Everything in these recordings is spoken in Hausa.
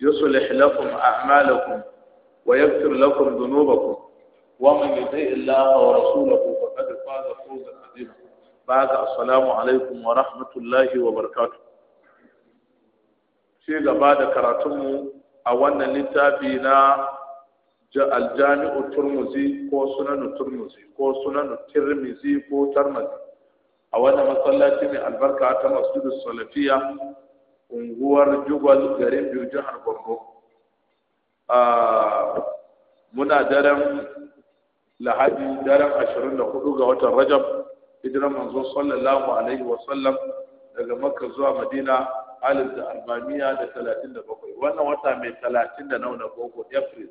يصلح لكم أعمالكم ويغفر لكم ذنوبكم ومن يطع الله ورسوله فقد فاز فوزا عظيما بعد السلام عليكم ورحمة الله وبركاته في غبا da karatunmu a wannan littafi na Al-Jami'u Turmuzi ko Sunan Turmuzi ko Sunan Tirmizi ko Tirmizi a wannan masallaci ne albarka ta Masjidus Salafiya. unguwar jugwal garin biyu jihar borno muna daren lahadi daren ashirin da hudu ga watan rajab hijiran manzo sallallahu alaihi wa sallam daga makka zuwa madina alif da albaniya da talatin da bakwai wannan wata mai talatin da nauna boko april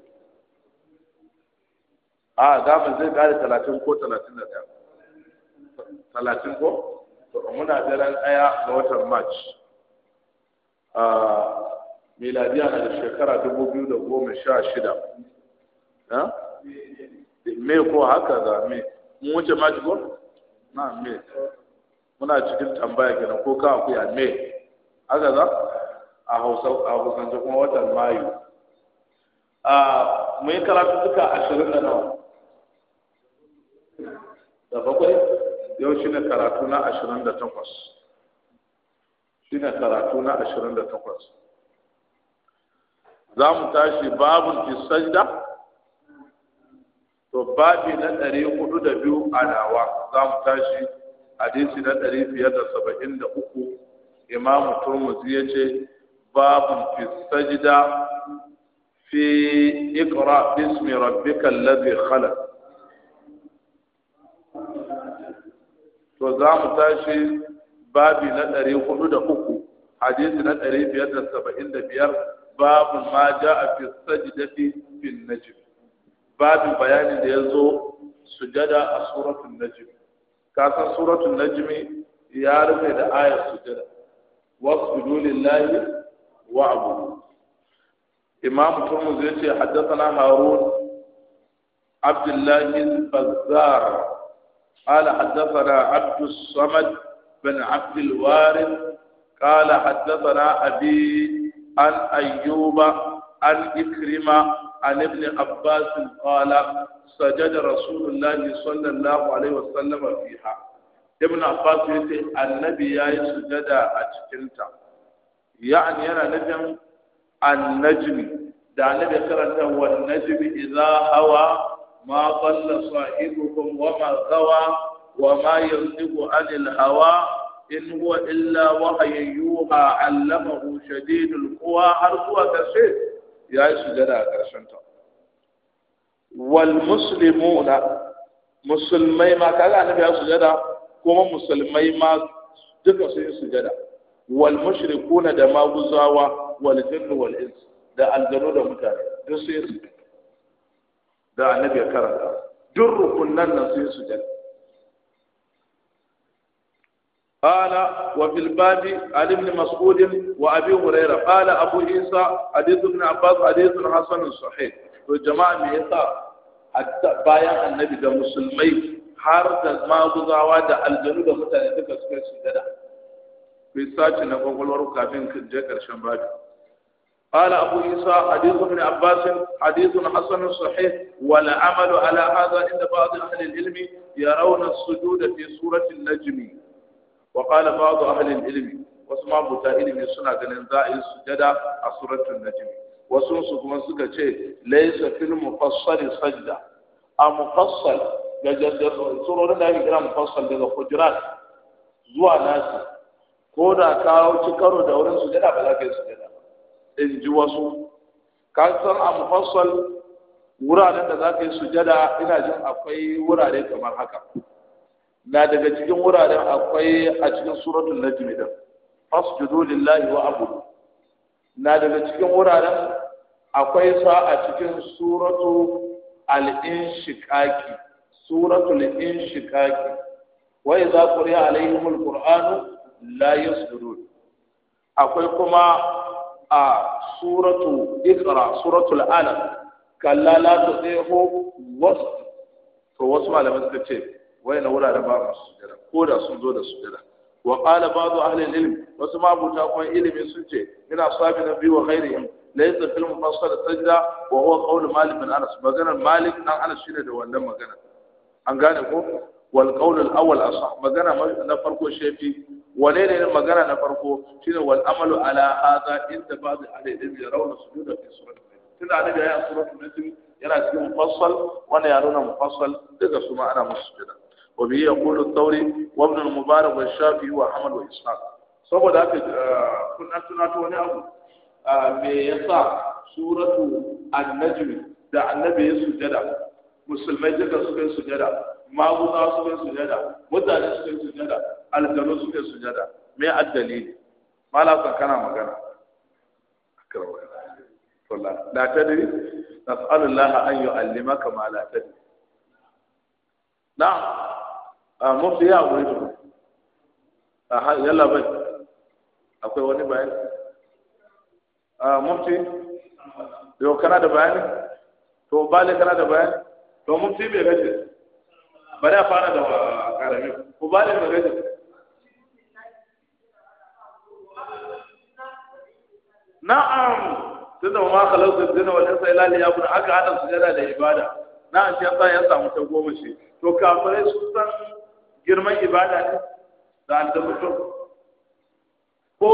a zaman zai kare talatin ko talatin da daya talatin ko muna daren daya ga watan march miladiya na da shekara dubu biyu da goma sha shida me ko haka za me mun wuce ma ko na me muna cikin tambaya kenan ko ka akuya me haka za a hausa a hausance kuma watan mayu a mun yi karatu duka ashirin da nawa da bakwai yau shi ne karatu na ashirin da takwas shi ne karatu na ashirin da takwas za mu tashi babun fi sajda to babi na ɗari hudu da biyu a nawa za mu tashi hadisi na ɗari biyar da saba'in da uku imamu turmuzi ya ce babun fi sajda fi اقرا bismi rabbika الذي khala. to za mu tashi babi na ɗari hudu da uku hadisi na ɗari biyar da saba'in da biyar babu ma ja a fi sajidati fi najm Babin bayanin da ya zo sujada a suratun najm kasan suratun najm ya rufe da ayar sujada wasjudu lillahi wa'budu imam turmuz ce Haddasa harun abdullahi bazzar قال حدثنا عبد الصمد بن عبد الوارث قال حدثنا أبي عن أيوب عن إكرمة عن ابن عباس قال سجد رسول الله صلى الله عليه وسلم فيها ابن عباس يتي النبي يا سجد أتكنت يعني أنا نجم النجم da annabi karanta wan najmi idza hawa ma dalla sahibukum wa ma gawa وما ينطق عن الهوى إن هو إلا وحي يوحى علمه شديد القوى har zuwa ƙarshe ya yi sujada a ƙarshenta wal muslimuna musulmai ma kaga annabi ya sujada kuma musulmai ma duka sun yi sujada da maguzawa da aljanu da mutane duk sai su da annabi ya karanta duk rukunan nan sai su sujada قال وفي الباب علي بن مسعود وابي هريره قال ابو عيسى حديث ابن عباس حديث حسن صحيح وجماعه ميتا حتى بايع النبي ده مسلمي har da ma da aljanu da mutane suka suka shigada ku sace na gogolwar kafin kin je karshen bada qala abu isa hadith ibn abbas hadith hasan sahih wa la amalu ala hadha inda ba'd ahli al-ilm yarawna as-sujud fi surati wa qala ba'd ahli al-ilm wasu mabuta ilimi suna ganin za a yi sujada a suratul najm wasu su kuma suka ce laysa fil mufassal sajda a mufassal ga surorin da ake kira mufassal daga hujurat zuwa nasi ko da ka ci karo da wurin sujada ba za ka yi sujada in ji wasu ka san a mufassal wuraren da za ka yi sujada ina jin akwai wurare kamar haka na daga cikin wuraren akwai a cikin suratul najmi da fasjudu lillahi wa abudu na daga cikin wuraren akwai sa a cikin suratu al-inshiqaqi suratul inshiqaqi wa idza quriya alaihim al-qur'anu la yasjudun akwai kuma a suratu iqra suratul alaq kalla la tudihu to wasu malaman suka ce wayannan wurare ba mu sujada ko da sun zo da sujada wa qala ba'du ahli al-ilm wasu mabuta kuma ilimi sun ce ina sabi na biyu wa ghairihim laysa fil mufassal sajda wa huwa qawl malik bin anas maganar malik dan anas shine da wannan magana an gane ko wal qawl al-awwal asah magana na farko shefi wane ne magana na farko shine wal amalu ala hadha inda ba'd ahli al-ilm yarawna sujuda fi surati tunda annabi ya suratu nasr yana cikin mufassal wannan ya nuna mufassal daga su ma ana musu sujada وبه يقول الثوري وابن المبارك والشافعي وحمد وإسحاق saboda haka kun an ta wani abu me yasa suratu annajm da annabi ya sujada musulmai duka suka yi sujada maguza suka yi sujada mutane suka yi sujada aljanu suka yi sujada me addalili mala kan kana magana akrawa tola la tadri nas'alullah an yu'allimaka ma la tadri na'am a ah, mafi ya wuri ne a yalla bai akwai wani bayani a ah, mafi yau kana da bayani to ba bale kana da bayani to mafi bai gaji bari a fara da karami ko ba ne bai gaji na'am tunda ma khalaqtu wa wal insa ya liya'budun aka haɗa sujada da ibada na'am shi yasa ya samu ta goma shi to kafirai sun san girman ibada ne da aldabutu ko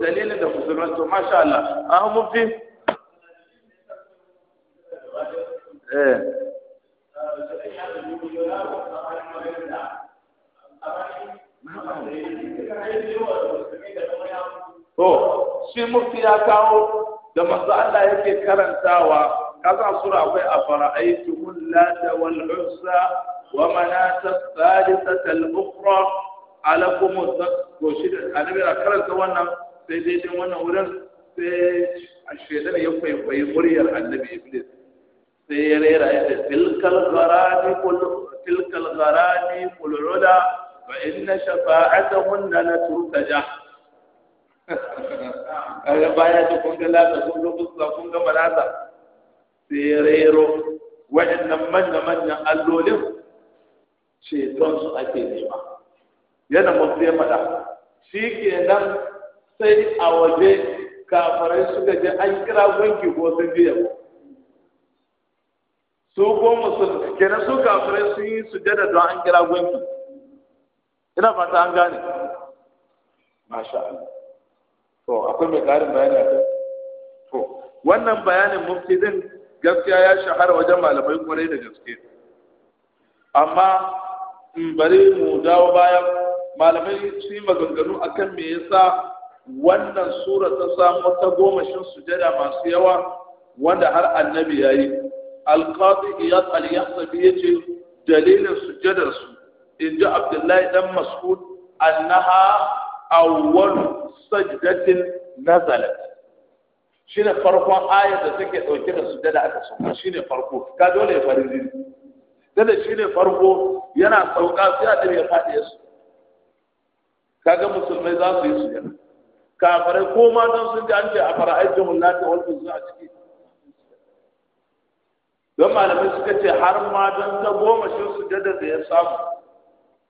dalilin da musulman to masha Allah an mufti eh to shi mufti ya kawo da masu Allah yake karantawa kaza sura akwai afara'aytu lata wal uzza wa manata الحادثة الأخرى عليكم التقوشد أنا بلا كرس وانا سيدي وانا ورن الشيطان يفوي يفوي مريا النبي إبليس سيرير تلك الغراني كل تلك الغراني كل عدا فإن شفاعتهن لترتجى kaga baya ta kun ga lata kun ga fuska kun ga malata sai rero waɗannan manya manyan allolin ceton su ake nema yana mafi ya faɗa shi ke nan sai a waje kafarai suka je an kira gunki ko sun biya su ko ke kenan su kafarai sun yi sujada don an kira gunki ina fata an gane masha Allah to akwai mai karin bayani a kai to wannan bayanin mufti din gaskiya ya shahara wajen malamai kwarai da gaske amma bari mu dawo bayan malamai su yi maganganu akan me yasa wannan sura ta samu ta goma shin sujada masu yawa wanda har annabi ya yi alƙadi iyas al biye ce dalilin sujadar su in ji abdullahi dan mas'ud annaha awwal sajdatin nazalat shine farkon ayar da take dauke da sujada aka sauka shine farko ka dole farin dada shi ne farko yana sauka sai a ya faɗi su kaga musulmai za su yi su yana kafirai ko ma don sun ji an ce a fara aikin hulata wani a ciki don malamai suka ce har ma don ta goma shi su dada da ya samu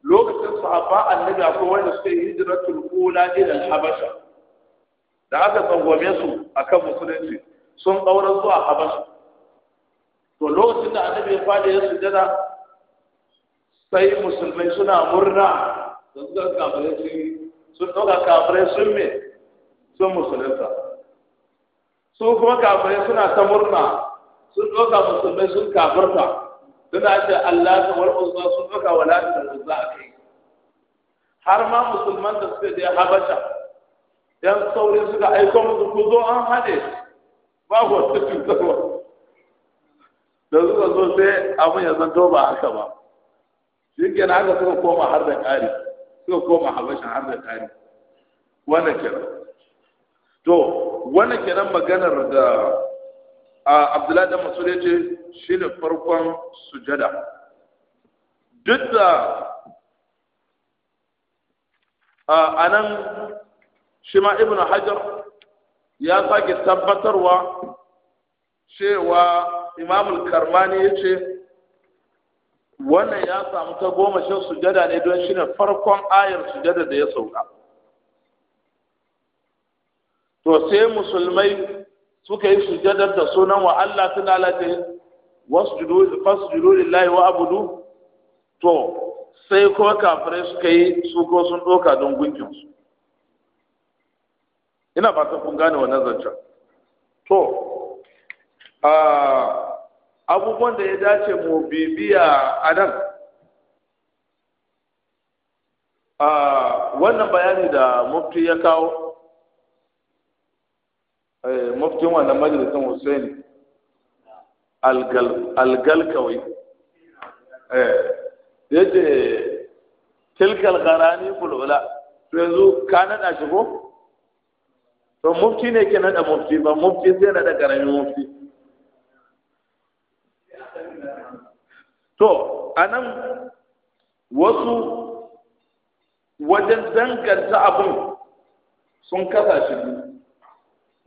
lokacin sahaba annabi akwai wanda suka yi hijiratul ula ila habasha da aka tsangwame su akan musulunci sun ƙaura zuwa habasha to lokacin da annabi ya fada ya sujada sai musulmai suna murna sun ga kafirai sun sun ɗauka kafirai sun me sun musulunta su kuma kafirai suna ta murna sun ɗauka musulmai sun kafirta suna ce Allah ta wal uzza sun ɗauka wala da uzza a kai har ma musulman da suke da Habasha yan saurin suka aiko musu ku zo an haɗe ba ku wata cutarwa da zuwa zo sai abin ya zanto ba haka ba shi na haka suka koma har da ƙari suka koma habashin har da ƙari wannan kenan to wannan kenan maganar da abdullahi da masu ya ce shi ne farkon sujada duk da a nan shi ma ibn hajar ya sake tabbatarwa cewa imamul karmani ya ce wannan ya samu ta goma shan sujada ne don shi ne farkon ayar sujada da ya sauka to sai musulmai suka yi sujadar da sunan wa Allah tana lati wasjudu fasjudu lillahi wa abudu to sai ko kafirai suka yi su ko sun doka don gunkin su ina ta kun gane wannan zancen to Ah, abubuwan da ya dace mu bibiya a nan ah, wannan bayani da mufti ya kawo eh, muftin wannan majalisun hussein algalkawai eh, ya ce tilkal garani fulula yanzu ka naɗa shi ko to mufti ne ke nada mufti ba mufti sai nada ƙaramin mufti to anan wasu wajen danganta abin sun kasa shi biyu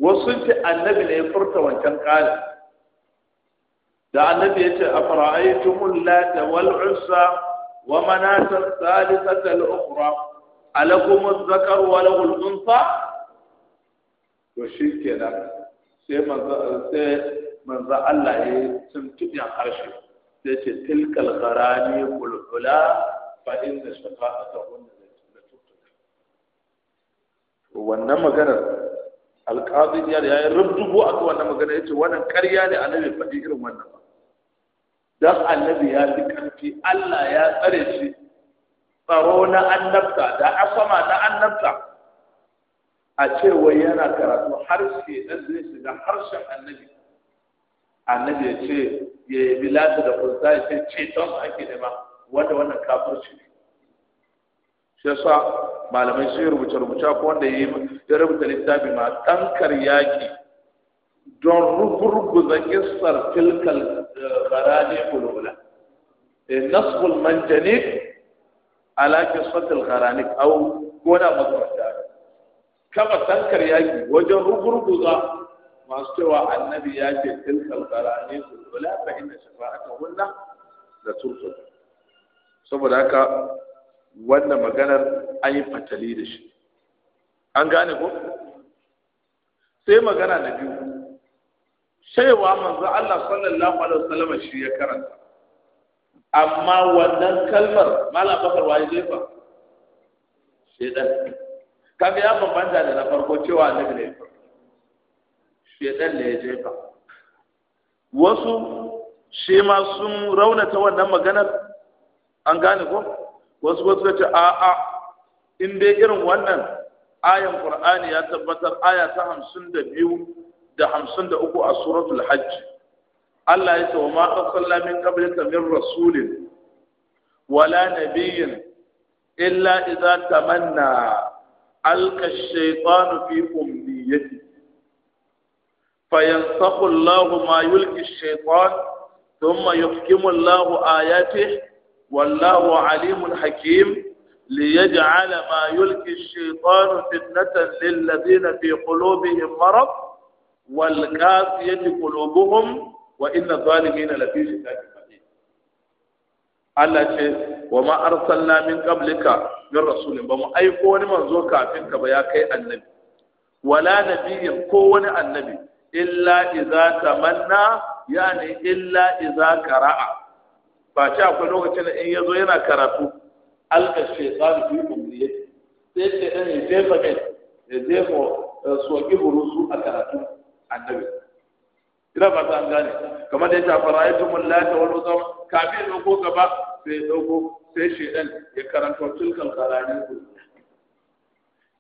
wasu ce annabi ne ya furta wancan ƙari da annabi ya ce a fara'aitumul lata wal ussa wa manatar salisata al-ukhra alakum az-zakar wa lahu al-unsa to shikenan sai manzo sai manzo Allah ya yi tuntuɓe harshe sai ce tilkal qarani bulbula fa inna shafa'ata hunna la wannan maganar alqadi ya yi rubdubu a wannan magana yace wannan ƙarya ne annabi faɗi irin wannan dan annabi ya fi karfi Allah ya tsare shi tsaro na annabta da asama na annabta a ce wai yana karatu harshe dan zai shiga harshen annabi annabi ya ce ya yabi lata da kusa ya ce ceton ake nema wanda wannan kafirci ne shi yasa malamai sun rubuta-rubuta ko wanda ya ya rubuta littafi ma tankar yaki don rugurguza kissar tilkal eh, gharani E, nasbul manjanik ala sotil gharani au ko da makamanta kama tankar yaki wajen za masu cewa annabi ya ce tilkal qarani kulula fa inna shafa'atuhunna da tursul saboda haka wannan maganar an yi fatali da shi an gane ko sai magana na biyu shaiwa manzo Allah sallallahu alaihi wasallam shi ya karanta amma wannan kalmar malam bakar waye jefa dan kaga ya bambanta da na farko cewa annabi ne shedan ne ya jefa wasu shi ma sun raunata wannan maganar an gane ko wasu wasu da ce a'a in dai irin wannan ayan qur'ani ya tabbatar aya ta hamsin da biyu da hamsin da uku a suratul hajj Allah ya ce wa ma arsalna min qablika min rasulin wala nabiyyin illa idza tamanna alka ash-shaytanu fi umniyati فينسخ الله ما يلقي الشيطان ثم يحكم الله آياته والله عليم حكيم ليجعل ما يلقي الشيطان فتنة للذين في قلوبهم مرض والقاسية قلوبهم وإن الظالمين لفي شتات مبين الله ce wa ma arsalna min qablika min rasulin ba mu aiko wani manzo kafin ka ba ya kai annabi wala nabiyin ko wani annabi illa iza tamanna yani illa iza qara'a ba ce akwai lokacin da in yazo yana karatu alka shaytan fi umniyati sai ce dan ya jefa mai ya jefa eh, soki burusu a karatu annabi ina ba ta gane kamar da ya ta fara'aytum allata wal uzam kafin dauko gaba sai dauko sai shaytan ya karanto tilkan qara'in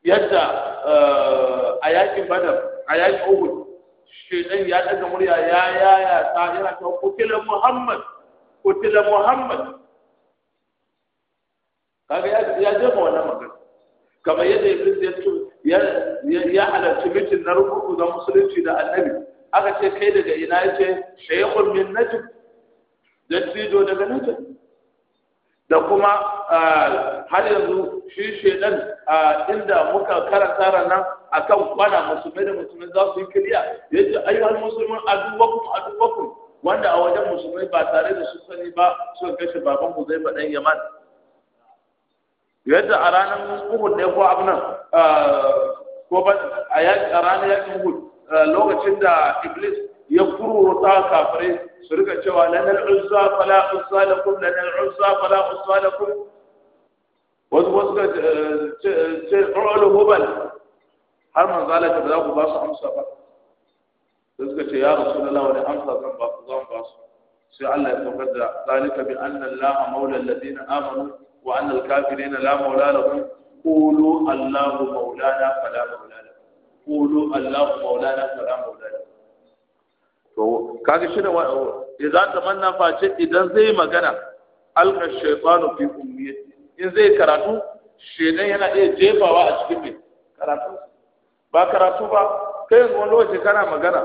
yadda eh, a yakin badar a yakin uhud shedan ya daga murya ya yaya ta yana ta kutila muhammad kutila muhammad kaga ya jefa wannan magana kamar yadda iblis ya tu ya halarci mitin na rubutu da musulunci da annabi aka ce kai daga ina ya ce shaykhul min najib dattijo daga najib da kuma ah, har yanzu shi shedan ah, inda muka karanta ranar akan kwana musulmai da musulmai za su yi kiriya ya ce ayyuhal musulmin aduwakum aduwakum wanda a wajen musulmai ba tare da su sani ba suka kashe baban ku zai faɗan yaman yadda a ranar uhud ne ko abu nan, ko ba a a ranar yakin uhud lokacin da iblis ya kururu ta kafirai su rika cewa lanar uzza fala uzza lakum lanar uzza fala uzza lakum wasu wasu eh, ce ce ulul hubal har manzo Allah ta za ku ba su amsa ba sai suka ce ya rasulullah wani amsa zan ba ku zan ba su sai Allah ya saukar da zalika bi anna allaha maula alladhina amanu wa anna alkafirina la maula lahum qulu allahu maulana fala maula lahum qulu allahu maulana fala maula lahum to kage shi da idan tamanna face idan zai magana alka shaytanu fi ummiyati in zai karatu shedan yana iya jefawa a cikin mai karatu ba karatu ba kai yanzu wani lokaci kana magana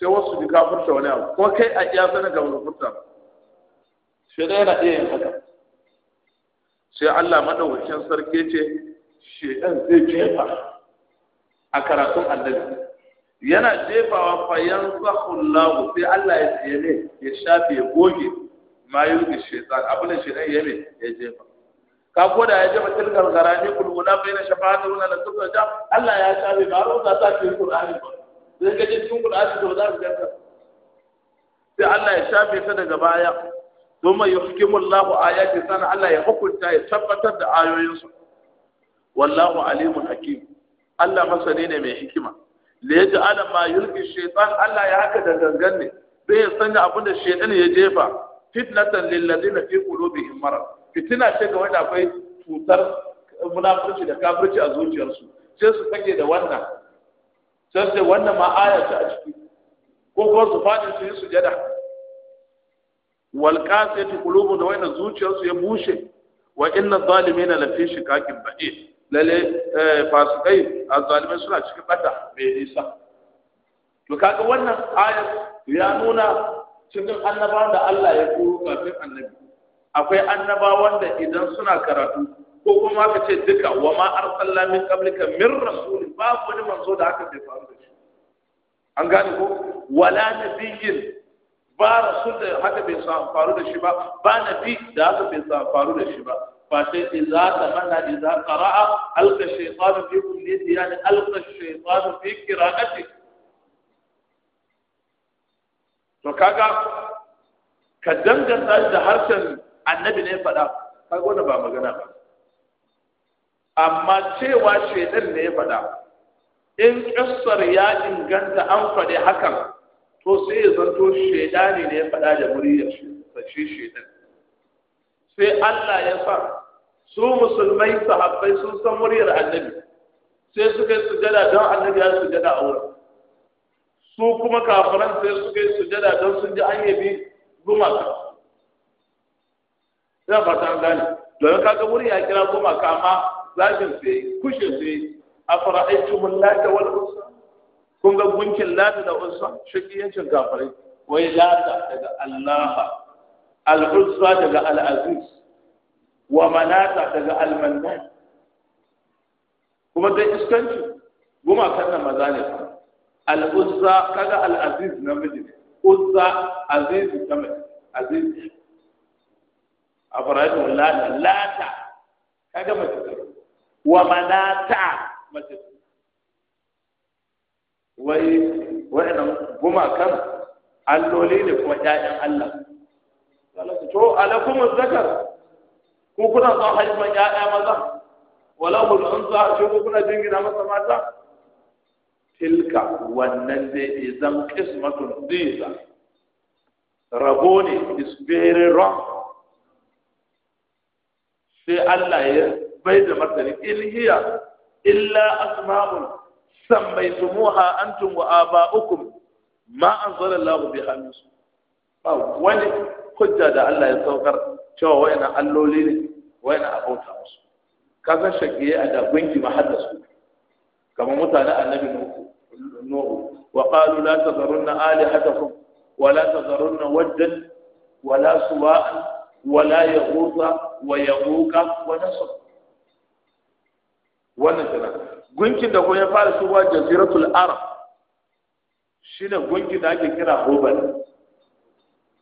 sai wasu bi ka furta wani abu ko kai a iya sanin ka wani furta shi dai yana iya yin haka sai Allah madaukakin sarki ce dan zai jefa a karatun annabi yana jefawa fayan zahun lagu sai Allah ya tsaye ya shafe ya goge ma yi da shaitan abin da dan ya ya jefa ka ko da ya jaba tilkar garani kulula baina shafa'atu wa la tuqja Allah ya shafe baro da ta ce Qur'ani ba sai ga ji cikin Qur'ani to za ka sai Allah ya shafe ta daga baya thumma yuhkimu Allahu ayati san Allah ya hukunta ya tabbatar da ayoyinsa wallahu alimun hakim Allah masani ne mai hikima da ya ji ala ma yulki shaitan Allah ya haka da gangan ne ya sanya abin da shaitan ya jefa fitnatan lil ladina fi qulubihim marad fitina ce ga wanda akwai cutar munafurci da kafirci a zuciyarsu sai su fage da wannan sai sai wannan ma aya ce a ciki ko kuma su faɗi su yi sujada wal qasati qulubu da wayna zuciyarsu ya bushe wa inna la fi shikakin ba'id lalle eh, fasikai azzalimai suna cikin bata mai nisa to kaga wannan aya ya nuna cikin annabawan da Allah ya koro kafin annabi akwai annaba wanda idan suna karatu ko kuma ka ce duka wa ma arsalna min qablika min rasul babu wani manzo da haka bai faru da shi an gane ko wala nabiyin ba rasul da haka bai faru da shi ba ba nabi da haka bai faru da shi ba sai إذا tamanna إذا qara'a alqa الشيطان fi kulli يعني alqa الشيطان fi qira'ati to kaga ka danganta da harshen annabi ne faɗa kai wanda ba magana ba amma cewa shaidan ne ya faɗa in ƙasar ya inganta an faɗi hakan to sai ya zanto shaidani ne ya faɗa da muryar shi shaidan sai Allah ya sa su musulmai sahabbai sun san muryar annabi sai suka yi sujada don annabi ya sujada a wurin su kuma kafiran sai suka yi sujada don sun ji an yabi gumaka ina fata an gane domin kaga wuri ya kira gumaka kama, zafin su kushin kushin A fara aiki mun lata wal unsa kun ga gunkin lata da unsa shakiyancin gafarai wai lata daga allaha al daga al-aziz wa manata daga al kuma dai iskanci kan nan maza ne al-uzza kaga al na miji ne uzza aziz namiji aziz afaratu lata lata kaga mace wa manata mace wai kan? An alloli ne kuma ƴaƴan Allah to alakum zakar ku kuna son haifan ƴaƴa maza wala hul unsa shi ku kuna jingina masa mata tilka wannan dai izan qismatun dhiza rabuni ne is sai Allah ya bai da martani in hiya illa asma'un sammaytumuha antum wa aba'ukum ma anzala Allah biha min ba wani hujja da Allah ya saukar cewa wayannan alloli ne wayannan abauta musu kasan shakiye a da gungi mahaddasu kamar mutanen annabi nuhu wa qalu la tazarunna alihatakum wa la tazarunna wajdan wa la suwa'an wala ya kusa wa ya kuka wa wannan gunkin da kuma ya fara shigowa jaziratul arab shine gunkin da ake kira hubal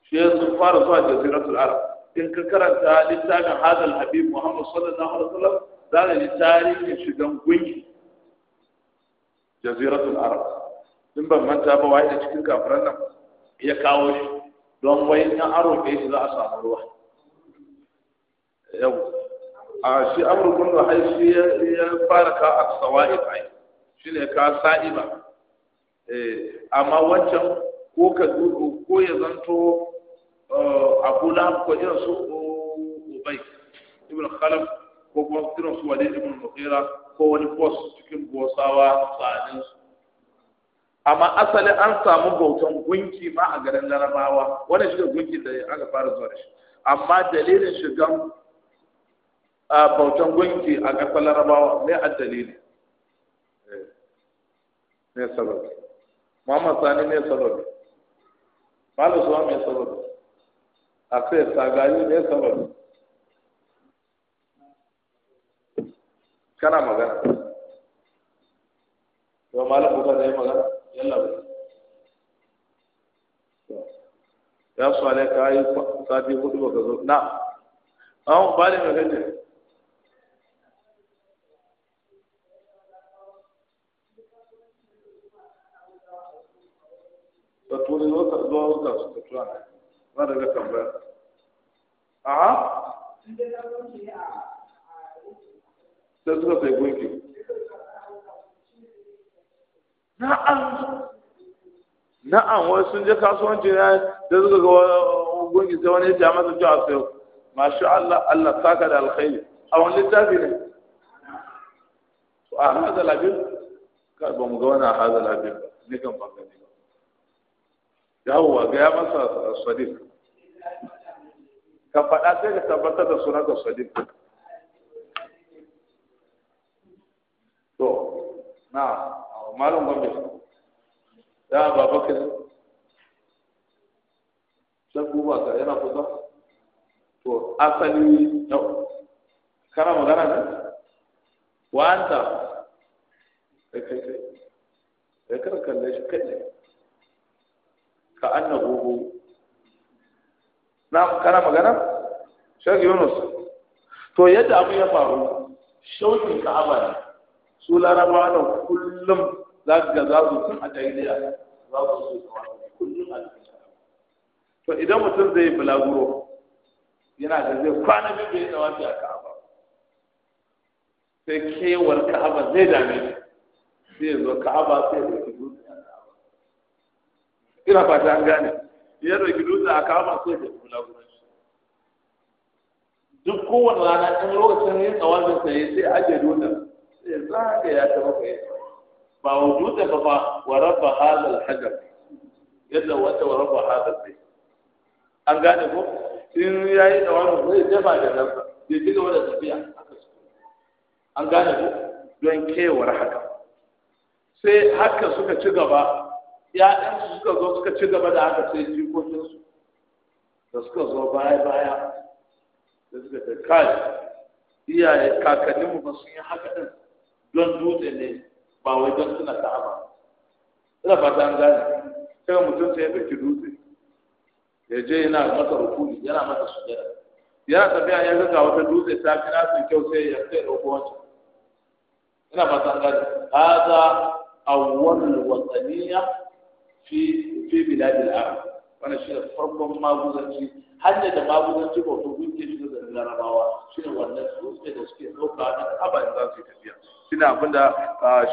shi ya sun fara zuwa jaziratul arab in ka karanta littafin hadal habib muhammad sallallahu alaihi wasallam zaka ji tarihin shigan gunki jaziratul arab in ban manta ba wai da cikin kafiran nan ya kawo shi don wai in aro ke shi za a samu ruwa yau a shi amur kundu luhai shi ya fara ka tsawa'i ai shi ne ka sa'i ba. Eh, amma wancan ko ka ko ya zanto eh, a kula ko irin su bai, ibn khalaf ko kuma irin su walid ibn mughira ko wani bos cikin bosawa tsanin su amma asali an samu bautan gunki ma a garin larabawa wannan shi ne gunki da aka fara zuwa da shi amma dalilin shigan a bautan gunki a ƙasar larabawa a dalili ne eh, sababi muhammad sani ne sababi malu suwa mai sababi a sai sagali ne sababi kana magana yau malam buka da yi magana yalla ba ya su alaika yi sabi hudu ka zo na an bani mai gajiyar تطول الوتر دو اوزر في التطوان ماذا لك بقى؟ اه؟ تزرع في بوينكي نعم نعم وسن جاء كاسون جينا تزرع في بوينكي سواني جامعة جاسو ما شاء الله الله ساكا الخير او آه، لتابعين وهذا العجل آه، كاربو مغوانا هذا العجل نكم بقى yawwa ga ya masa sadiq ka faɗa sai ka tabbatar da sunan ka sadiq to na malum gombe da babakar sai buba ka yana kusa to asali yau kana magana ne wa kai kai kai kai kai ka annahu hu na kana magana shek yunus to yadda abu ya faru shautin ka'aba ne su larabawa da kullum za ga za su tun a kullum a to idan mutum zai bulaguro yana da zai kwana biyu bai tsawafi a ka'aba sai kewar ka'aba zai dame shi sai ya zo ka'aba sai ya dauki dutse kira fata an gane ya roki dutse a kama sai da kula duk kowane rana in lokacin yin tsawon sai sai ajiye dutsen sai zaga ya taba kai ba wa wujudan ba fa wa rabba hadha hajar yadda wata wa rabba hadha al an gane ko in ya yi tsawon sai dafa da nan ci gaba da tafiya haka an gane ko don kewar haka sai haka suka ci gaba ya'yansu suka zo suka ci gaba da haka sai jikokinsu da suka zo baya baya da suka ta kai iyaye kakanninmu ba sun yi haka ɗin don dutse ne ba wai don suna ka'aba ina ba ta gane sai mutum sai ya ɗauki dutse ya je yana masa rukuni yana masa sujada yana tafiya ya ga wata dutse ta fi nasu kyau sai ya sai ɗauko wancan ina fata an gane a wani wasaniya fi fi biladil arab wannan shi ne farkon maguzanci hanyar da maguzanci ko to gunke shi da larabawa shi ne wannan dutse da suke ɗauka da abin da suke yi tafiya Ina ne abinda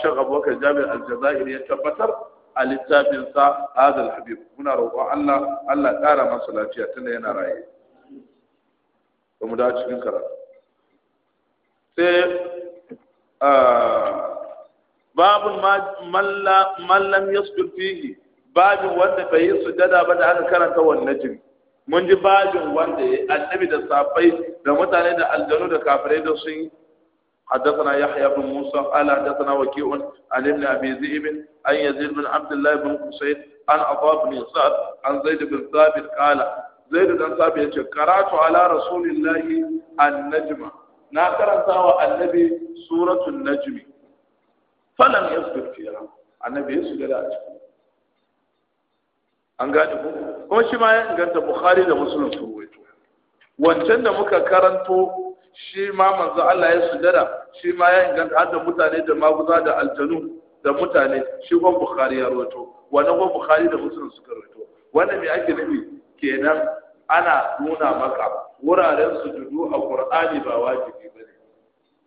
shan abubakar jami'ar aljazair ya tabbatar a littafinsa hadal habib muna roƙon allah allah ƙara masa lafiya tunda yana raye ba mu dawo cikin karatu sai babun man lam yasdur fihi bajin wanda bai yi sujada ba da aka karanta wannan jin mun ji bajin wanda ya annabi da safai da mutane da aljanu da kafirai da sun حدثنا يحيى بن موسى قال حدثنا وكيع عن ابن ابي ذئب عن يزيد بن عبد الله بن قصيد عن عطاء بن يسار عن زيد بن ثابت قال زيد بن ثابت قرات على رسول الله النجم نا قرأت النبي سورة النجم فلم يصبر فيها النبي يسجد أجل an gane ku kuma shi ma ya inganta bukhari da muslim su ruwaito wancan da muka karanto shi ma manzo Allah ya sujada shi ma ya inganta hadda mutane da maguza da aljanu da mutane shi kuma bukhari ya roto wannan kuma bukhari da muslim suka roto wannan me ake nufi kenan ana nuna maka wuraren sujudu a qur'ani ba wajibi bane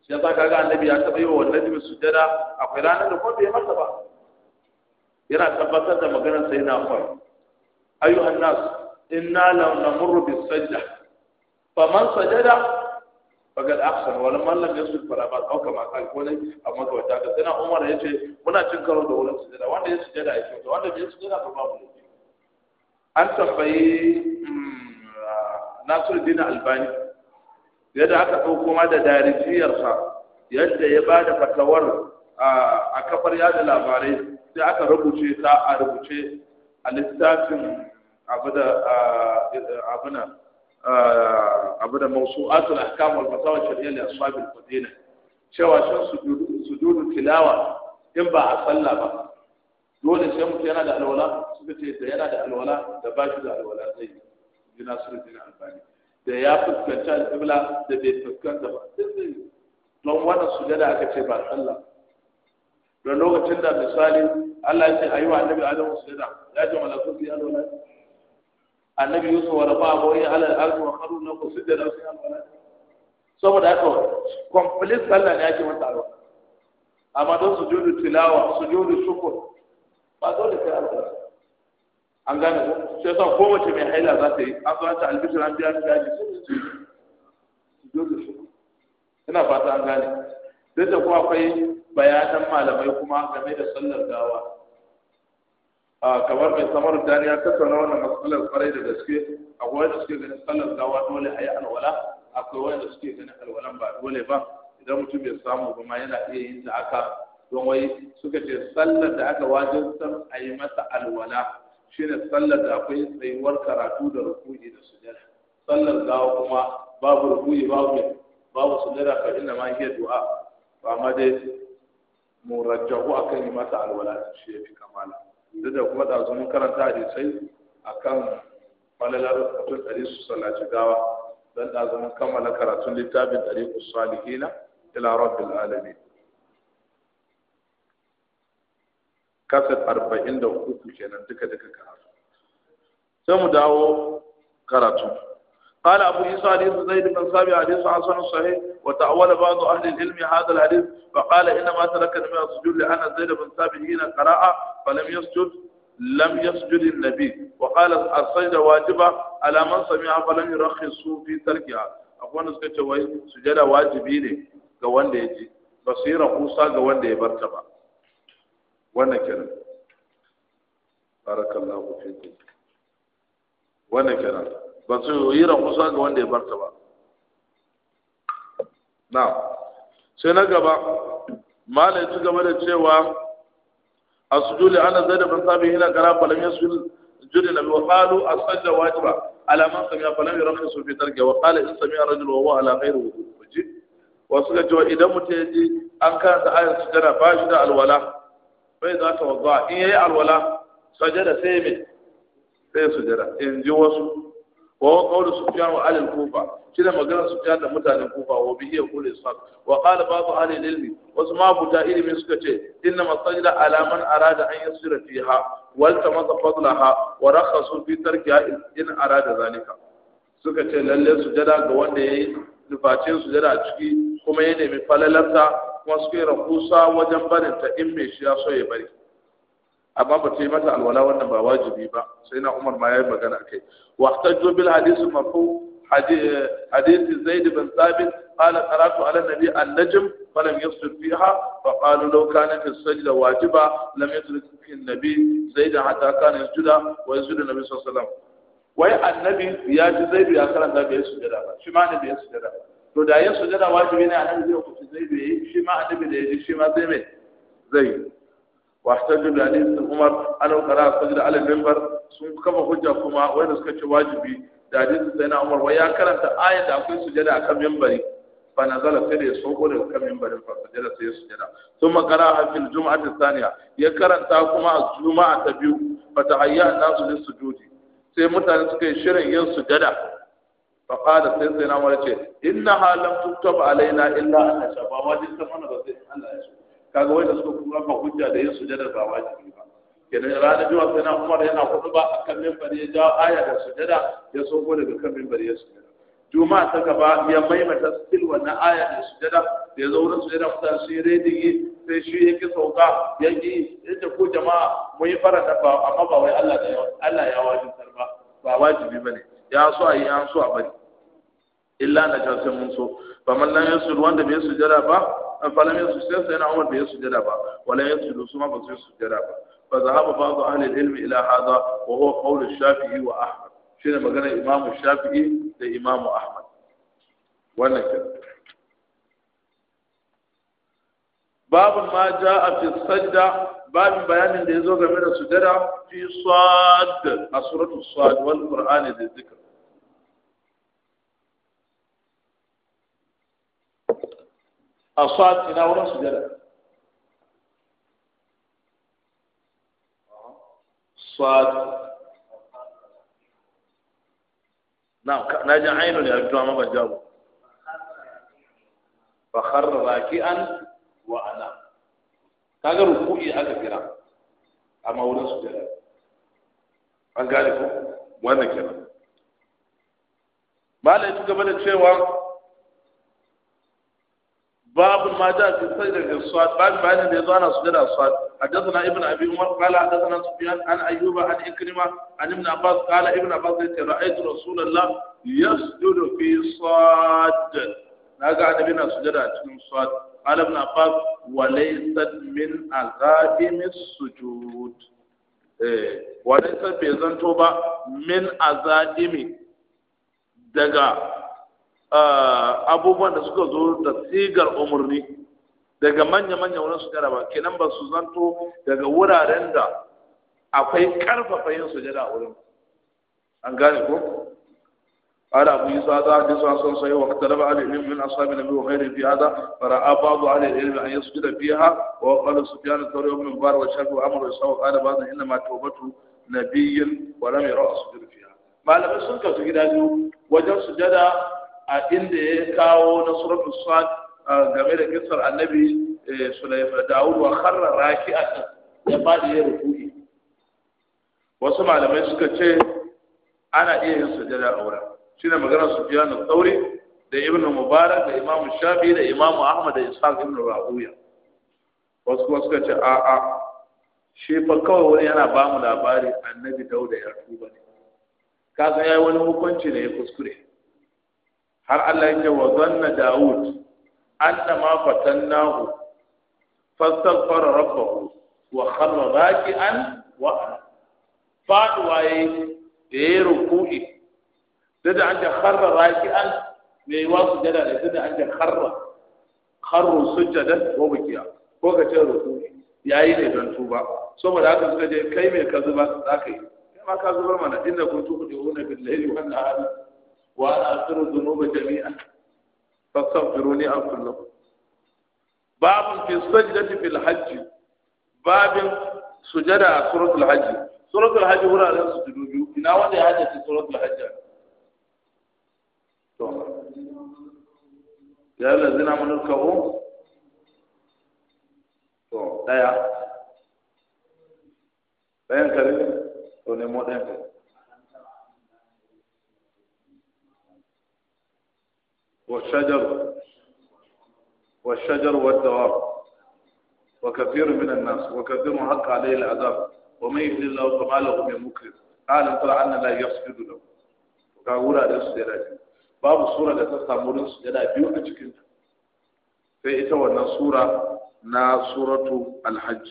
shi yasa kaga annabi ya taba yi wa wannan sujada akwai ranar da kuma bai masa ba yana tabbatar da maganar sai na kwai أيها الناس إنا لو نمر بالسجدة فمن سجد فقد أحسن ولمن لم يسجد فلا بأس أو كما قال كوني أو ما كوتا كسنا عمر يجي منا تنكروا دولة سجدة وانا يسجد أيشوت وانا يسجد فما an tambayi nasiruddin albani yadda aka ɗauko ma da darijiyarsa yadda ya ba da fatawar a kafar yada labarai sai aka rubuce ta a rubuce a littafin abu da abu abu da mawsu'atul ahkam wal fatawa shar'iyya li ashabil fadila cewa shan sujudu tilawa in ba a sallah ba dole sai mutum yana da alwala suka ce da yana da alwala da ba shi da alwala zai yi jina surutun albani da ya fuskanta alƙibla da bai fuskanta ba don wannan sujada aka ce ba sallah don lokacin da misali Allah ya ce yi wa annabi Adamu sujada ya ce malakun bi alwala annabi yusuf wa rafa abawai ala al-ardi wa kharu na ku sujja da sai alwala saboda haka complete sallah ne ake mata alwa amma don jodi tilawa su jodi shukur ba dole sai alwa an gane ko sai sa ko mace mai haila za ta yi an zo ta albishir an biya ta Su jodi shukur ina fata an gane duk da ko akwai bayanan malamai kuma game da sallar gawa kamar mai samar da ya tattauna wannan matsalar kwarai da gaske akwai da suke ganin sallar gawa dole a yi alwala akwai da suke ganin alwalan ba dole ba idan mutum bai samu ba ma yana iya yin da aka don wai suka ce sallar da aka wajen san a yi masa alwala shine sallar da akwai tsayuwar karatu da ruku'i da sujada sallar gawa kuma babu rukuni babu babu sujada fa inna ma hiya du'a ba ma dai murajjahu akan yi masa alwala shi ya fi kamala duk da kuma da zuwa karanta hadisai kan falalar mutum ɗari su sallaci gawa don da mun kammala karatun littafin ɗari ku salihina ila rabbil alami kasar arba'in da uku kenan duka duka karatu sai mu dawo karatu قال أبو عيسى حديث زيد بن ثابت حديث حسن صحيح وتأول بعض أهل العلم هذا الحديث فقال إنما ترك من السجود لأن زيد بن ثابت حين قرأ فلم يسجد لم يسجد النبي وقال السجدة واجبة على من سمعها فلم يرخصوا في تركها akwai wanda suka ce wai sujada wajibi ne ga wanda ya ji ba su yi rahusa ga wanda ya barta ba wannan kenan barakallahu fikum wannan kenan ba su yi rahusa ga wanda ya barta ba na sai na gaba ya ci gaba da cewa a su sujuli ana zai da bansabi hina kara falam ya su juri na biyu halu a sajda wajiba alaman samiya falam ya rafi su fi tarke wa kala in samiya rajul wa wa ala khairu wuji wasu ga cewa idan mutum ya ji an karanta ayar sujada ba shi da alwala bai za ta wadda in ya yi alwala sajada sai mai sai sujada in ji wasu وهو قول سفيان وأهل الكوفة شنو مجرى سفيان لمتان الكوفة وبه يقول إسحاق وقال بعض أهل العلم وسمع بتائل من سكتي إنما السجدة على من أراد أن يصير فيها والتمس فضلها ورخص في تركها إن أراد ذلك سكتي للي سجدة قوانده nufacin su yana ciki kuma ya nemi falalarta kuma رخوصا وجنبان تأمي barinta in mai amma ba yi mata alwala wannan ba wajibi ba sai na umar ma ya yi magana kai wa ahtajju bil hadith marfu hadith zaid bin thabit qala qaratu ala nabi an-najm fa lam yasjud fiha fa qalu law kanat as-sajda wajiba lam yasjud fi an-nabi zaid Hata, kana yasjuda wa yasjudu an-nabi sallallahu wai annabi ya ji zaid ya karanta bai sujada ba shi ma annabi ya su ba to da yin su sujada wajibi ne annabi zai ku zaid yi shi ma annabi da ya ji shi ma zai mai zai واحتج بحديث عمر انه قرا سجد على المنبر sun kafa hujja kuma wanda suka ce wajibi da hadisin sai na Umar wai ya karanta ayat da akwai sujada akan minbari fa nazala sai da soko da kan minbarin fa sujada sai sujada thumma qara'a fil jum'ati thaniya ya karanta kuma a juma'a ta biyu fa tahayya nasu lis sujudi sai mutane suka yi shirin yin sujada fa qala sai sai na Umar ce innaha lam tuktab alaina illa an shafa wajin ta mana ba sai Allah ya kaga da suka kuma ba hujja da yin sujada ba wajibi ba kenan ranar juma'a sai na umar yana kudu ba kan minbari ya jawo aya da sujada ya sauko daga kan minbari ya sujada juma'a ta gaba ya maimaita stil wannan aya da sujada da ya zo wurin sujada kusa shi rediyi sai shi ya sauka ya yi yadda ko jama'a mun yi fara ba amma ba wai Allah da Allah ya wajibtar ba ba wajibi bane ya so a yi an so a bari illa na jasin mun so ba man lan wanda bai sujada ba فلم يسجد سيدنا عمر بيسجد أبا ولا يسجد ثم بيسجد أبا فذهب بعض اهل العلم الى هذا وهو قول الشافعي واحمد شنو مغنى امام الشافعي لإمام احمد وانا كده باب ما جاء في السجده باب بيان ده يزو من السجدة في صاد سورة الصاد والقرآن ذي الذكر aswad ina wurin sujada swad na na ji ainu ne a fito amma ban jabu fa kharra raki'an wa ana kaga ruku'i aka kira amma wurin sujada an gane ko wannan gaba da cewa باب ما جاء في سجدة الصوات باب بيان اللي يزعل سجدة الصوات حدثنا ابن ابي عمر قال حدثنا سفيان عن ايوب عن اكرمه عن ابن عباس قال ابن عباس رايت رسول الله يسجد في صاد نجا النبي سجدة في صاد قال ابن عباس وليست من عزائم السجود إيه. وليست بيزنتوبة من عزائم دقا abubuwan da suka zo da sigar umarni daga manya-manya wurin su ba kenan ba su zanto daga wuraren da akwai karfafa yin su a wurin an gane ko قال أبو يسعى حديث حسن صحيح واختلف على العلم من أصحاب النبي وغير في هذا فرأى بعض على العلم أن يسجد فيها وقال سفيان الثوري وابن مبارك والشافعي وعمر يسوع قال بعض إنما توبته نبي ولم يرى سجد فيها ما لم يسجد سجد وجد سجد a inda ya kawo na suratu sad game da kisar annabi eh, sulaiman dawud wa kharra raki'atan ya fadi ya ruku'i wasu malamai suka ce ana iya yin sujada a wurin shine maganar sufyan al-thawri da ibnu mubarak da imam shafi da imam ahmad da ishaq ibn rahuya wasu kuma suka ce a a shi fa kawai wani yana ba mu labari annabi dauda ya tuba ne ka ya yayi wani hukunci ne ya kuskure har Allah yake wa zanna Dawud annama fatannahu fastaghfara rabbahu wa khalla raki'an wa faduwa yi. da yayi ruku'i da an kharra raki'an me wa sujada da da an kharra kharru sujada wa bukiya ko ka ce ruku'i yayi ne don tuba saboda haka suka je kai me ka zuba zaka yi kai ma ka zubar mana inda kuntu kudu na billahi wa anna وانا اغفر الذنوب جميعا فاستغفروني اغفر لكم باب في السجدة في الحج باب سجدة سورة الحج سورة الحج هنا على يسجد بيو إنا حاجة في سورة الحج طيب. يا الذين آمنوا اركعوا لا يا bayan كريم to والشجر والشجر والدواب وكثير من الناس وكثير حق عليه العذاب ومن يهد الله فما له من مكرم قال ترى ان لا يسجد له كاورا da su da babu sura da ta samu rin biyu a cikin sai ita wannan sura na suratu alhajj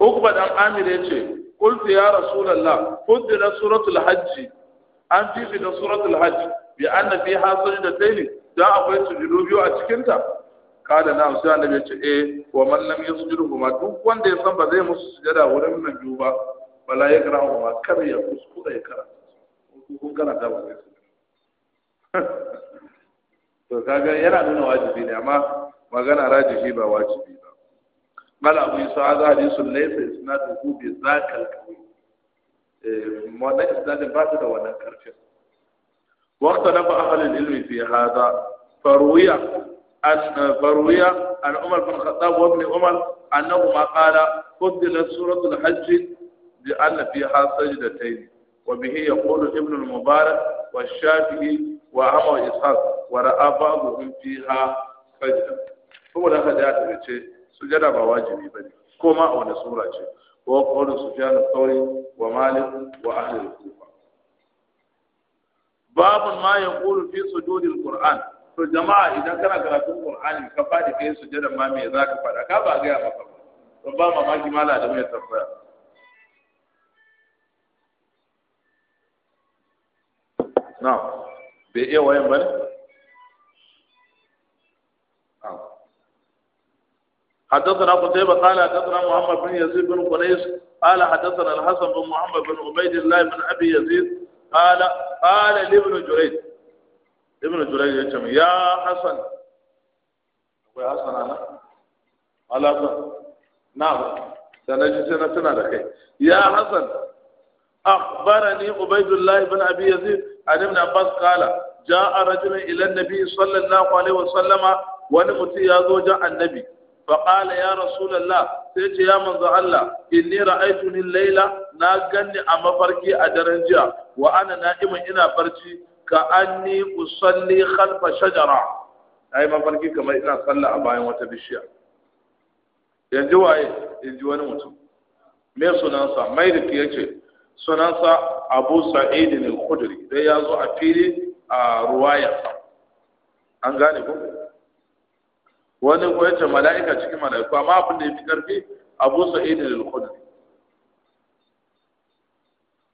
ukba dan amir yace qultu ya rasulullah qultu an fi da hajj bi anna fi hasul da taini da akwai sujudu biyu a cikin ta kada na sai annabi ya ce eh wa man lam yasjudu kuma duk wanda ya san ba zai musu sujada wurin nan biyu ba bala ya kara kuma kar ya kuskura ya kara kun kana da ba to kaga yana nuna wajibi ne amma magana rajihi ba wajibi ba isa أبو يسوع laysa حديث bi zakal kawi eh mu da إسناد ba da wannan karfin واختلف أهل العلم في هذا فروي أن فروي عن عمر بن الخطاب وابن عمر أنهما قال فضلت سورة الحج لأن فيها سجدتين وبه يقول ابن المبارك والشافعي وأحمد وإسحاق ورأى بعضهم فيها سجدة ثم لك جاءت سجدة بواجبي بني كما أو سورة وقول سفيان الثوري ومالك وأهل الكوفة babun ma yaqulu fi sujudil qur'an to jama'a idan kana karatun qur'ani ka fadi kai sujada ma me zaka fada ka ba ga ba to ba mamaki mala da mai tabbaya na'am bai iya wayan bane حدثنا قتيبة قال حدثنا محمد بن يزيد بن قنيس قال حدثنا الحسن بن محمد بن عبيد الله بن أبي يزيد قال قال ibn jurayd ابن jurayd يتم يا حسن hasan حسن انا على نعم ta na sanan shi sai na tuna أخبرني عبيد الله بن أبي يزيد عن ابن عباس قال جاء رجل إلى النبي صلى الله عليه وسلم ونمت يا زوج النبي فقال يا رسول الله sai ce ya manzo Allah inni ra'aytuni layla na ganni a mafarki a daren jiya wa ana na'imun ina barci ka anni usalli khalfa shajara ai mafarki kamar ina sallah a bayan wata bishiya yanzu waye yanzu wani mutum me sunansa mai da yace sunansa Abu Sa'id al-Khudri dai ya zo a fili a ruwaya an gane ko wani ko yace mala'ika cikin mala'iku amma abin da yafi karfi Abu Sa'id al-Khudri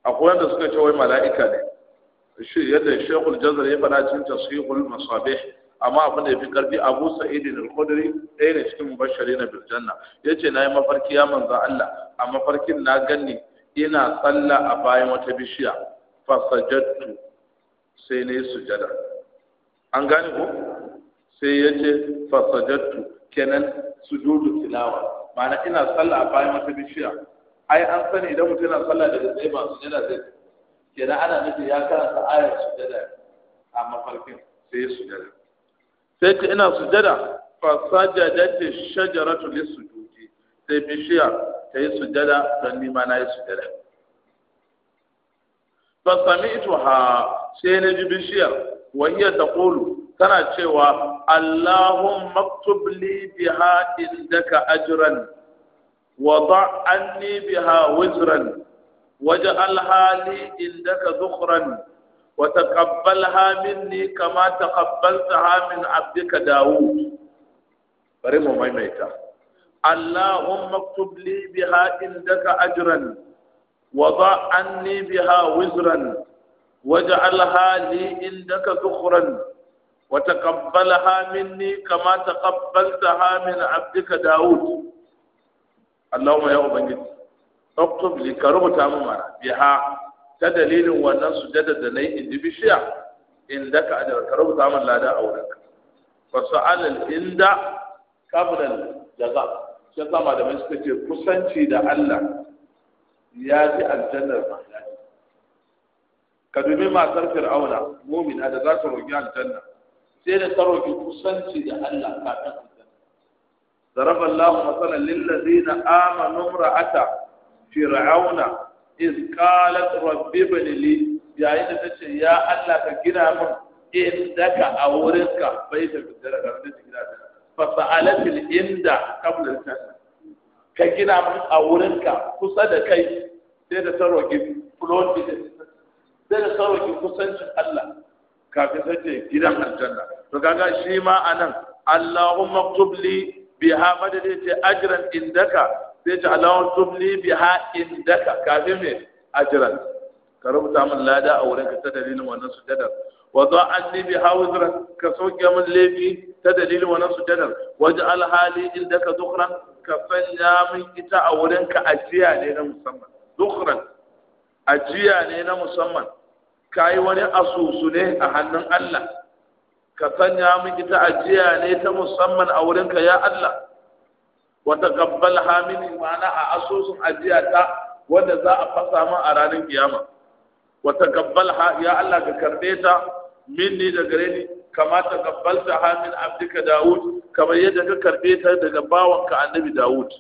akwai wanda suka ce wai mala'ika ne shi yadda Sheikh al-Jazari ya faɗa cikin Tasihul Masabih amma abin da yafi karfi Abu Sa'id al-Khudri ɗaya ne cikin mubashirin bil janna yace nayi mafarki ya manzo Allah a mafarkin na ganni ina tsalla a bayan wata bishiya sajadtu sai ne sujada an gane ko sai ya ce fasajattu kenan sujudu tilawa ma'ana ina sallah a bayan wata bishiya ai an sani idan mutum yana sallah daga tsaye ba su jada zai kenan ana nufi ya karanta ayar sujada a mafarkin sai ya sujada sai ce ina sujada ce shajaratu lisujudi sai bishiya ta yi sujada don nima na yi sujada ha sai na ji bishiyar wa hiya taqulu Tana cewa Allahumma maktubli li biha indaka ajiran, wa da' anni biha wizran waj'alha li indaka wata wa taqabbalha ni kama taqabbaltaha min 'abdika Dawud bari mu maimaita Allahumma maktubli biha indaka ajran wa da' anni biha wizran waj'alha li indaka dhukhran وتقبلها مني كما تقبلتها من عبدك داود اللهم يا أبنجد اكتب لي كربت أمامنا بها تدليل وأن سجد دني إن بشيع إن لك أجر كربت أمام لا دا أولك فسأل الإند قبل الجزاء shi sama da mai suka ce kusanci da Allah ya ji aljannar mahalaji ka dubi matar fir'auna mumina da za ta roƙi aljanna sai da taroki kusanci da Allah kafin ضرب الله مثلا na آمنوا ra'ata فرعون إذ قالت رب ابن لي yayin da tace ya Allah ka gina min indaka a wurinka bai da fitar da ta gina ta fa sa'alatil inda qabla ta ka gina min a wurinka kusa da kai sai da ta roki fulon sai da ta roki kusancin Allah kafin sace ce gidan aljanna to kaga shi ma anan Allahumma maktub li biha madadi ce ajran indaka sai ce Allahumma maktub li biha indaka kafin me ajran ka rubuta min lada a wurin ka ta dalilin wannan sujadar wa da'anni biha wuzran ka soke min laifi ta dalilin wannan sujadar waj'al hali indaka dhukran ka sanya min ita a wurin ka ajiya ne na musamman dhukran ajiya ne na musamman ka yi wani asusu ne a hannun Allah ka sanya min ita ajiya ne ta musamman a wurinka ya Allah wata gabbal hamini ma'ana a asusun ajiya ta wanda za a fasa min a ranar kiyama wata gabbal ya Allah ka karɓe ta minni da gare ni kama ta gabbalta hamin abdika Dawud kamar yadda ka karɓe ta daga bawanka annabi Dawud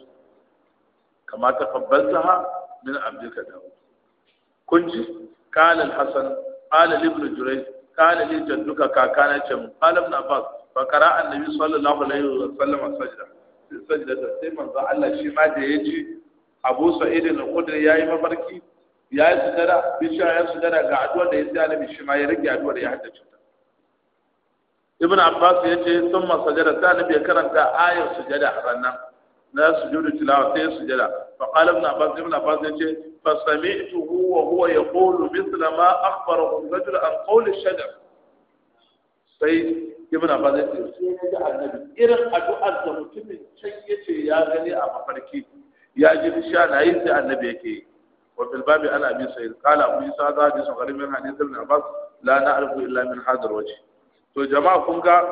kama ta ha min abdika Dawud kun ji قال الحسن قال لابن جريج قال لي جدك كاكانا جم قال ابن عباس فقرأ النبي صلى الله عليه وسلم السجدة السجدة sai manzo Allah shi ma da yaji Abu Sa'id al-Khudri yayi mafarki yayi sujada bisha yayi sujada ga addu'a da yayi Annabi shi ma ya rike addu'a da ya hada ta Ibn Abbas yace thumma sajada sai ya karanta ayar sujada a na sujudu tilawa sai sujada fa qala ibn abbas ibn abbas yace fa sami'tu huwa huwa yaqulu mithla ma akhbara rajul an qawl ash-shajab sai ibn abbas yace sai ya ga irin addu'ar da mutumin can yace ya gani a mafarki ya ji sha na yin sai annabi yake wa fil babi ana bi sai qala abu isa za ji sun garin hadith ibn abbas la na'rifu illa min hadar wajhi to jama'a kun ga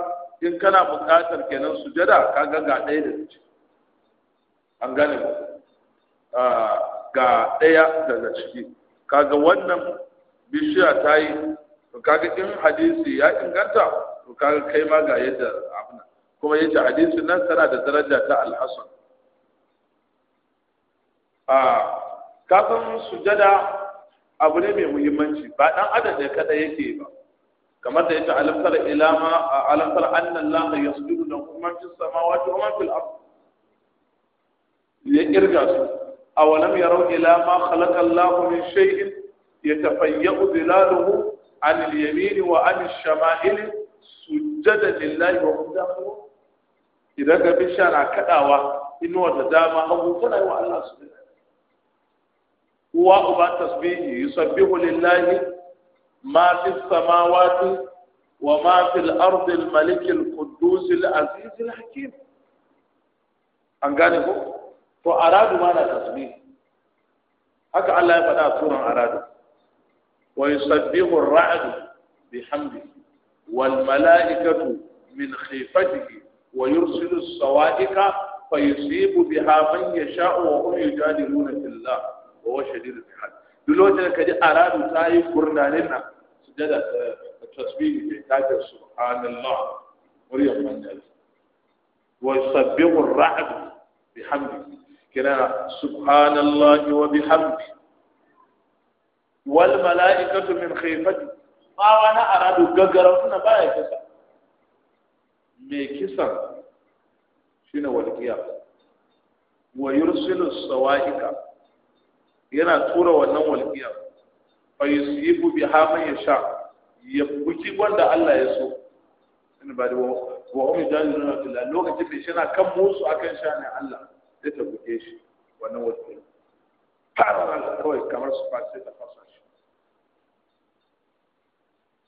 in kana buƙatar kenan sujada kaga ga ɗaya da ciki an gane ah, ga ɗaya daga ciki kaga wannan bishiya ta yi kaga in hadisi ya inganta to kaga kai ma ga yadda abin kuma yace hadisi nan tana da daraja ta alhasan a ah, kafin sujada abu ne mai muhimmanci ba dan adam ne kada yake ba kamar da yace alam tara ila ma alam tara anna allaha yasjudu lahu man fis samawati wa man fil ardh ya irga su awalam yarau ila ma khalaqa Allah min shay'in yatafayyu zilaluhu an al-yamin wa an al-shama'il sujjada lillahi wa hum dakhilun idan ga bisha na kadawa inuwa da dama hagu tana yi wa Allah su uwa uba tasbihi yusabbihu lillahi ma samawati wa ma fi al-ard al-malik an gane to aradu ma na tasbih haka Allah ya faɗa a suran aradu wa yusabbihu ar-ra'du bihamdi wal mala'ikatu min khifatihi wa yursilu as-sawa'iqa fa yusibu biha man yasha'u wa hum yujadiluna fillah wa huwa shadidul ihad duk lokacin ka ji aradu ta yi gurnanin nan sujada eh, tasbih ke kaje subhanallah muryar manzali wa yusabbihu ar-ra'du bihamdi kira subhanallahi wa bihamdi wal mala'ikatu min khifati ba wani aradu gaggaran na baya kisa mai kisa shine walqiya wa yursilu sawaika yana tura wannan walqiya fa yusibu biha man yasha ya buki wanda Allah ya so in ba da wa hum jaliluna fil lokacin da shi yana kan musu akan shanin Allah sai ta buge shi wannan wasu fara kawai kamar su fa sai fasa shi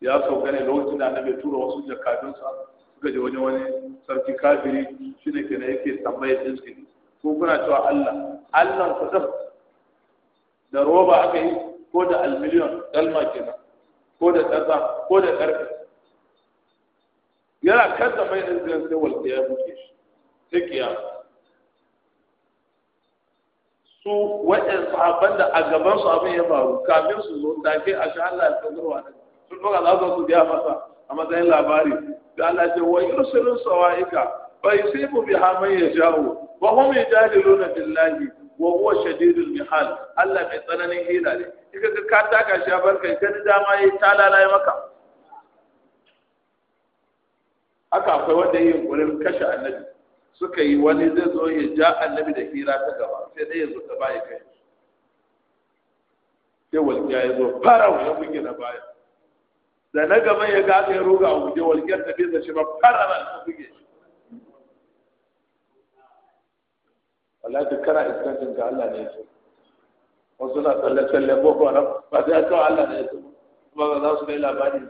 ya sauka ne lokacin da annabi tura wasu jakadunsa suka je wajen wani sarki kafiri shi ne kenan yake tambayar din su ko kuna cewa Allah Allah ku da da roba aka yi ko da almiliyon dalma kenan ko da tsatsa ko da karfe yana kanta mai din sai walƙiya muke shi sai kiyama su wa'yan sahabban da a gaban su abin ya faru kafin su zo take a sha Allah ya tsogarwa nan. sun ɗora za su biya masa a matsayin labari da Allah ce wa yursilun sawa'ika fa yusibu biha man yasha'u wa hum yajadiluna billahi wa huwa shadidul mihal Allah mai tsananin hila ne kika ga ka taka shi a barka ka dama yi ta ya maka haka akwai wanda yin gurin kashe annabi suka yi wani zai zo ya ja annabi da hira ta gaba sai dai ya zo ta baya kai sai walƙiya ya zo farau ya buge na baya da na gaba ya ga ya roga a guje walƙiyar ta bai shi ba farara ta buge shi wallahi duk kana iskancin ka Allah ne ya wasu na tsalle-tsalle boko haram ba sai kawai Allah ne ya kuma ba za su kai labari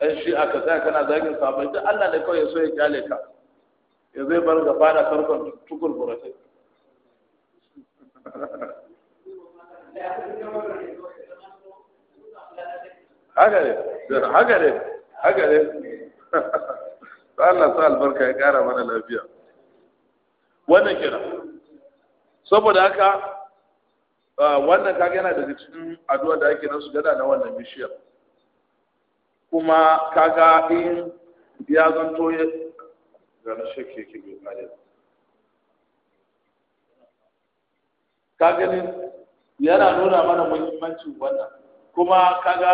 ɗan shi aka tsaya kana zagin sabon ta Allah ne kawai ya so ya kyale ka ya zai bar gaba da farkon tukur buratai haka hagare hagare ne Allah sa albarka ya kara mana lafiya wannan kira saboda haka wannan kaga yana daga cikin addu'a da ake nasu gada na wannan bishiyar kuma kaga in ya zanto ka gani yana nuna mana muhimmancin wannan kuma kaga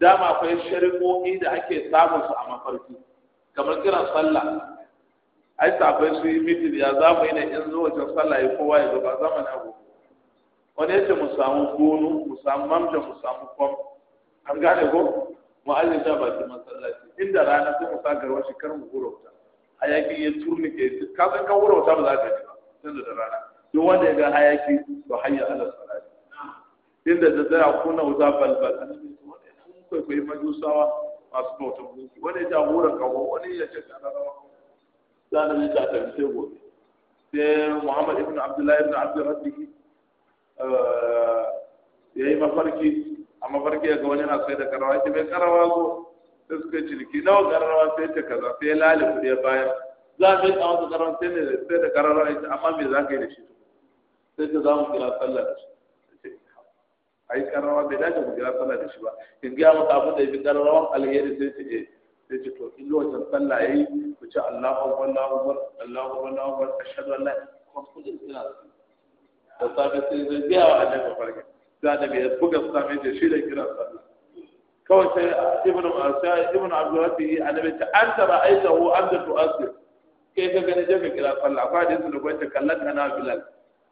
dama akwai shari'o'i da ake samun su a mafarki kamar kiran sallah ai akwai su yi mitin ya za mu yi ne yanzu wajen sallah ya kowa ya zo ba zama na abu wani yace mu samu gonu mu samu mamja mu samu kwam an gane ko mu aje ta baki masallaci inda rana sai mu sa garwa mu gura hayaki ya turnike ke ka san ka wura wata ba za ka ji ba tun da rana duk wanda ya ga hayaki to hayya ala salati inda da zara kuna wuta balbal annabi wanda ya kun kai kai majusawa masu bautan gunki wani ya ja wuran kawo wani ya ce kana rawa za na yi ta tafi gobe sai muhammad ibn abdullahi ibn abdul eh, ya yi mafarki a mafarki ya ga wani na sai da karawa ya ce bai karawa zo da suka na nawa kararrawa sai ta kaza sai lale kuɗi ya bayar za a mai tsawon kararrawa sai ne sai da kararrawa ya ce amma me za ka yi da shi sai ta za mu kira sallah da shi A yi kararrawa bai dace mu kira sallah da shi ba in gaya mu kafin da ya fi kararrawan alheri sai ta yi. Eh. sai ta to in lokacin sallah ya yi ku ce Allahu Akbar Allahu Akbar Allahu Akbar Allahu Akbar ashhadu an la ilaha illallah da safe sai zai gaya wa annabi farkin sai annabi ya buga safe da shi da kira sallah kawai sai ibn sai ibn abdurrahman annabi ta anta ra'aitahu anta tu'assir kai ka gani je ka kira sallah ba da su da gwanta kallon kana bilal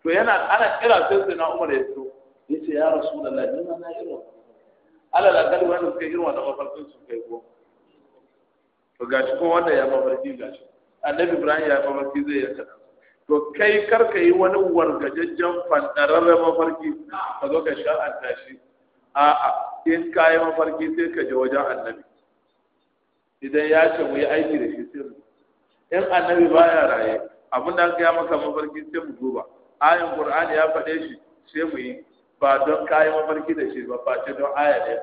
to yana ana kira sai sai na umar ya so yace ya rasulullah ni ma na irin ala la kalwa wanda suka irin da mafarkin su kai ko to gashi ko wanda ya mafarki gashi annabi ibrahim ya mafarki zai yanka to kai karka yi wani wargajajjen fandararren mafarki ka zo ka shar'anta shi a'a in ka yi mafarki sai ka je wajen annabi idan ya ce mu yi aiki da shi sai mu in annabi ba ya raye abin da aka yi maka mafarki sai mu duba ayin qur'ani ya faɗe shi sai mu yi ba don ka yi mafarki da shi ba ba ce don aya ne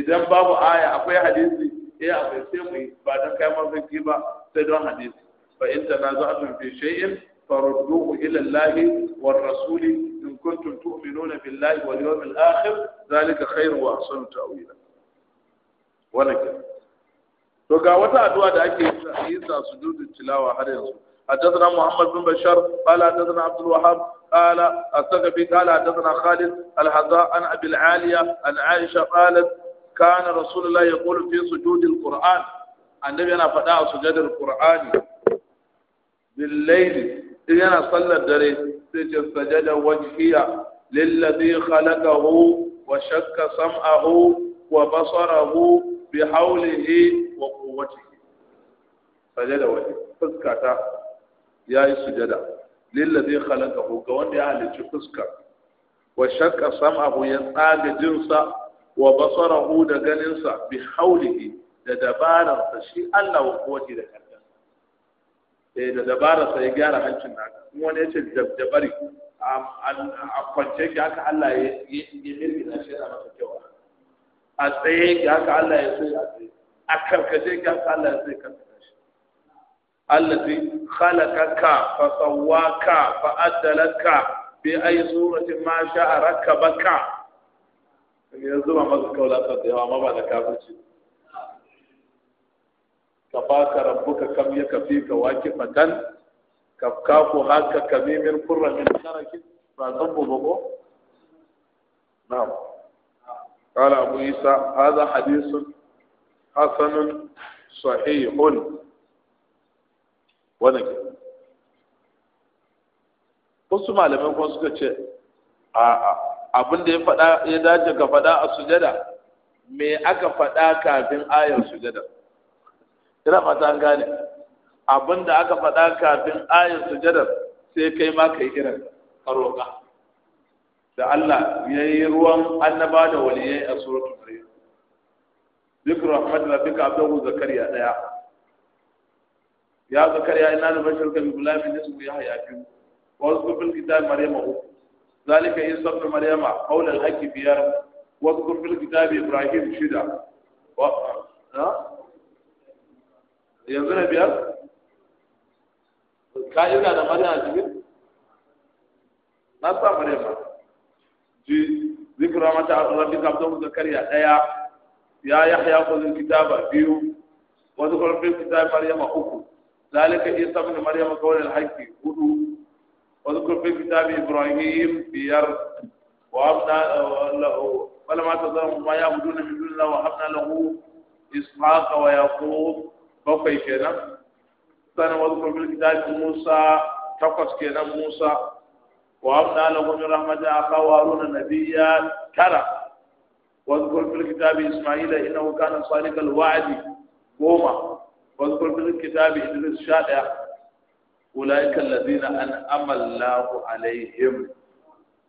idan babu aya akwai hadisi eh akwai sai mu yi ba don ka yi mafarki ba sai don hadisi fa in tanaza'tum fi shay'in فردوه إلى الله والرسول إن كنتم تؤمنون بالله واليوم الآخر ذلك خير وأحسن تأويلا ولكن توقع وتعدوا دعك يسا سجود التلاوة حريص حدثنا محمد بن بشار قال حدثنا عبد الوهاب قال الثقفي قال حدثنا خالد الحذاء عن ابي العاليه عن عائشه قالت كان رسول الله يقول في سجود القران النبي انا فدا سجود القران بالليل in yana sallar dare sai ce sajada wajhiya lillazi khalaqahu wa shakka sam'ahu wa basarahu bi hawlihi wa quwwatihi sajada wajhi fuskata yayi sujada lillazi khalaqahu ga wanda ya halicci fuskar wa shakka sam'ahu ya tsaga jinsa wa basarahu da ganinsa bi hawlihi da dabararsa shi Allah wa quwwati da Eh, da da dabara sai gyara hancin naka kuma wani yace dabdabari a kwance ki haka Allah ya ya mirgina shi da maka kyau a tsaye ki haka Allah ya sai a tsaye a karkace ki haka Allah ya sai karkace shi allazi khalaqaka fa sawwaka fa adalaka bi ay surati ma sha'a rakabaka yanzu ba maka kaula ta da yawa ma ba da kafirci kam كفاك ربك كم يكفيك واكفة كفكاف هاك min القرة من شرك فأذنب بابو نعم قال أبو عيسى هذا حديث حسن صحيح ونجد wasu malamai kuma suka ce a'a abin ya dace ka faɗa a sujada me aka faɗa kafin ayar sujada Kira fata an gane abin da aka faɗa kafin ayar sujadar sai kai ma kai irin karoka da Allah ya yi ruwan annaba da waliyai a suratun mariyu zikir rahmat na fika abin hu zakariya ɗaya ya zakariya ina da bashar kan gula min nisu ya haya fi wa wasu kufin kitab maryama uku zalika yin sabbin maryama haulal haki biyar wasu kufin kitab ibrahim shida wa yanzu na biyar ka'ida da mariya jirgin na samurai ba ji zikura mata a tsoron duka don da karya daya ya yi hayakunin gida ba biyu wasu kwalfin su zai mariya ma uku zalika iya samun da mariya ma kawai alhaki hudu wasu kwalfin su zai ibrahim biyar wa abna eh, lahu oh, wala mata zan ma ya hudu na hudu na wa abna lahu ishaqa wa yaqub bakwai kenan sanin wasu kurbil kitabi musa takwas kenan musa wa amna lahu min rahmatin akhaw haruna nabiyya tara wasu kurbil kitabi isma'ila innahu kana salikal wa'di goma wasu kurbil kitabi idris sha daya ulaika alladhina an'ama Allahu alaihim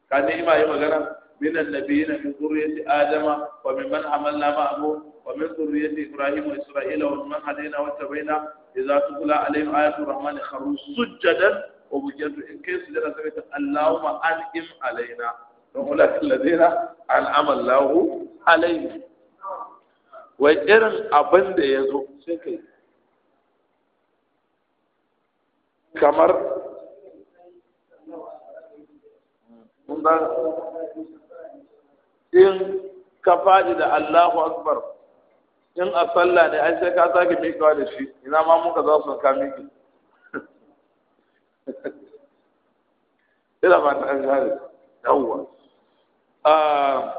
kan ni ma yi magana min annabiyina min zurriyyati adama wa mimman hamalna ma'amu ومن ذرية إبراهيم وإسرائيل ومن هدينا واتبعنا إذا تتلى عليهم آيات الرحمن خروا سجدا وبجد إن كان سجدا سبيتا اللهم أنئم علينا وأولئك الذين أنعم الله عليهم وإرن أبند يزو سيكي كمر in ka faɗi da Allahu Akbar in a sallah ne ai sai ka sake mikawa da shi ina ma muka za su ka miki? ina ba ta gane yawwa ah,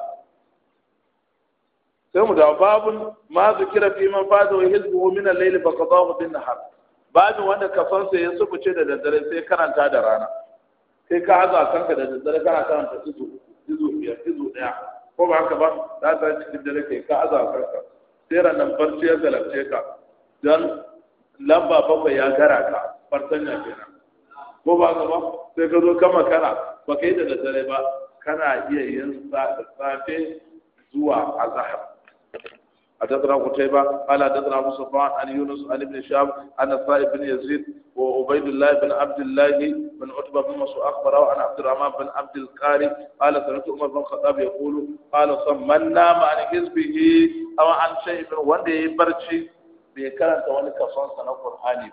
sai mu da babun ma zikira fi man fada wa hizbu min al-layl fa qadahu bin nahar babin wanda kafansa ya subuce da daddare sai karanta da rana Sai ka haza kanka da daddare kana karanta su su biyar su ya ko ba haka ba za ta cikin dare kai ka haza kanka tera ranar barci ya zalabce ka don lamba bakwai ya gara ka ya kenan ko ba ka ba sai ka zo kama ba ka yi da daddare ba kana iya yin safe zuwa azahar حدثنا قتيبة قال حدثنا أبو صفوان عن يونس عن ابن شهاب عن الطائب بن يزيد وعبيد الله بن عبد الله بن عتبة بن مسعود أخبره عن عبد الرحمن بن عبد القاري قال سمعت عمر بن الخطاب يقول قال من نام عن حزبه أو عن شيء من وندي برشي بكرة ولك صنصة القرآن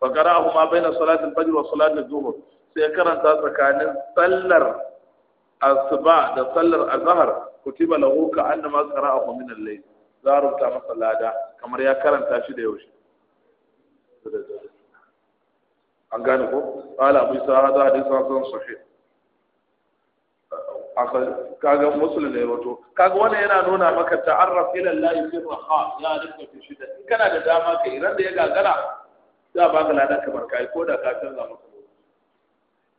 فقرأه ما بين صلاة الفجر وصلاة الظهر سيكرن تاسكان سلر الصباح ده سلر الظهر kutiba lahu ka annama qara'ahu min al-layl za rubuta masa lada kamar ya karanta shi da yaushe an gane ko qala abu isa hada hadith hasan sahih aka kaga musulun ne wato kaga wannan yana nuna maka ta'arraf ila Allah fi raha ya dinka fi shida in kana da dama ka iran da ya gagara za ba ka lada ka kai, ko da ka canza maka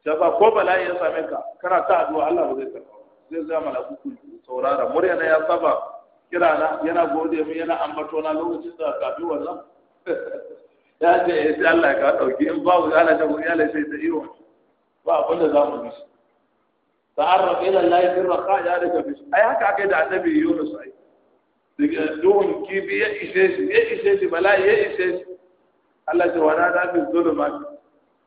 shafa ko bala'i ya same ka kana ta addu'a Allah ba zai karba zai zama malaku kullu saurara murya na ya saba kira na yana gode min yana ambato na lokacin da kafin wannan ya ce eh, ya ce Allah ka dauki in ba babu ana ta godiya lai sai ta iyo ba abin da za mu bi ta'arraf ila Allah fi raqa ya da kafi ai haka akai da annabi Yunus ai duhun kibi ya ishe shi ya ishe shi bala'i ya ishe shi Allah ce wana da bi zulma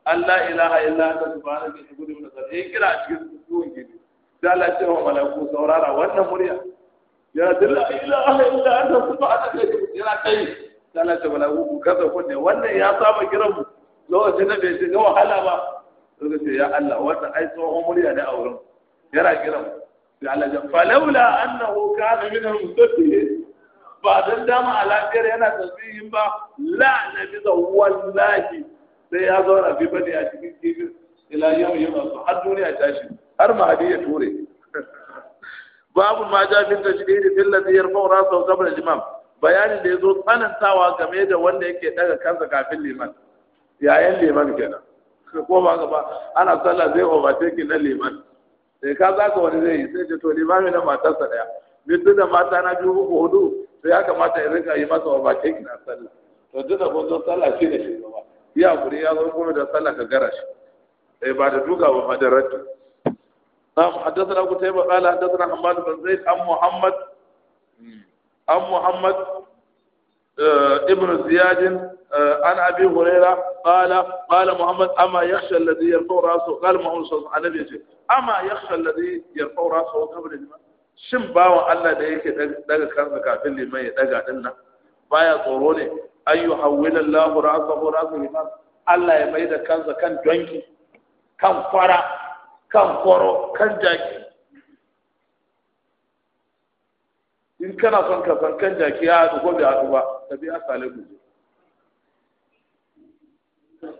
Allah ilaha illa anta subhanaka inni kuntu minaz zalimin kira a cikin duhun kibi sai Allah ce malaku saurara wannan murya ya dalla ilaha illa anta subhanaka yana kai sai Allah ce malaku ku kaza kunne wannan ya saba kiran mu lokacin da bai shiga wahala ba sai ce ya Allah wannan ai tsohon murya da auren yana kiran sai Allah ya falaula annahu kana min al-musabbihin ba dan dama a lafiyar yana tasbihin ba la nabi da wallahi sai ya zauna fi bane a cikin kifin ila yau yau har duniya ta shi har mahadi ya ture babu ma ja fi tashdidi fil ladhi yarfa'u ra'sahu qabla al-imam bayani da yazo tsanantawa game da wanda yake daga kansa kafin liman yayin liman kenan ko ba gaba ana sallah zai overtake na liman sai eh, ka zaka wani zai yi sai ce to limami na matarsa daya duk da mata na biyu uku hudu to ya kamata in rika yi masa overtake na sallah to duk da kun zo sallah shi da shi gaba ya guri ya zo kuma da sallah ka gara shi eh, ba da duka ba ma da نعم حدثنا قتيبة قال حدثنا حماد بن زيد عن محمد عن محمد ابن زياد عن ابي هريره قال قال محمد اما يخشى الذي يرفع راسه قال محمد صلى الله عليه وسلم اما يخشى الذي يرفع راسه قبل الامام shin bawan Allah da yake daga kansa kafin liman ya daga din nan baya tsoro ne an yi hawilin lahu ra'asa ko ra'asa liman Allah ya mai da kansa kan donki kan kwara kan kwaro kan jaki in kana son ka san kan jaki ya haɗu ko bai haɗu ba ka biya sale guje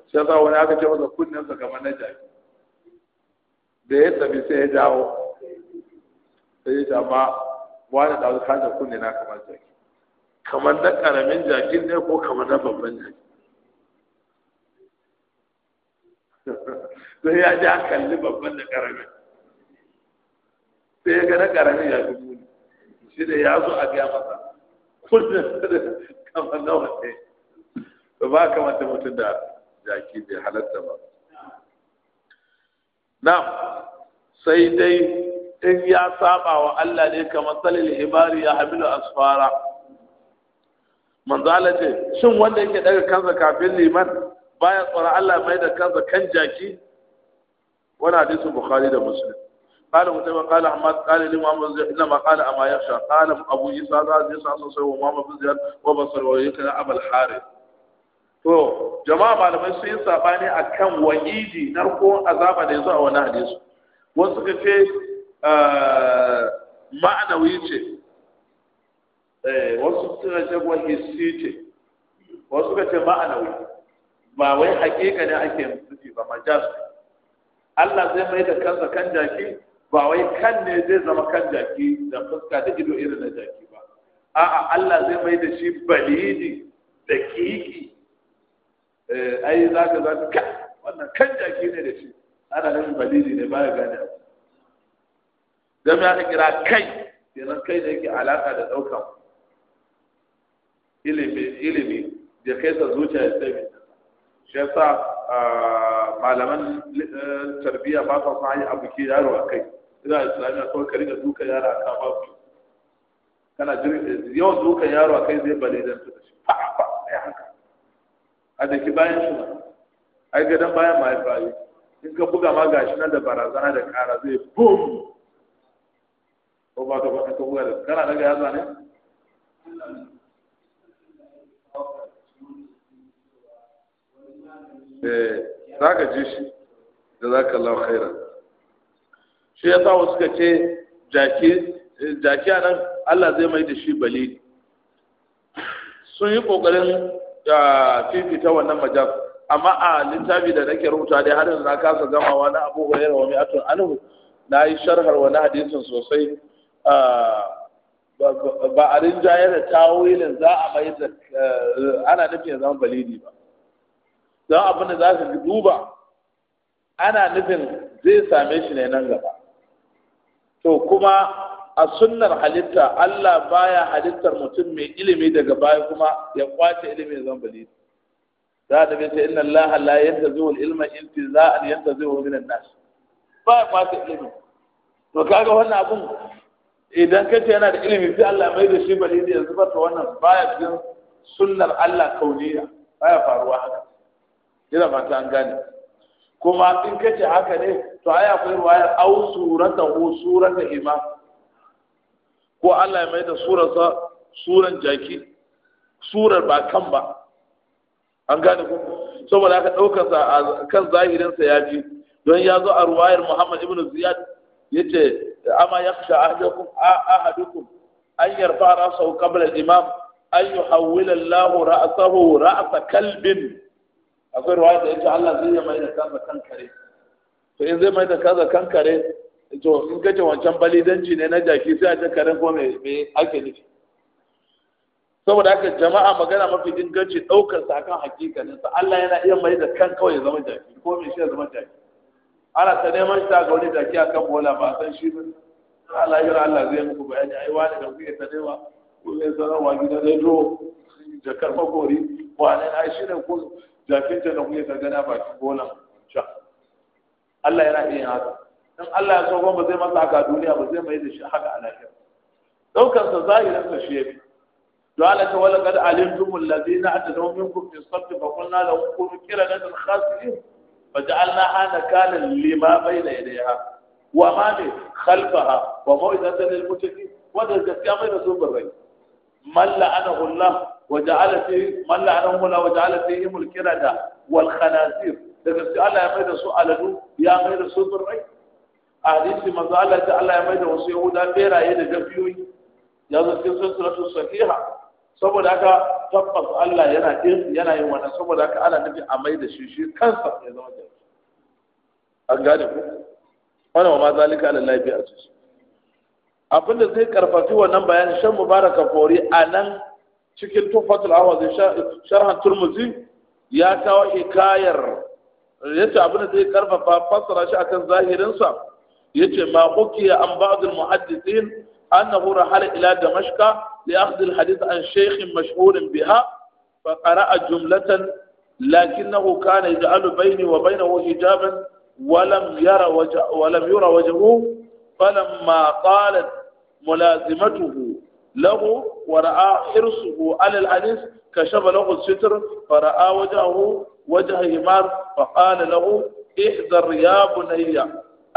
shi yasa wani aka ce masa kunnensa kamar na jaki da ya tabi sai ya jawo sai ya jama wani ɗazu kajar kunne na kamar jaki kamar na ƙaramin jakin ne ko kamar na babban jaki sai ya ji a kalli babban da ƙaramin sai ya gana na ƙaramin ya fi muni shi da ya zo a gaya masa kullum kamar nawa ne Ba ba kamata mutum da jaki bai halatta ba na sai dai in ya saba wa Allah ne kamar salil ibari ya hamilu asfara manzo Allah ce shin wanda yake daga kansa kafin liman baya tsara Allah mai da kansa kan jaki wani hadisin bukhari da muslim قال متى قال احمد قال لي محمد انما قال اما يخشى قال ابو عيسى هذا يسعى سوى ومحمد بن زياد وبصر ويكنا ابا الحارث to jama'a malamai sun yi sabani akan na narko azaba da yazo a wani hadisi wasu suka ce eh, ma'anawi ce eh, wasu suka ce wahissi ce wasu suka ce ma'anawi ba wai hakika ne ake nufi ba majas ne Allah zai mai da kansa kan jaki ba wai kan ne zai zama kan jaki da fuska da ido irin na jaki ba a'a Allah zai mai da shi balidi da kiki eh ai za ka za ka wannan kan jaki ne da shi ana nufin balidi ne baya gane dan ya ka kira kai kenan kai ne yake alaka da daukan ilimi ilimi da kai sa zuciya ta tsaye shi yasa ah, malaman eh, tarbiyya ba ta sa yi abu ke yaro a kai ina islamiyya kawai ka riga duka yaro a kan babu kana eh, yawan duka yaro a kai zai bale da su da shi fa fa ai haka a da ki bayan shi ba ai gadon bayan ma ya in ka buga ma gashi nan da barazana da kara zai bum ko ba ta ba ka buga da kana daga yaza ne eh za ka ji shi da za ka lau shi ya sa suka ce jaki a nan allah zai mai da shi bali sun yi kokarin fifita wannan majal amma a littafi da nake rubuta dai har yanzu na kasa gamawa na abu hurairah wa mi'atun anhu na yi sharhar wani hadisin sosai ba a rinjaye da tawilin za a mai da eh, ana nufin zama balidi ba don abin da za su duba ana nufin zai same shi ne nan gaba to kuma a sunnar halitta Allah baya halittar mutum mai ilimi daga baya kuma ya kwace ilimin zambali za ta bi ta inna Allah la yantazu al ilma intiza'an yantazu min an-nas ba ya kwace ilimi to kaga wannan abun idan kace yana da ilimi sai Allah mai da shi balidi yanzu ba ta wannan baya cikin sunnar Allah kauniya baya faruwa haka ina fata an gane kuma in kace haka ne to ai akwai ruwaya au surata ko surata ima ko Allah ya mai da surarsa suran jaki surar ba kan ba an gane ku saboda aka daukar sa kan zahirin sa yafi don ya zo a ruwayar Muhammad ibn Ziyad yace amma yakhsha ahadukum ahadukum an yarfa ra'sahu qabla al-imam an yuhawwila Allahu ra'sahu ra'sa kalbin akwai ruwa da yake Allah zai mai da kaza kan kare to in zai mai da kaza kan kare to in kace wancan balidanci ne na jaki sai a ta karen ko me me ake nufi saboda haka jama'a magana mafi inganci daukar sa kan hakikanin sa Allah yana iya mai da kan kawai zama jaki ko me shi ya zama jaki ana ta neman shi ta ga wani jaki akan bola ba san shi ba Allah ya Allah zai muku bayani ai wani da kuke ta dewa ko zai da gidan rediyo jakar makori ne na shi ne ko jakin ta na kuya gana bakin gonan can Allah yana iya haka dan Allah ya so ba zai masa haka a duniya ba zai mai da shi haka a lahira daukar sa zahirin sa shi yafi don Allah ta wala kad alimtum alladhina atadaw minkum fi sabt fa qulna lahum kunu qiradatan khasirin فجعلناها نكالا لما بين wa وما خلفها وموعظة wa وده الجزية غير سوبر رئيس من لعنه الله وجعل فيه من لعنه الله وجعل فيهم الكردة والخنازير daga sai Allah ya mai su aladu ya mai su birrai a hadisi manzo Allah ya Allah ya mai da wasu beraye da dabiyoyi ya zo cikin sunnatul sahiha saboda haka tabbas Allah yana din yana yin wannan saboda haka ana nabi a mai da shi kansa ya zama jami'i an gane ku ala a cikin abin da zai karfafi wannan bayanin shan mubaraka kori a nan cikin tufatul awazi sharhan turmuzi ya kawo hikayar ce abin da zai karfafa fassara shi akan zahirinsa yace ma hukiya an mu'addisin, an muhaddisin annahu hali ila damashqa li akhdh al hadith an shaykh mashhurin biha fa qara'a jumlatan لكنه كان يجعل wa وبينه حجابا ولم يرى وجه ولم يرى وجهه فلما طالت ملازمته له ورأى حرصه على الحديث كشف له الستر فرأى وجهه وجه إمام فقال له احذر يا بني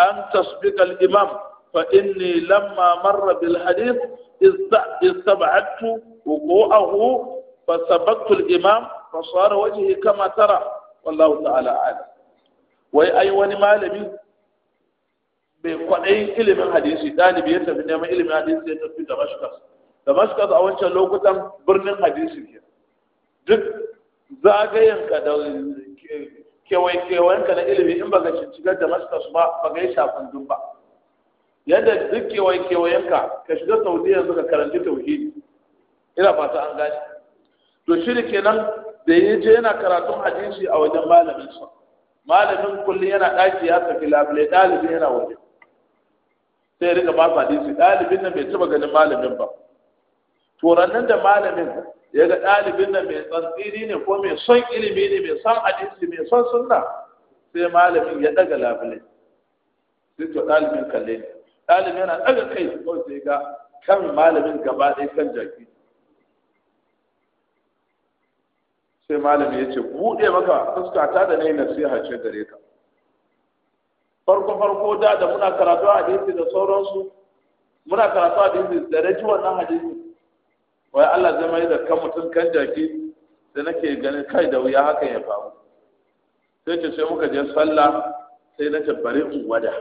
أن تسبق الإمام فإني لما مر بالحديث استبعدت وقوعه فسبقت الإمام فصار وجهي كما ترى والله تعالى أعلم وأي وني أيوة، مالمي bai kwadai ilimin hadisi ɗalibi ya tafi neman ilimin hadisi ya tafi damascus damascus a wancan lokutan birnin hadisi ke duk ka da kewaye-kewayenka na ilimi in ba ka shiga damascus ba ba ga yi shafin dun ba yadda duk kewaye-kewayenka ka shiga saudiya yanzu ka karanci tauhidi ina fata an gane to shi kenan da ya je yana karatun hadisi a wajen malamin sa malamin kullum yana ɗaki ya tafi labule ɗalibi yana waje sai rika ba su hadisi ɗalibin nan bai taba ganin malamin ba turannin da malamin ya ga ɗalibin nan mai tsantsiri ne ko mai son ilimi ne mai son hadisi mai son sunna sai malamin ya ɗaga labule sai to ɗalibin kalle ne ɗalibin yana ɗaga kai ko sai ga kan malamin gaba ɗaya kan jaki sai malamin ya ce buɗe maka fuska ta da na yi nasiha ce gare ka farko farko da da muna karatu a hadisi da sauransu muna karatu a hadisi da raji wannan hadisi wai Allah zai mai da kan mutum kan jaki da nake ganin kai da wuya hakan ya faru sai ce sai muka je sallah sai na ce bari in gwada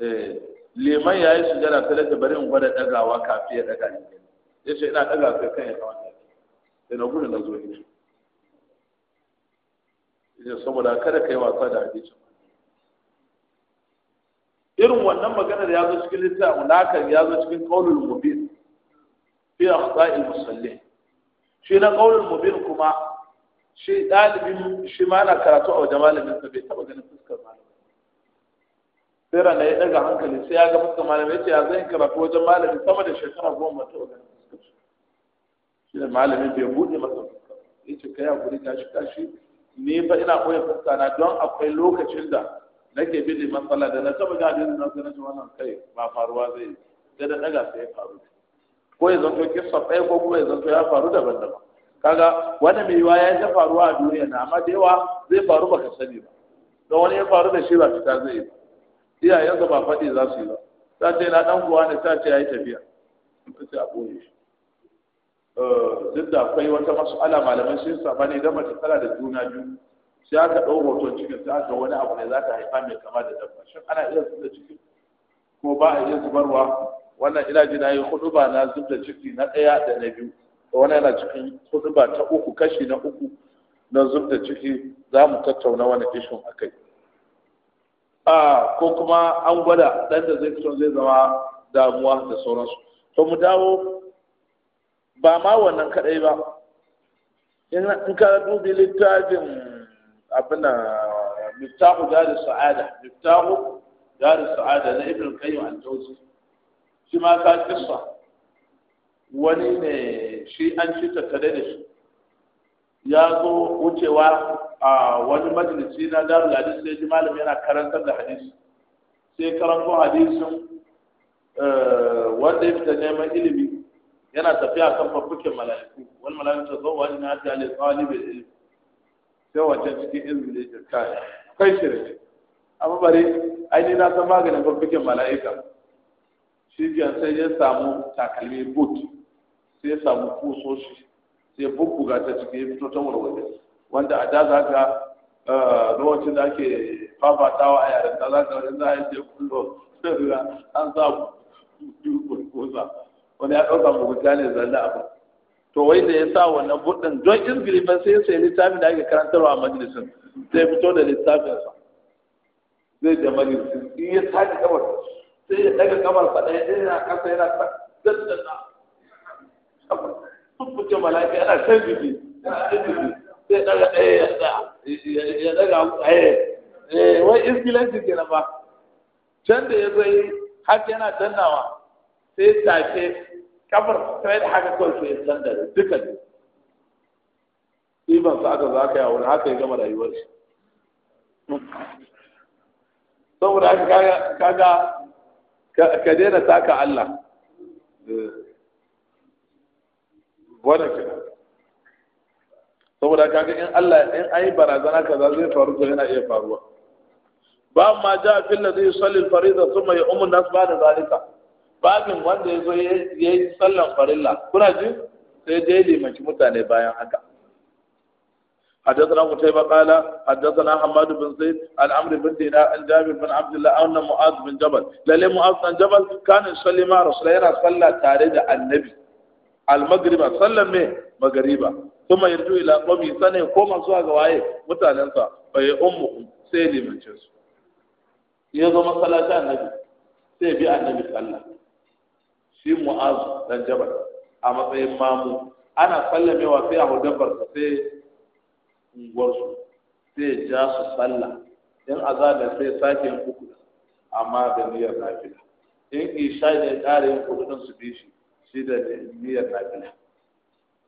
eh, liman ya yi sujada sai na ce bari in wada dagawa kafin ya daga ni sai sai ina daga sai kan ya kawo sai na gudu na zo sai saboda kada ka yi wasa da hadisi irin wannan maganar ya zo cikin littafin lakar ya zo cikin qaulul mubin fi akhta'il musalli shi na qaulul mubin kuma shi dalibin shi ma na karatu a wajen malamin sa bai taba ganin fuskar malamin sai rana ya daga hankali sai ya ga fuskar malamin ya zan karatu wajen malamin sama da shekara goma ta wajen fuskar shi da malamin bai bude masa fuskar yace kai guri gashi gashi ni fa ina koyar fuska na don akwai lokacin da nake bidi matsala da na taba ga na nan sai wannan kai ba faruwa zai sai da daga sai ya faru ko ya zanto kissa ɗaya ko kuma ya zanto ya faru daban-daban kaga wani mai yiwa ya ta faruwa a duniya na amma da yawa zai faru baka sani ba don wani ya faru da shi ba fita zai yi ba iyayensa ba faɗi za su yi ba ta ce na ɗan kuwa ne ta ce ya yi tafiya ta ce a ɓoye shi eh, duk da akwai wata masu'ala malamai sun saba ne idan mace tana da juna biyu sai aka ɗau hoton cikin sai aka wani abu ne za ta haifa mai kama da dabba shin ana iya zubda ciki ko ba a iya zubarwa wannan ina ji na yi hudu ba na zubda ciki na ɗaya da na biyu da wani yana cikin hudu ba ta uku kashi na uku na zubda ciki za mu tattauna wani ishin a kai ko kuma an gwada ɗan da zai fito zai zama damuwa da sauransu to mu dawo ba ma wannan kaɗai ba in ka dubi littafin abin miftahu dari sa'ada miftahu dari sa'ada na ibn qayyim al-jawzi shi ma ka kissa wani ne shi an ci tattare da shi ya zo wucewa a wani majalisi na darul hadis sai ji malam yana karantar da hadisi sai karanto hadisin eh, wanda ya fita neman ilimi yana tafiya kan fafukin mala'iku wani mala'iku ta zo wani na fi alai talibin ilimi sai wancan cikin izini ya ce kai kai shirme amma bari ai na san maganin farfikin mala'ika shi biyan sai ya samu takalmi boot sai ya samu kusoshi sai ga ta ciki ya fito ta warware wanda a da za ka eh, lokacin da ake fafatawa a yaren da za ka wani za a yi kullo an sa kosa wani ya ɗauka mu mutane zalla abu to wai da ya sa wannan buɗin don izgiri ba sai sai littafin da ake karantarwa a majalisin sai fito da littafinsa zai da majalisin in ya tashi kamar sai ya daga kamar sa ɗaya ɗaya na kasa yana daddana tuffuce malaki yana kan jiki sai daga ɗaya ya ɗaya ya daga ɗaya eh, eh, wai izgilanci ke ba can da ya zai har yana dannawa sai tafe kafar sai da haka kawai sai islam da duka ne ɗiban sa aka zaka yawon haka ya gama rayuwar shi saboda haka kaga ka daina taka Allah wannan kenan saboda kaga in Allah in ai barazana kaza zai faru to yana iya faruwa ba ma ja fil ladhi yusalli al fariida thumma ya'umu an-nas ba'da zalika babin wanda ya zo ya yi sallan farilla kuna ji sai dai limanci mutane bayan haka حدثنا قتيبة قال حدثنا حماد بن زيد عن عمرو بن دينار عن جابر بن عبد الله عن معاذ بن جبل للي معاذ بن جبل كان يصلي مع رسول الله صلى تاريد النبي المغرب صلى مه مغربا ثم يرجو الى قومه سنه قوم زوا ga waye mutanensa bai ummu sai limancin su ya zo masallaci annabi sai bi annabi shi mu'azu dan jabal a matsayin mamu ana sallamewa sai a hudabar sa sai unguwarsu sai ja su sallah in azalin sai sake yin uku amma da niyyar nafila in isha ne ƙara yin kuɗin su bi shi shi da niyyar nafila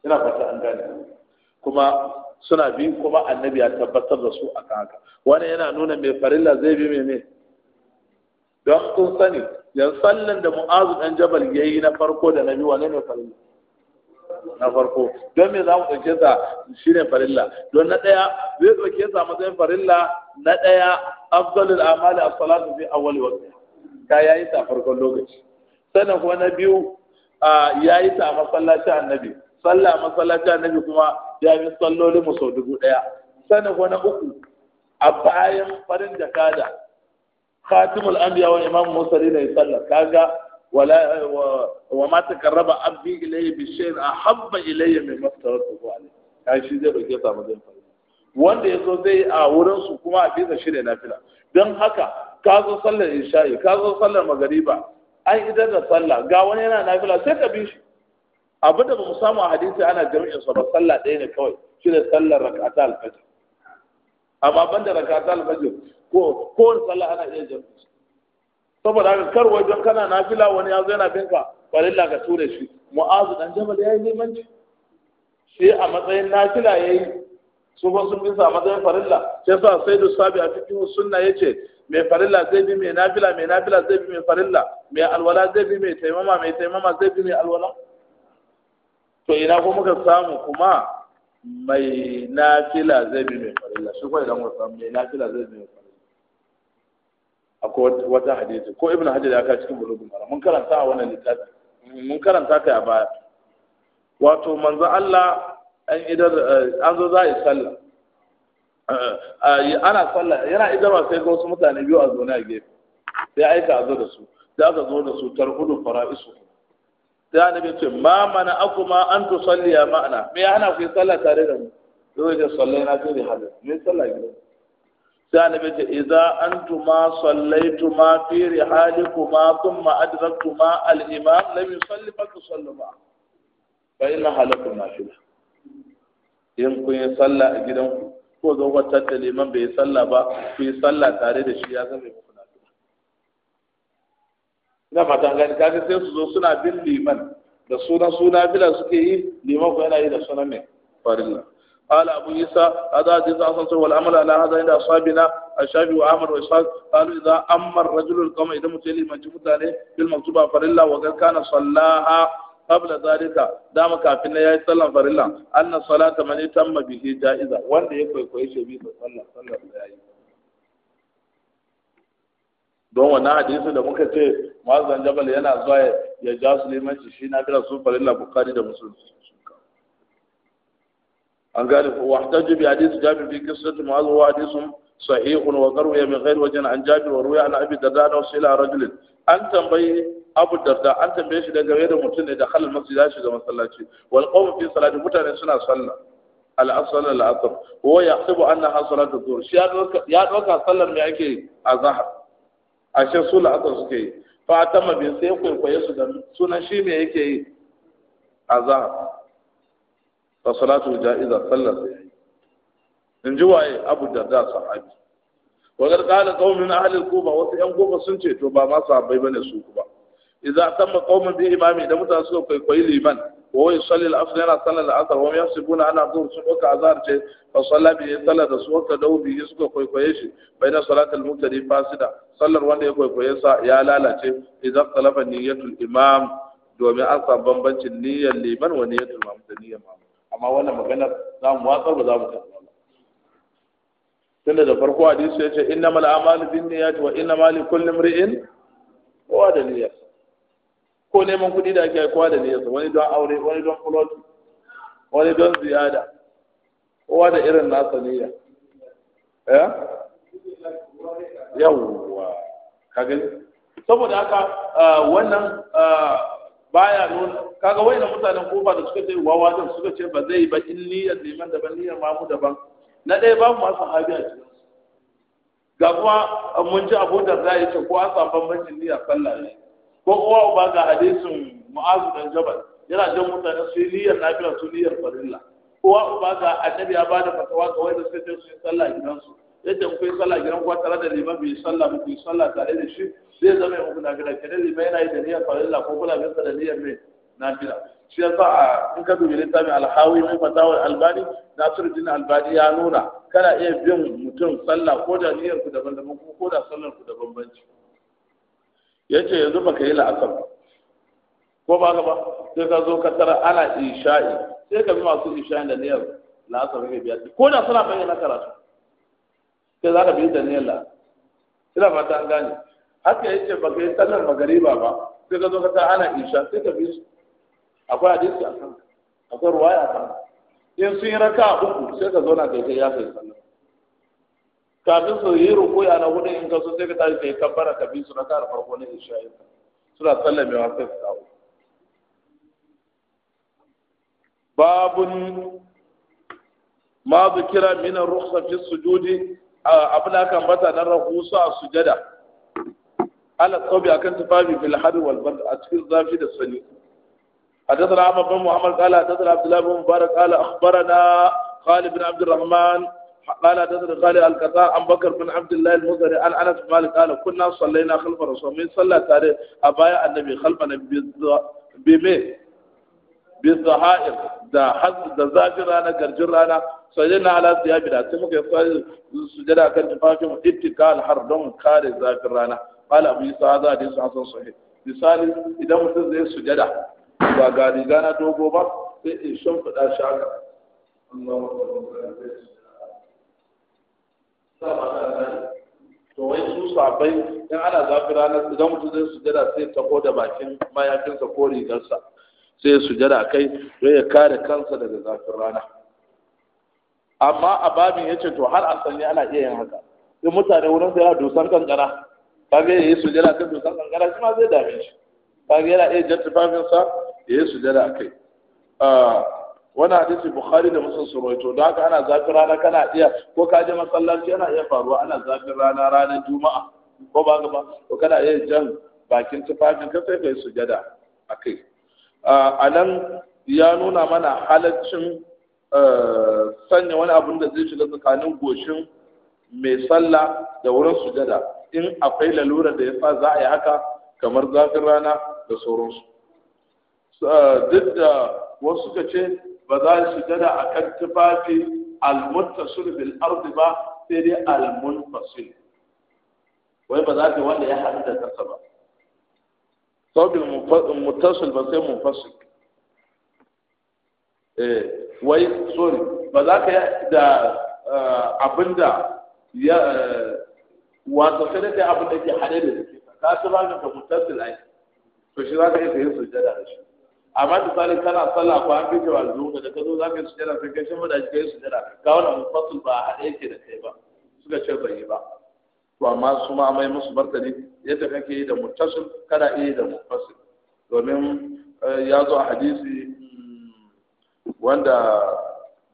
ina fata an gane kuma suna bi kuma annabi ya tabbatar da su akan haka wani yana nuna mai farilla zai bi mai mai don kun sani yan sallan da mu'azu dan jabal ya yi na farko da na biyu wane ne farilla na farko don me za mu ɗauke sa shi ne farilla don na ɗaya zai ɗauke sa matsayin farilla na ɗaya afdalul amali as-salatu fi awwal waqti ka yayi ta farkon lokaci sannan kuma na biyu yayi ta masallaci annabi sallah masallaci annabi kuma ya yi sallolin mu sau dubu ɗaya sannan kuma na uku a bayan farin jakada خاتم anbiya wa imam musa ne sallah kaga wala wa ma takarraba abdi ilayya bi shay'in ahabba ilayya mimma aftaratuhu alayhi kai shi zai roke sa mazan a wurin kuma a bisa shi ne nafila dan haka kazo sallar isha'i kazo sallar magariba an idan da sallah ga wani yana nafila sai ka bi shi da ba samu a hadisi ana jami'in sa sallah ne kawai rak'ata fajr amma banda rak'ata ko ko sallah ana iya jami'i saboda haka kar wajen kana nafila wani ya zo yana binka balilla ka tura shi mu'azu dan jabal yayi limanci shi a matsayin nafila yayi su ba sun bisa a matsayin farilla sai sa sai da sabi a cikin sunna yace mai farilla zai bi mai nafila mai nafila zai bi mai farilla mai alwala zai bi mai taimama mai taimama zai bi mai alwala to ina ko muka samu kuma mai nafila zai bi mai farilla shi ko idan muka mai nafila zai bi mai akwai wata hadisi ko Ibn hajar ya kai cikin bulugul mara mun karanta a wannan littafi mun karanta kai a baya wato manzo Allah an idar eh, an zo za a yi sallah eh, eh, ana sallah yana idarwa sai ga wasu mutane biyu a zaune a gefe sai aika a zo da su sai aka zo da su tarhudu fara'isu sai annabi ce ma mana akuma an ya ma'ana me ya hana ku yi sallah tare da mu sai ya ce sallaina fi hadith me sallah gidan sai annabi ce idza antuma sallaituma fi rihalikuma thumma adraktuma al-imam lam yusalli fa tusallu ma fa inna halakum nafila in kun yi sallah a gidanku ko zo ku tattale man bai sallah ba ku yi sallah tare da shi ya zama muku nafila ina fatan gani kaga sai su zo suna bin liman da suna suna bila suke yi liman ku yana yi da sunan mai nan. قال أبو يسا هذا حديث حسن والعمل على هذا عند أصحابنا الشافعي وأحمد وإسحاق قالوا إذا أما رجل القوم إذا متلي ما جبت عليه في المكتوبة فلله وقد كان صلاها قبل ذلك دام كافين يا يسلم فلله أن صلاة من يتم به جائزة وأن يكوي كوي شبيه صلى صلى الله don wannan hadisi da muka ce mazan jabal yana zuwa ya ja su limanci shi na kira su farilla bukari da musulunci an gane wahtajju bi hadith jabir bi qissati mu'adh wa min hadithum صحيح وقروي من غير وجه عن جابر وروي عن ابي الدرداء وسئل رجل an tambayi abu darda an tambaye shi daga da mutum ne da halin masu ya shiga masallaci wal qawm fi salatu mutane suna sallah al asr al asr wa yahsibu annaha salatu dhuhr shi ya doka sallar me ake A azhar ashe su la'asar su ke yi fa tamma bin sai kwaikwaye su da sunan shi me yake yi A zahar. fa salatu ja'iza sallar sai in ji waye abu da darda sahabi wa qad qala qaumun ahli al-kufa wasu yan kufa sun ce to ba ma sahabbai bane su kuba idza tamma qaumun bi imami da mutane suka kwaikwayi liman wa huwa yusalli al-asr yana sallar al-asr wa yasibuna ana zuhr sun doka azhar ce fa salla bi salla da su ka daudi suka kwaikwaye shi baina salat al-muqtadi fasida sallar wanda ya kwaikwaye sa ya lalace idza talafa niyyatul imam domin an sa bambancin niyyar liman wa niyyatul mamdaniyyah amma wannan maganar za mu watsar ba za mu karɓa ba tunda da farko hadisi ya ce innamal a'malu binniyati wa mali likulli imri'in kowa da niyyar ko neman kuɗi da ake kowa da niyyar wani don aure wani don plot wani don ziyada kowa da irin nasa niyya eh yawwa kaga saboda haka ah, wannan ah, baya nuna kaga wai mutanen kofa da suka ce wawa din suka ce ba zai ba in niyyar liman daban niyyar mamu daban na ɗaya babu masu sahabi a cikin ga kuma mun ji abu da za a yi ce ko an samu bambancin niyya sallah ne ko kowa uba ga hadisin mu'azu dan jabal yana jan mutane su yi niyyar lafiya su niyyar farilla kowa uba ga annabi ya bada fatawa ga da suka ce su yi sallah gidansu yadda muku yi sallah gidan kuwa tare da liman bai sallah mu yi sallah tare da shi zai zama ya muku gida. kenan liman yana yi da niyyar farilla ko kuna bisa da niyyar mai gida. shi yasa a in ka dubi littafin alhawi mai fatawar albani nasiruddin albani ya nuna kana iya bin mutum sallah ko da niyyar ku daban-daban kuma ko da sallar ku da bambanci yace yanzu baka yi la'asar ko ba ka ba sai ka zo ka tara ana isha'i sai ka bi masu isha'i da niyyar la'asar ne biya ko da suna bayyana karatu sai za ka bi da nela ina fata an gane haka yace ba ka yi sallar magariba ba sai ka zo ka ta ana isha sai ka bi su akwai hadisi a kan akwai ruwaya a kan in sun yi raka uku sai ka zauna kai kai ya kai sallar kafin su yi rukuya na hudu in ka so sai ka tashi kai kabbara ka bi su na a farko na isha suna sallamewa sai su kawo babun ma zikira min ar-rukhsa fi sujudi abin da aka ambata na rahusu a sujada ala tsobi akan tufafi fil hadr wal bard a cikin zafi da sani بن محمد قال حدثنا عبد الله بن مبارك قال اخبرنا خالد بن عبد الرحمن قال حدثنا خالد القطاع عن بكر بن عبد الله المزري عن انس مالك قال كنا صلينا خلف رسول من صلى تاريخ ابايا النبي خلف النبي بمي bi da zafin rana garjin rana sajadna ala siyabi da sai muka yi sujada kan tufafin ittikal har don kare zafin rana qala abu isa za da su hasan sahih misali idan mutum zai sujada ba ga na dogo ba sai in shimfiɗa shi haka to wai su sabai in ana zafi ranar idan mutum zai sujada sai tako da bakin mayafinsa ko rigarsa sai sujada a kai don ya kare kansa daga zafin rana amma a babin ya ce to har a sanya ana iya yin haka in mutane wurin sai yana dusan kankara kaga ya yi sujada kan dusan kankara shi ma zai dame shi kaga yana iya jan tufafinsa ya yi sujada a kai wani hadisi bukhari da musulun suroito don haka ana zafin rana kana iya ko ka je masallaci ana iya faruwa ana zafin rana ranar juma'a ko ba gaba ko kana iya jan bakin tufafin ka sai kai sujada a kai a nan ya nuna mana halaccin eh, sanya wani abun da zai shiga tsakanin goshin mai sallah da wurin sujada in akwai lalura da ya sa za a yi haka kamar zafin rana da sauransu eh, duk da wasu suka ce ba za a da a kan tufafi almunta bil ardi ba sai dai almunfasil wai ba za ta wanda ya haɗu da kasa ba sautin mutasul ba sai munfasil eh, wai sorry ba za ka yi da eh, abinda ya eh, sai da abin ke hade da jiki ka ci ka ai to shi za ka yi da shi amma kana sallah ko an fice wa zuwa da ka zo za ka yi sai kai shi mu da kai sujjada ka wannan munfasil ba hade yake da kai ba suka ce bai yi ba to amma su ma mai musu martani yadda kake yi da kada kana yi da mufassil domin eh, ya zo a hadisi mm, wanda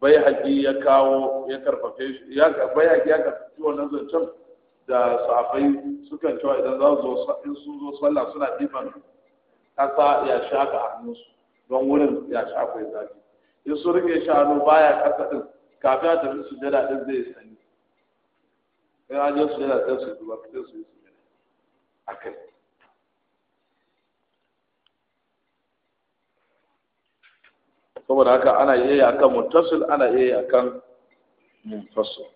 bai haƙi ya kawo ya karfafe shi ya bai haƙi ya karfafe wannan zancen da sahabbai sukan cewa idan za zo in sun zo sallah suna ɗiban kasa ya ka a hannunsu don wurin ya sha ya zafi in sun rike shanu baya kasa din kafin a tafi su sujada din zai sanyi sai an yi sujada sai su duba sai su yi sujada a kai saboda haka ana iya yi akan muttasil ana iya yi akan munfasil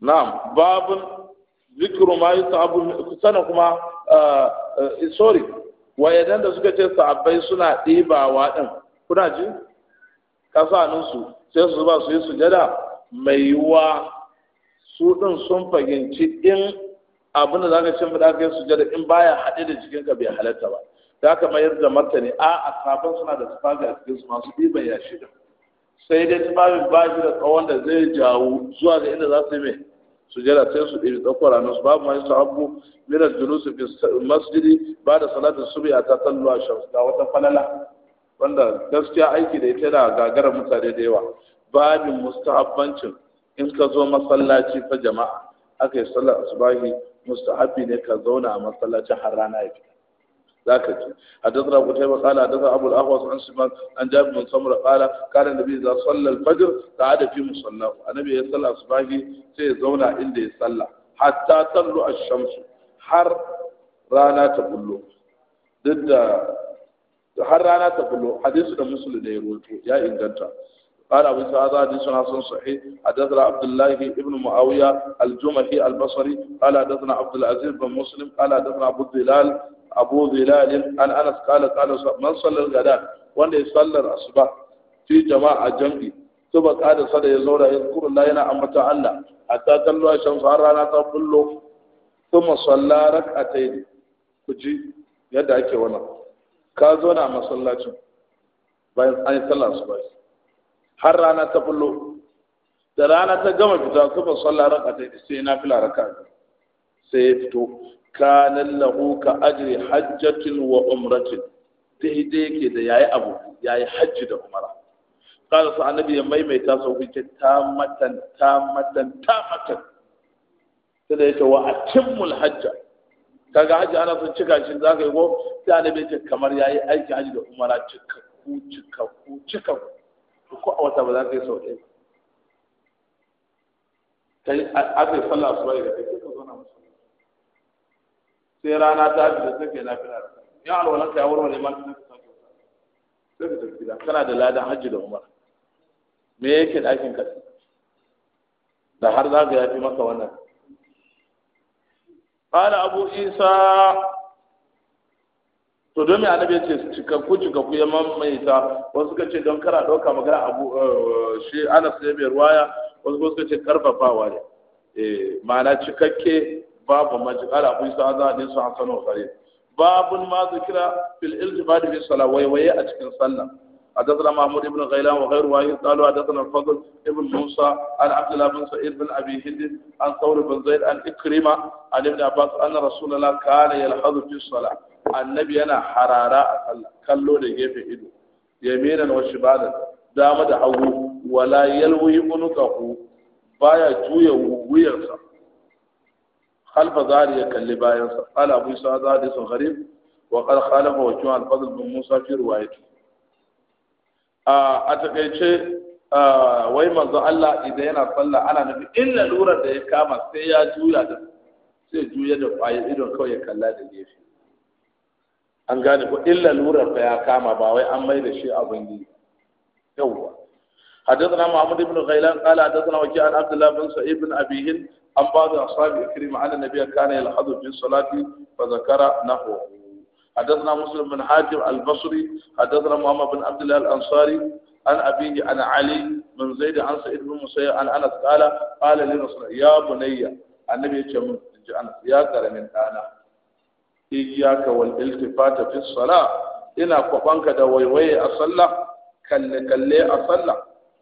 na'am babun zikru ma yusabu sana kuma ah, ah, sorry wayadan da suka ce sahabbai suna wa ɗin kuna ji kasaninsu sai su zuba su yi sujada mai yiwuwa su ɗin sun fahimci in abin da za ka cin fada kai sujada in baya haɗe da jikinka bai halatta ba za ka mayar da martani a a sabon suna da tufafi a cikin su masu bai ya shida sai dai tufafi ba shi da tsawon da zai jawo zuwa ga inda za su yi mai sujada sai su ɗibi tsakwara su babu mai su abu mina julusu fi masjidi ba da salatin subi a ta a shamsu ga wata falala wanda gaskiya aiki da ita yana gagara mutane da yawa babin mustahabbancin in ka zo masallaci fa jama'a aka yi sallar asubahi mustahabbi ne ka zauna a masallacin har rana ya fita abu حدثنا ابو قتيبة قال حدثنا an jabi عن سمان عن جابر da سمره قال قال النبي اذا صلى الفجر قعد في مصلاه النبي يصلى الصباحي سي زونا عند يصلى inda ya الشمس Hatta رانا a shamsu har rana ta bullo, hadisu da musulun da ya roto ya inganta قال أبو سعد حديثنا حسن صحيح حدثنا عبد الله بن معاوية الجمحي البصري قال حدثنا عبد العزيز بن مسلم قال حدثنا أبو الظلال أبو ظلال عن أنس قال قال من صلى الغداء وأن يصلى الأصبح في جماعة جمعي ثم قال صلى يزور يذكر الله ينا أمتا الله حتى تلو الشمس رانا تقول ثم صلى ركعتين كجي يدعك ونا كازونا مسلاتي bayan an yi sallah su ba har rana ta fullo da rana ta gama fita kuma sallah raka ta sai na fila raka sai ya fito kanan lahu ka ajri hajjatin wa umratin daidai yake da yayi abu yayi hajji da umara kada su annabi ya maimaita sau kuke matan ta matan sai da yake wa atimmul hajja kaga hajji ana son cika shi za ka yi ko sai annabi ya ce kamar yayi aiki hajji da umara cikakku cikakku cikakku ko a wata ba za ta yi sau ɗaya yi azai sallah asuba da kai ke zo na musu sai rana ta bi da ke lafiya ya alwalan ka warware ma kana sauke sai ka tafi gida kana da ladan hajji da umar me yake ɗakin ka da har za ka yafi maka wannan قال أبو عيسى to don me annabi yace cikakku cikakku ya mamaita wasu suka ce don kana dauka magana abu eh, shi Anas su mai ruwaya wasu kuma suka ce karfafawa ne eh ma'ana cikakke babu majqal abu isa za ne su hasan wa khalil babun ma zikira fil da fi salat waiwaye a cikin sallah حدثنا محمود بن غيلان وغير واحد قالوا حدثنا الفضل ابن موسى عن عبد الله بن سعيد بن ابي هند عن ثور بن زيد عن اكرمه عن ابن عباس ان رسول الله كان يلحظ في الصلاه annabi yana harara a sallah kallo da gefe ido yaminan wa shibalan dama da hagu wala yalwi Ba ya juya wuyarsa خلف ذلك اللي باين قال أبو إسحاق حديث غريب وقال خالف وجوه Musa بن ruwa ya روايته a takaice wai manzo Allah idan yana sallah ana nufi in lura da ya kama sai ya juya da sai juya da kwaye idon kawai ya kalla da gefe an gane ko illa lurar fa ya kama ba wai an mai da shi abin yi yawwa حدثنا محمد بن غيلان قال حدثنا وكيع عن عبد الله بن سعيد بن ابي هند عن بعض اصحاب كريم عن النبي كان يلحظ في الصلاه فذكر نحوه حدثنا مسلم بن حاتم البصري حدثنا محمد بن عبد الله الانصاري عن ابيه عن علي بن زيد عن سعيد بن مسيب عن انس قال قال لرسول يا بني النبي يا من يا كرم انا iyyaka wal iltifata fi sala, ina kwabanka da waiwaye a sallah kalle kalle a sallah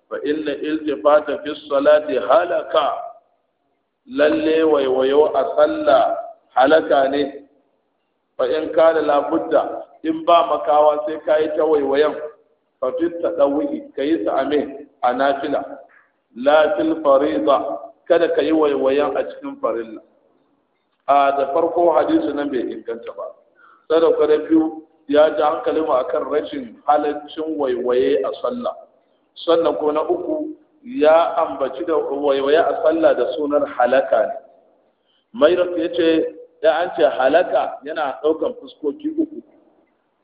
fa inna iltifata fi salati halaka lalle waiwayo a sallah halaka ne fa in kana budda in ba makawa sai kai ta waiwayan fa fi tadawi kai ta ame a la fil fariida kada kai waiwayan a cikin farilla a da farko hadisi nan bai inganta ba sadaka da biyu ya ji hankali mu akan rashin halaccin waiwaye a sallah sannan ko na uku ya ambaci da waiwaye a sallah da sunan halaka ne mairak ya ce da an ce halaka yana ɗaukan fuskoki uku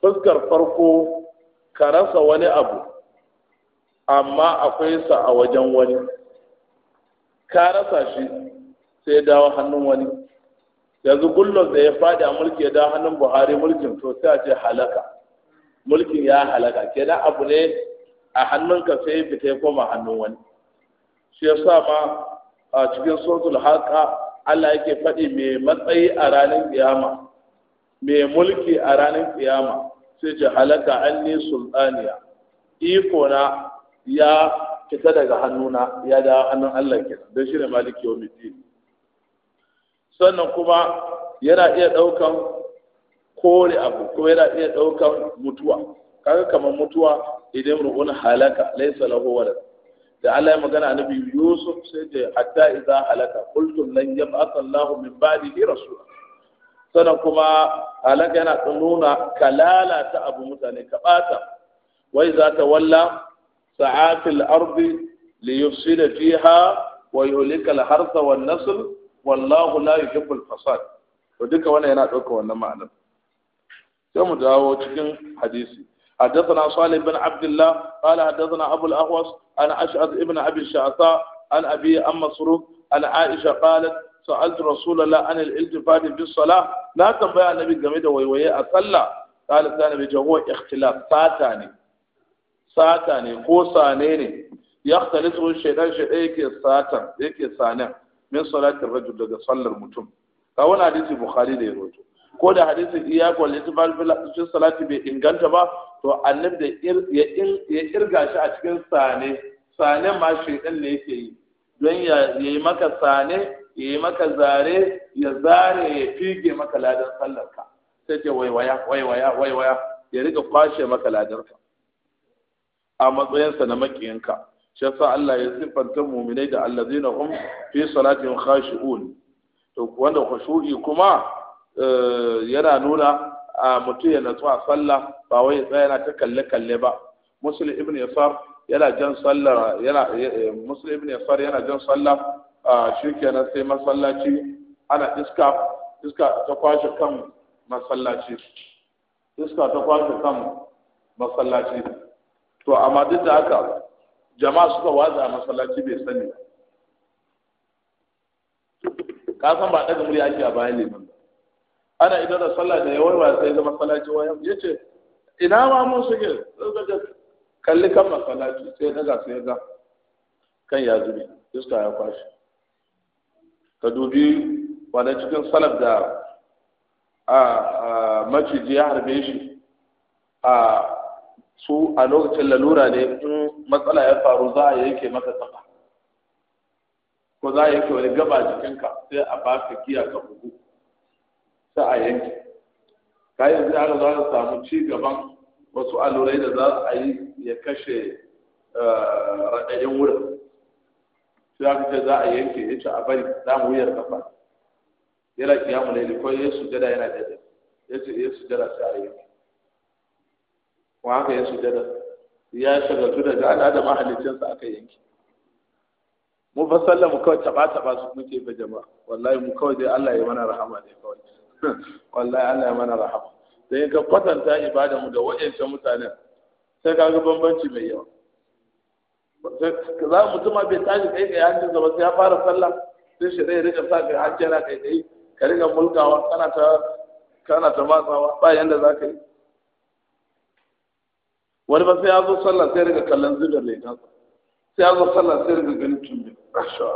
fuskar farko ka rasa wani abu amma akwai sa a wajen wani ka rasa shi sai dawo hannun wani yanzu kullum da ya fadi a mulki ya da hannun buhari mulkin to sai a ce halaka mulkin ya halaka da abu ne a hannunka sai fita ya koma hannun wani shi ya sa ma a cikin sotul haka Allah yake faɗi mai matsayi a ranar kiyama mai mulki a ranar kiyama sai ce halaka an ni sultaniya iko na ya fita daga hannuna ya da hannun Allah ke. don shi ne maliki yawmiddin sannan kuma yana iya ɗaukan kore abu ko yana iya ɗaukan mutuwa kaga kamar mutuwa idan ru'un halaka laysa lahu walad da Allah ya magana annabi Yusuf sai da hatta idza halaka qultum lan yab'atha Allahu min ba'dihi rasula sannan kuma halaka yana nuna kalala ta abu mutane ka bata wai za ta walla sa'afil ardi li yufsida fiha wa yuhlika al-harsa wan nasl والله لا يحب الفساد ودك وانا wannan yana وانا ما انا sai mu dawo حديثي حدثنا صالح بن عبد الله قال حدثنا أبو الأهوص عن أشعث ابن أبي الشعثاء عن أبي أم مصروف عن عائشة قالت سألت رسول الله عن الالتفات في الصلاة لا تنبأ النبي جميدة ويوية أصلى قالت أنا بجهو اختلاف ساتاني ساتاني قوسانيني يختلط الشيطان شيء يكي ساتا يكي سانا min salatin rajul daga sallar mutum ka wani hadisi bukhari da ya roto ko da hadisin iyyaku wal ittifal fi salati bai inganta ba to annab da ya irga shi a cikin sane sane ma shaydan ne yake yi don ya yi maka sane ya yi maka zare ya zare ya fige maka ladan ka, sai ce waiwaya waiwaya waiwaya ya rika kwashe maka ka. a matsayinsa na makiyinka shafa Allah ya siffanta mu'minai da allazina hum fi salatin khashi'un to wanda khushu'i kuma eh, yana nuna a mutum ya natsu a sallah ba wai tsaya yana ta kalle kalle ba muslim ibn yasar yana jan sallah yana eh, muslim ibn yasar yana jan sallah shikenan sai masallaci ana iska iska ta kwashe kan masallaci iska ta kwashe kan masallaci to amma duk da haka jama'a suka waza a masallaci bai sani ka san ba daga murya ake a bayan liman ana idan da sallah da yawai wa sai zama masallaci wayan ce ina ma mun suke kalli kan masallaci sai daga sai ga kan ya zube iska ya kwashi ka dubi wane cikin salaf da a maciji ya harbe shi a su a lokacin lalura ne in matsala ya faru za a yanke maka tsaka. ko za a yanke wani gaba jikinka sai a ba ka giya ka bugu sai a yanke ka yanzu aka za ka samu ci gaban wasu allurai da za a yi ya kashe eh, raɗaɗin wurin sai aka ce za a yanke ya ce a bari za mu wuyar kafa yana kiyamu laili ko yesu jada yana daidai ya ce yesu jada sai a yanke wa haka ya sujada ya shagaltu daga al'adar mahallicinsa aka yanki mu fa sallah mu kawai taba taba su muke fa jama'a wallahi mu kawai dai Allah ya mana rahama ne kawai wallahi Allah ya mana rahama dan ka kwatanta ibada mu da wayancan mutanen sai ka ga bambanci mai yawa za mutum ma bai tashi kai kai hajjin ba sai ya fara sallah sai shi zai rika sa kai hajjin kai kai ka rika mulkawa kana ta kana ta matsawa ba yanda za ka yi wani ba sai ya zo sallah sai daga kallon zubin rigansa sai ya zo sallah sai daga ganin tumbi manzo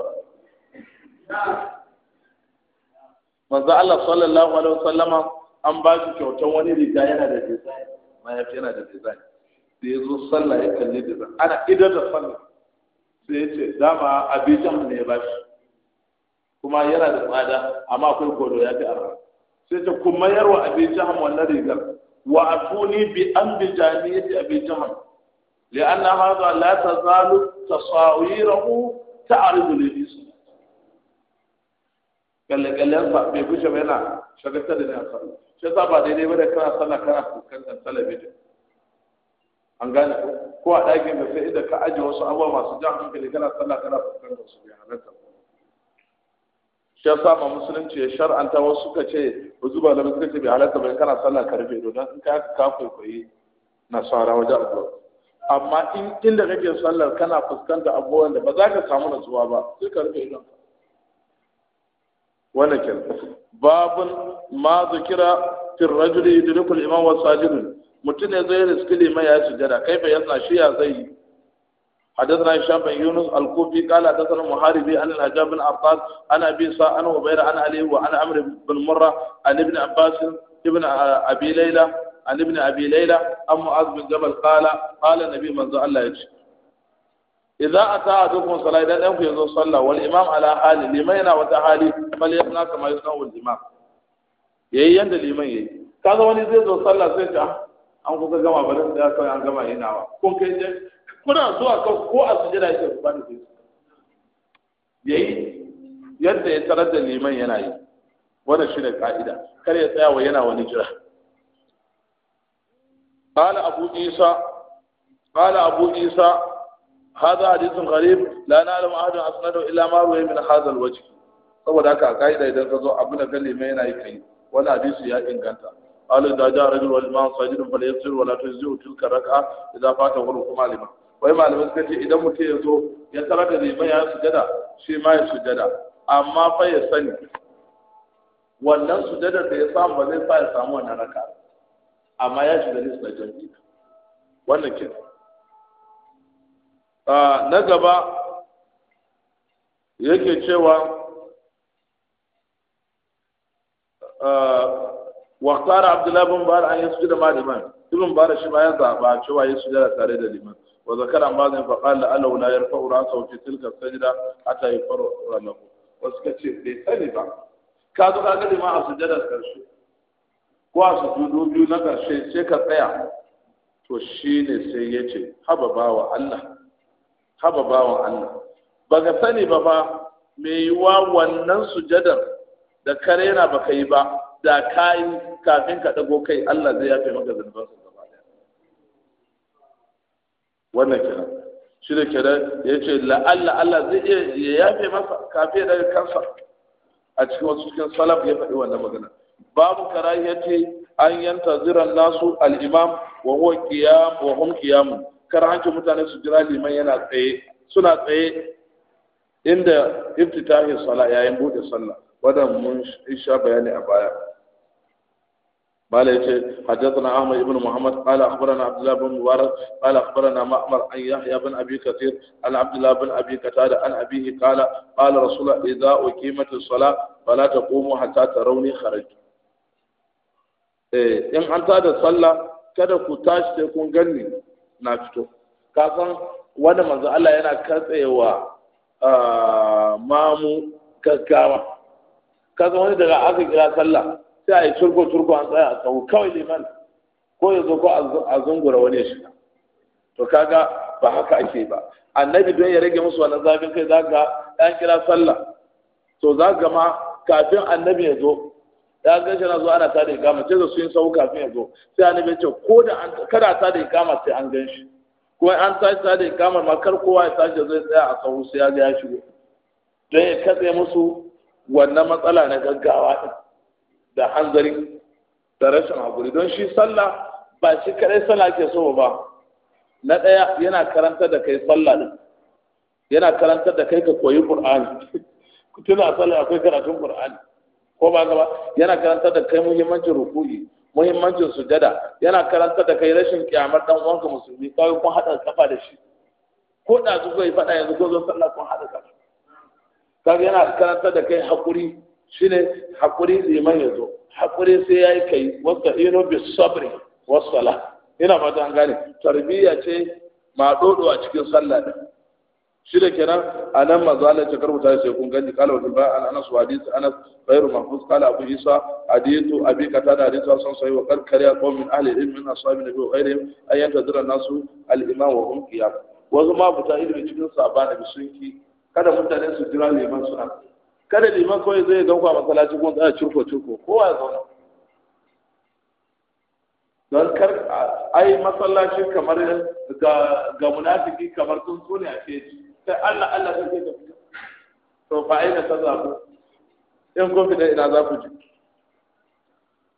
Allah sallallahu alaihi wasallama an ba shi kyautar wani riga yana da design mayafi yana da design Sai ya zo sallah ya kalli design ana idan da sallah sai ya ce dama abijan ne ya bashi kuma yana da tsada amma akwai godo ya fi arha sai ta kuma yarwa abijan wannan rigar وأتوني بأنب جانية أبي جهل لأن هذا لا تزال تصاويره تعرض للإسلام kalle-kallen ba bai gushe ba yana shagartar da nan sallah shi yasa ba daidai ba da kana sallah kana fuskantar talabijin an gane ko a ɗakin da sai idan ka ajiye wasu abubuwa masu jan hankali kana sallah kana fuskantar su bai halarta shi yasa ma musulunci ya shar'anta wasu suka ce wasu ba da suka ce bai halatta bai kana sallah ka rufe don in ka ka na nasara wajen addu'a amma in inda kake sallar kana fuskanta abubuwan da ba za ka samu nutsuwa ba sai ka rufe idon wannan kenan babun ma zikira fi rajuli yudrikul imam wa sajidun mutum ne zai riski mai ya sujada kai fa yana shi ya zai حدثنا هشام بن يونس الكوفي قال حدثنا محاربي عن الهجاب بن عباس عن ابي صالح عن عبير عن علي وعن عمرو بن مره عن ابن عباس ابن ابي ليلى عن ابن ابي ليلى عن معاذ بن جبل قال قال النبي من الله يجي إذا أتى أحدكم صلاة إذا لم يزو صلى والإمام على حاله لمن ينا وتحالي فليصنع كما يصنع الإمام yayi yanda liman yayi kaga wani zai zo sallah sai ta an kuka gama ba da sai an gama yinawa kun kai dai kuna zuwa kan ko a sujada yake ba da kai yayi yadda ya tarar da liman yana yi wannan shine ka'ida kar ya tsaya wa yana wani jira قال أبو عيسى قال أبو عيسى هذا حديث غريب لا نعلم أحد أسنده إلا ما روي من هذا الوجه saboda haka a ka'ida idan ka zo abu na kalli mai yana yi kai wani abisu ya inganta qalu da ja rajul wal man sajidun falyasir wala tujzi'u tilka rak'a idza wai malamin suka ce idan mutum ya zo ya tara da neman ya sujada shi ma ya sujada amma fa ya sani wannan sujada da ya samu ba zai sa ya samu wannan raka amma ya shiga jan jiki wannan ke ah, na gaba yake cewa ah, waktara abdullahi bin bara an yi sujada ma liman ibn bara shi ma ya zaba cewa ya sujada tare da liman وذكر عن بعضهم فقال لعله لا يرفع راسه في تلك السجده حتى يقر له وسكتي بسلبا كادو كاغا دي ما سجده كرشي ko a sujudu biyu na ƙarshe sai ka tsaya to shi ne sai ya ce haba bawa Allah haba bawa Allah ba sani ba ba mai wannan sujadar da karena ba baka yi ba da ka kafin ka ɗago kai Allah zai yafe maka zunubansa wannan kenan shi da kenan ya ce la'alla Allah zai iya ya yafe masa kafin ya daga kansa a cikin wasu cikin salaf ya faɗi wannan magana babu karahiyati an yanta ziran nasu al'imam wa huwa qiyam wa hum qiyam karahanci mutane su jira liman yana tsaye suna tsaye inda iftitahi sala yayin bude sallah wadan mun sha bayani a baya قال حدثنا احمد بن محمد قال اخبرنا عبد الله بن مبارك قال اخبرنا معمر عن يحيى بن ابي كثير عن عبد الله بن ابي قتاده عن ابيه قال قال رسول الله اذا اقيمت الصلاه فلا تقوموا حتى تروني eh in an da sallah kada ku tashi sai kun ganni na fito ka san wanda manzo Allah yana katsewa mamu gaggawa ka san wani daga aka kira sallah sai a yi turko turko an tsaya a tsawo kawai liman ko ya zo ko a zungura wani ya shiga to kaga ba haka ake ba annabi don ya rage musu wannan zafin kai za ga ɗan kira sallah to za ga ma kafin annabi ya zo ya ga shi na zo ana tada ikama sai da su yin sau kafin ya zo sai annabi ya ce ko da an kada da ikama sai an gan shi kuma an tashi da ikama ma kar kowa ya tashi zai tsaya a sahu sai ya ga ya shigo don ya katse musu wannan matsala na gaggawa din da hanzari da rashin haƙuri don shi sallah ba shi kaɗai sallah ke so ba na ɗaya yana karantar da kai sallah ne yana karantar da kai ka koyi ƙur'ani ku tuna sallah akwai karatun ƙur'ani ko ba gaba yana karantar da kai muhimmancin ruku'i muhimmancin sujada yana karantar da kai rashin kyamar dan uwanka musulmi kawai kun haɗa kafa da shi ko da zuwa yi faɗa yanzu ko zo sallah kun haɗa kafa kaga yana karantar da kai haƙuri shine hakuri liman ya zo hakuri sai ya yi kai wasta ino bi sabri wasala ina fata an gane tarbiyya ce ma dodo a cikin sallah din shi da kenan a manzo Allah ya karbuta sai kun gani kala wajen ba an anas hadith anas ghairu mahfuz kala abu isa hadithu abi qatada hadithu san sai wa karkariya qaum min ahli ilm min ashabi nabi wa ghairihim ayyan dira nasu al imam wa hum qiyam wasu ma fita ilmi cikin sabana bi sunki kada mutane su jira liman suna kada liman kawai zai dauka masallaci kuma tsaya curko curko kowa ya zauna don kar a yi masallacin kamar ga ga munafiki kamar sun so ne a feji sai Allah Allah zai ka fita to fa ai da sallah ko in kun fita ina za ku ji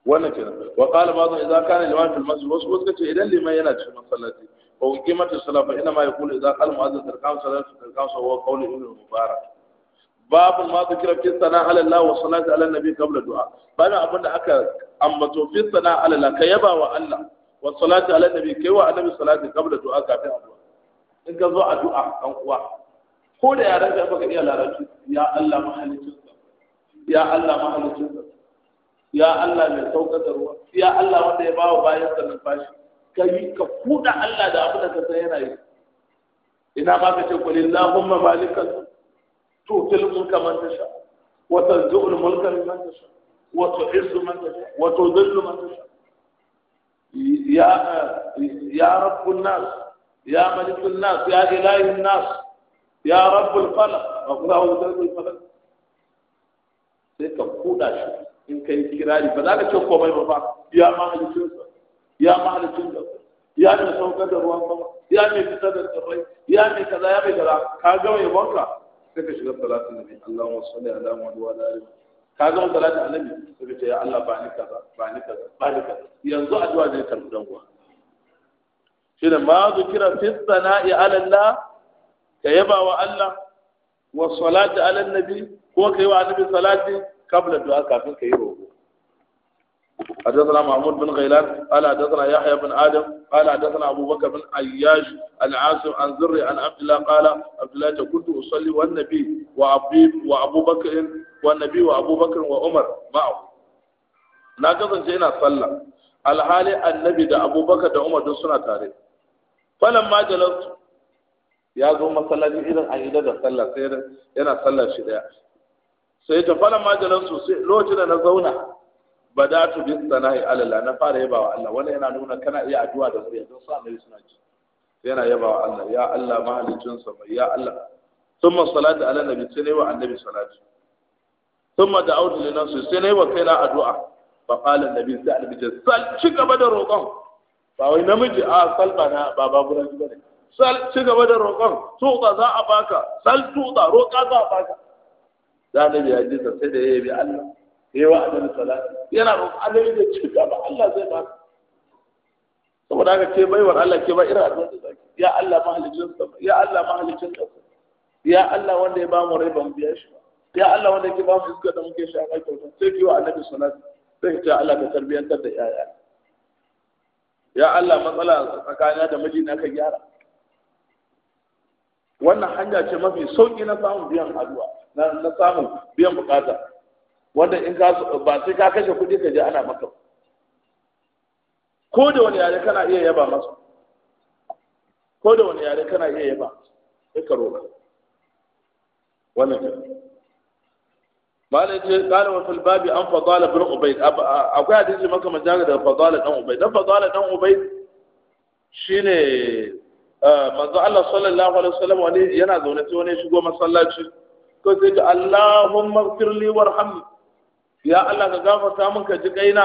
wannan ce wa qala ba'dhu idza kana liman fil masjid wasu wasu kace idan liman yana cikin masallaci wa qimatu salafa fa inma yaqulu idza qala mu'adhdhin tarqam salatu tarqam wa qawlu ibn mubarak babu ma zikira fi sana ala Allah wa salatu ala nabi qabla du'a bana abin da aka ambato fi sana ala ka yaba wa Allah wa salatu ala nabi kai wa annabi salatu qabla du'a kafin addu'a in ka zo a du'a kan uwa ko da yaran ka baka iya lalace. ya Allah mahalicin ya Allah mahalicin ya Allah mai saukar da ruwa ya Allah wanda ya bawa bayan sa fashi. ka yi ka kuda Allah da abin da ka san yana yi ina ba ka ce kulillahumma malikal tutil mulka man tasha wa tazul mulka man tasha wa tuiz man tasha wa tudhil man tasha ya ya rabb nas ya malik nas ya ilahi nas ya rabb al falaq wa qulahu tudhil al falaq sai ka kuda shi in kai kirari ba za ka ce komai ba ba ya mahalicin sa ya mahalicin da ya ne saukar da ruwan sama ya ne fitar da tsirrai ya ne kaza ya bai gara ka gama yabonka sai ka shiga salatin nabi Allah wa salli ala Muhammad wa ala alihi ka zama salatin annabi sai ka ce ya Allah ba ni kaza ba ni kaza ba ni kaza yanzu addu'a ne karbi dan uwa shi da ma zikira fi sana'i ala Allah ka yaba wa Allah wa salati ala annabi ko kai wa annabi salati kabla du'a kafin kai yi roƙo حدثنا محمود بن غيلان قال حدثنا يحيى بن ادم قال حدثنا ابو بكر بن عياش العاصم عن ذري عن عبد الله قال عبد الله كنت اصلي والنبي وابي وابو بكر والنبي وابو بكر وعمر معه na kasance ina sallah alhali annabi da abubakar da umar duk suna tare falan ma jalastu ya zo masallaci irin a da sallah sai yana sallah shi daya sai ta falan ma jalastu sai lokacin da na zauna badatu bi sana'i ala na fara yaba wa Allah wannan yana nuna kana iya addu'a da su don sa annabi suna ji yana yaba wa Allah ya Allah mahalicin sa ya Allah thumma salatu ala nabi sai wa annabi salatu thumma da'awtu li nafsi sai wa kaina addu'a fa qala nabi sai annabi ce sal ci gaba da roƙon ba wai namiji a sal ba na baba guran ji bane sal ci gaba da roƙon tuƙa za a baka sal tuƙa roƙa za a baka da annabi ya ji sai da yayi bi Allah yawa annabi salati yana roƙon annabi da cika ba Allah zai ba saboda haka ke baiwar Allah ke ba irin addu'a da zaki ya Allah mahalicin sama ya Allah mahalicin ƙasa ya Allah wanda ya ba mu rai ban biya shi ba ya Allah wanda yake ba mu iska da muke sha kai kyauta sai ki wa annabi salati sai ki Allah ka tarbiyantar da yaya ya Allah matsala tsakanina da mijina ka gyara wannan hanya ce mafi sauki na samun biyan addu'a na samun biyan bukata wanda in ka ba sai ka kashe kuɗi ka je ana maka ko da wani yare kana iya yaba masa ko da wani yare kana iya yaba sai ka roƙa wannan kenan malai ce kala wa fil babi an fadala bin ubayd akwai hadisi maka manjaga da fadala dan ubayd dan fadala dan ubayd shine manzo Allah sallallahu alaihi wasallam wani yana zaune sai wani shigo masallaci ko sai ta Allahumma ighfirli warhamni ya Allah ka gafarta min ka ji kaina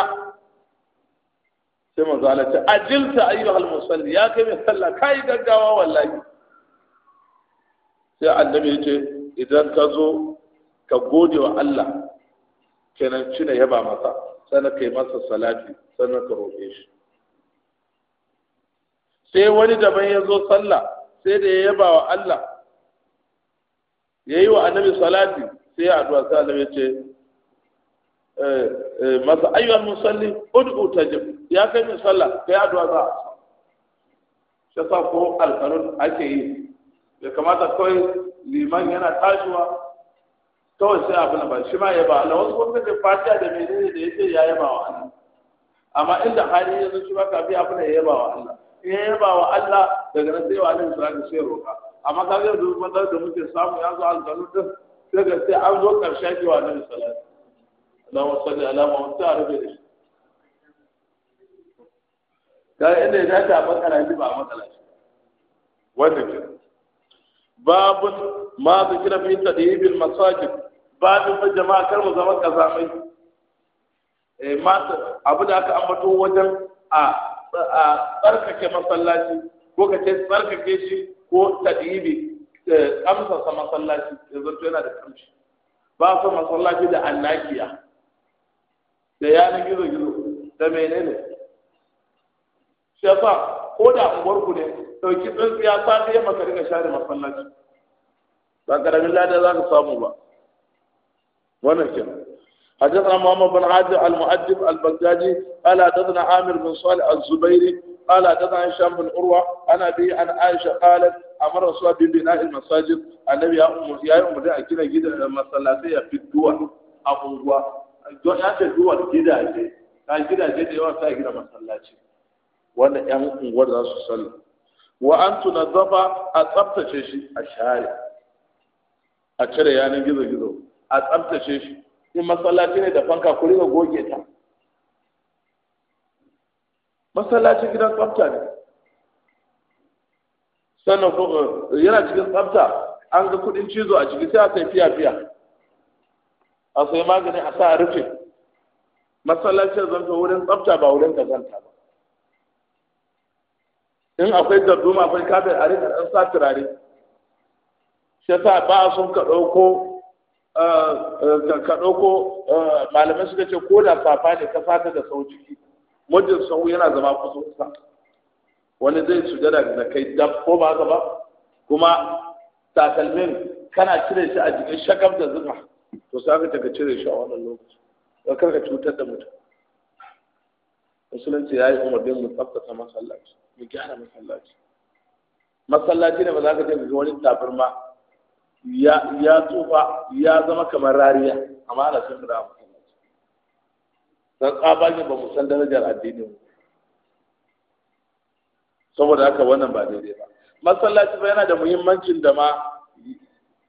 sai manzo Allah ce ajilta ayyuhal musalli ya kai mai sallah kai gaggawa wallahi sai annabi ya ce idan ka zo ka gode wa Allah kenan cina yaba masa sannan kai masa salati sannan ka roƙe shi sai wani daban ya zo sallah sai da ya yaba wa Allah ya yi wa annabi salati sai ya addu'a sai annabi ya ce masa ayyuhal musalli ud'u tajib ya kai min sallah kai addu'a za a sa ko alqanun ake yi ya kamata kawai liman yana tashiwa kawai sai abin ba shi ma ya ba Allah wasu kuma da fatiha da mai menene da yake ya yaba wa Allah amma inda hali ya zo shi ba ka bi abin ya yaba wa Allah in ya yaba wa Allah daga nan sai wa Allah ake sai roka amma ka ga duk wanda da muke samu ya zo alqanun din daga sai an zo karshen ki wa Allah sallallahu Allahumma salli ala Muhammad sai a rufe da shi ga inda ya dace a matsala shi ba a matsala shi wanda ke babun ma zikira fi tadibil babin jama'a kar mu zama kazamai eh ma abu da aka ambato wajen a a tsarkake masallaci ko ka ce tsarkake shi ko tadibi kamsa eh, sa masallaci yanzu yana da kamshi ba so masallaci da annakiya da yanar gizo gizo da menene shi yasa ko da unguwar ku ne dauki tsintsiya safe yamma ka riga share masallaci ba karamin lada za ka samu ba wannan kenan حدثنا محمد بن عادل المؤدب البغدادي قال حدثنا عامر بن صالح الزبيري قال حدثنا هشام بن عروه عن ابي عن عائشه قالت امر رسول الله ببناء المساجد النبي يا ام يا ام ده اكيد جدا مسلاتي في الدول ابو don ya ce duwar gidaje ka gidaje da yawa ta gina masallaci wanda yan unguwar za su sallu wa an tuna tunazzaba a tsaftace shi a share a cire yanar gizo-gizo a tsaftace shi in masallaci ne da fanka ku riga goge ta masallaci gidan tsafta ne sannan eh, yana cikin tsafta an ga kudin cizo a ciki sai a kai fiya fiya a sai magani a sa a rufe masallacin zanto wurin tsafta ba wurin kazanta ba in akwai darduma akwai kafin a rikar ɗan sa turare shi yasa ba sun ka ɗauko eh, eh, ka ɗauko eh, malamai suka ce ko da safa ne ka sata da sau ciki mujin sau yana zama kusa kusa wani zai sujada da kai dab ko ba ka ba kuma takalmin kana cire shi a jikin shakam da zuba. to sai ka taka cire shi a wannan lokaci don kar ka cutar da mutum musulunci ya yi umarnin mu ta masallaci mu gyara masallaci masallaci ne ba za ka je ga wani tabarma ya ya tsufa ya zama kamar rariya amma ana san da masallaci dan tsabagen ba mu san darajar addini mu saboda haka wannan ba daidai ba masallaci ba yana da muhimmancin da ma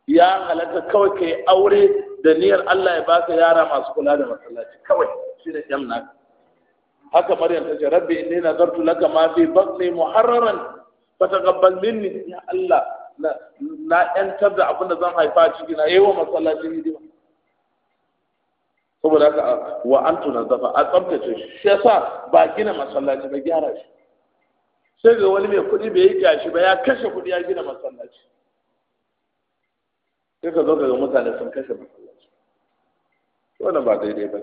ya halatta kawai kai aure da niyyar Allah ya baka yara masu kula da masallaci kawai shi ne yan haka maryam ta ce rabbi inni nazartu laka ma fi batni muharraran fataqabbal minni ya Allah na yantar da abin da zan haifa ciki na yawa masallaci hidima saboda haka wa antu nazafa a tsabtace shi shi yasa ba gina masallaci ba gyara shi sai ga wani mai kuɗi bai yi gashi ba ya kashe kuɗi ya gina masallaci sai ka zo ka ga mutane sun kashe masallaci wannan ba daidai ba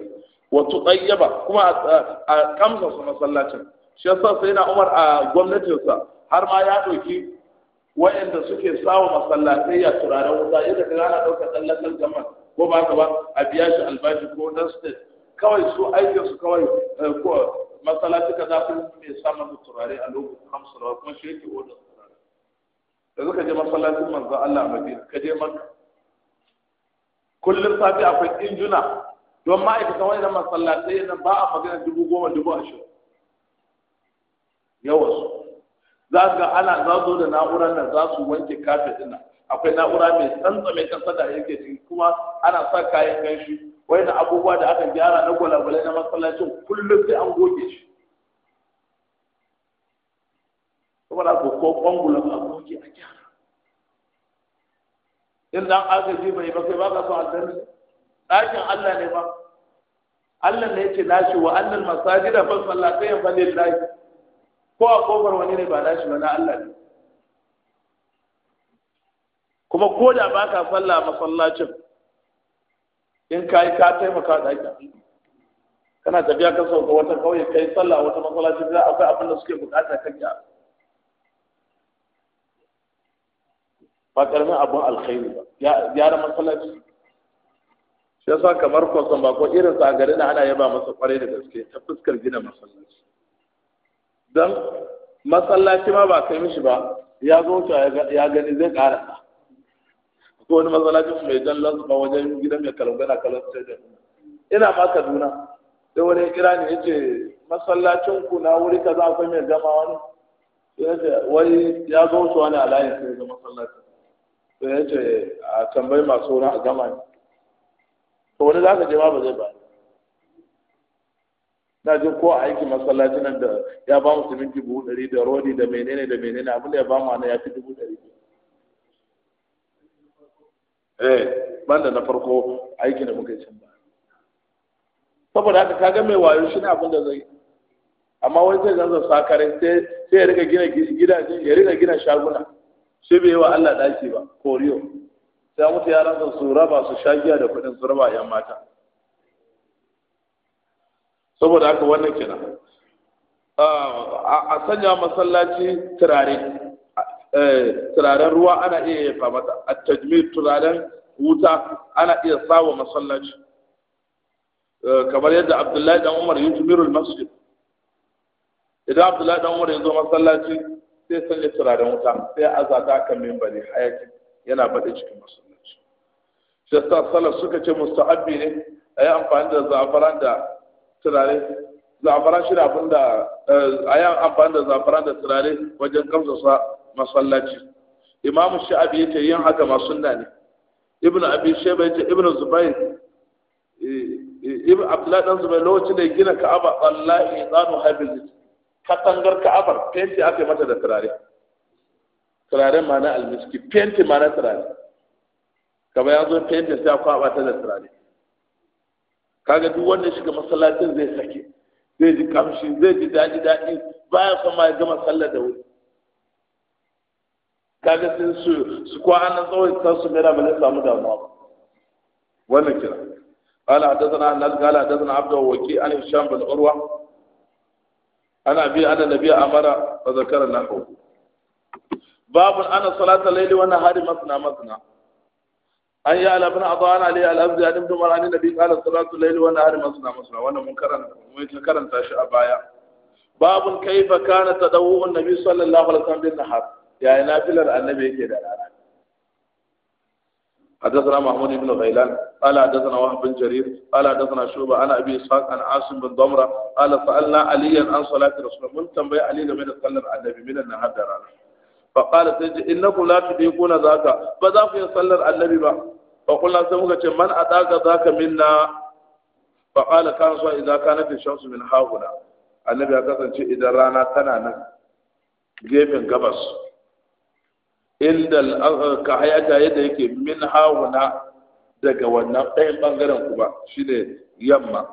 wa tuqayyaba kuma a kamsa su masallacin shi yasa sai na Umar a gwamnatinsa har ma ya ɗauki waɗanda suke sawa masallatai ya turaren wuta yadda kaga ana ɗauka ɗan gama ko ba ka ba a biya shi albashi ko dan state kawai su aikin su kawai eh, ko masallaci ka za ku mai samun turare a lokacin hamsin kuma shi yake odar turare da suka je masallacin manzo Allah a Madina ka je Makka kullum safi akwai injuna don ma'aikatan wani na masallatai yana ba a magana dubu goma dubu ashirin yawan su za ga ana za zo da na'urar nan za su wanke kafin ɗin akwai na'ura mai tsantsame kan sada yake ciki kuma ana sa kayan ganshi wai da abubuwa da aka gyara na gwalagwalai na masallacin kullum sai an goge shi saboda ko ko kwangulan a goge a gyara in dan agaji bai ba kai ba ka so aljanna ɗakin Allah ne ba Allah ne yake nashi wa annal masajida fa sallatai fa lillahi ko a kofar wani ne ba nashi ba na Allah ne kuma ko da ba ka salla masallacin in ka yi ka taimaka da ake kana tafiya ka sauka wata kauye kai sallah wata masallaci za akwai abin da suke bukata ka gyara ba karamin abun alkhairi ba gyara masallaci shi yasa kamar kwasan ba ko irin sa gari da ana yaba masa kwarai da gaske ta fuskar gina masallaci dan masallaci ma ba kai mishi ba ya zo ya gani zai karasa ko wani masallacin mai jan lansu ba wajen gidan mai kalangana kalan stadium ina ma kaduna sai wani ya kira ni ya ce masallacin ku na wuri kaza akwai mai gama wani ya ce wai ya zo su wani alayin sai ga masallacin sai ya ce a tambayi masu wurin a gama ne to wani za ka je ma ba zai ba na jin ko a aiki masallaci nan da ya ba mu siminti buhu ɗari da rodi da menene da menene abin da ya ba mu ana ya fi dubu ɗari eh ban da na farko aiki da muka yi ba saboda haka ga mai wayo shi ne abin da zai amma wani zai zanzan sakare sai ya rika gina gidaje ya rika gina shaguna shi bai yi wa Allah daki ba koriyo sai mutu yaransa su raba su shagiya da kuɗin su raba yan mata saboda haka wannan kenan a sanya masallaci turare eh, turaren ruwa ana iya yafa mata a tajmir turaren wuta ana iya sawa masallaci eh, kamar yadda abdullahi dan umar ya tumiru masjid idan abdullahi dan umar ya zo masallaci sai sanya turaren wuta sai ta kan mimbari hayaki yana baɗe cikin masallaci shi sa salaf suka ce musta'abbi ne a yi amfani da zafaran da turare zafaran shi abin da eh, a yi amfani da zafaran da turare wajen kamsasa masallaci imam sha'abi yake yin haka ma nna ne ibn abi sheba yake ibn zubair eh, eh, ibn Abdullahi dan zubair lokacin da ya gina ka'aba wallahi idanu habil katangar ka'afar fenti aka mata da turare turare ma na almiski fenti ma na turare kamar ya zo fenti sai kwaba ta da turare kaga duk wanda shiga masallacin zai sake zai ji kamshi zai ji daji daɗi baya kuma ma ya gama sallar da wuri kaga sun su su an tsawon san su mera ba ne samu damuwa ba wannan kira قال حدثنا عن قال حدثنا عبد وكيع عن هشام بن عروه ana bi ana nabi amara fa zakara nahwu Babu ana salata layli wa nahari masna masna an ya ala ibn adan ali al abdi an ibn umar an nabi qala salatu layli wa nahari masna masna wannan mun karanta mun karanta shi a baya Babu kaifa kana tadawwu an nabi sallallahu alaihi wasallam bin nahar ya nafilar annabi yake da rana حدثنا محمود بن غيلان قال حدثنا وهب بن جرير قال حدثنا شعبة عن أبي إسحاق عن عاصم بن ضمرة قال سألنا عليا عن صلاة رسول الله من تنبي علي لم يتكلم عن النبي من النهار درانا فقال سيدي إنكم لا تديقون ذاك فذاك يصلى النبي بقى فقلنا سموك من أتاك ذاك منا فقال كان سواء إذا كانت الشمس من هاهنا النبي أكثر إذا رانا تنانا جيفن قبس inda ka hayata yadda yake min hauna daga wannan ɗayan ɓangaren kuma shi ne yamma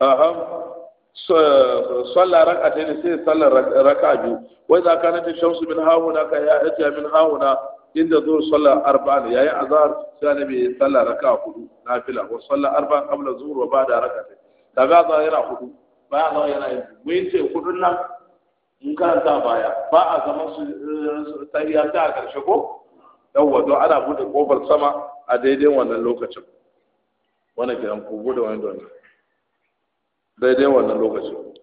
aham sallar raka ta ne sai sallar raka biyu wai za ka shan shamsu min hauna ka hayata min hauna inda zuwa sallar arba'a yayi azhar sai nabi sallar raka hudu nafila wa sallar arba qabla zuhur wa ba'da raka ta kaga azhar yana hudu ba azhar yana yi mun ce hudun nan in karanta baya ba a zama su eh, tahiya ta a ƙarshe ko yawwa don ana buɗe ƙofar sama a daidai wannan lokacin wannan kiran ku buɗe wani don daidai wannan lokacin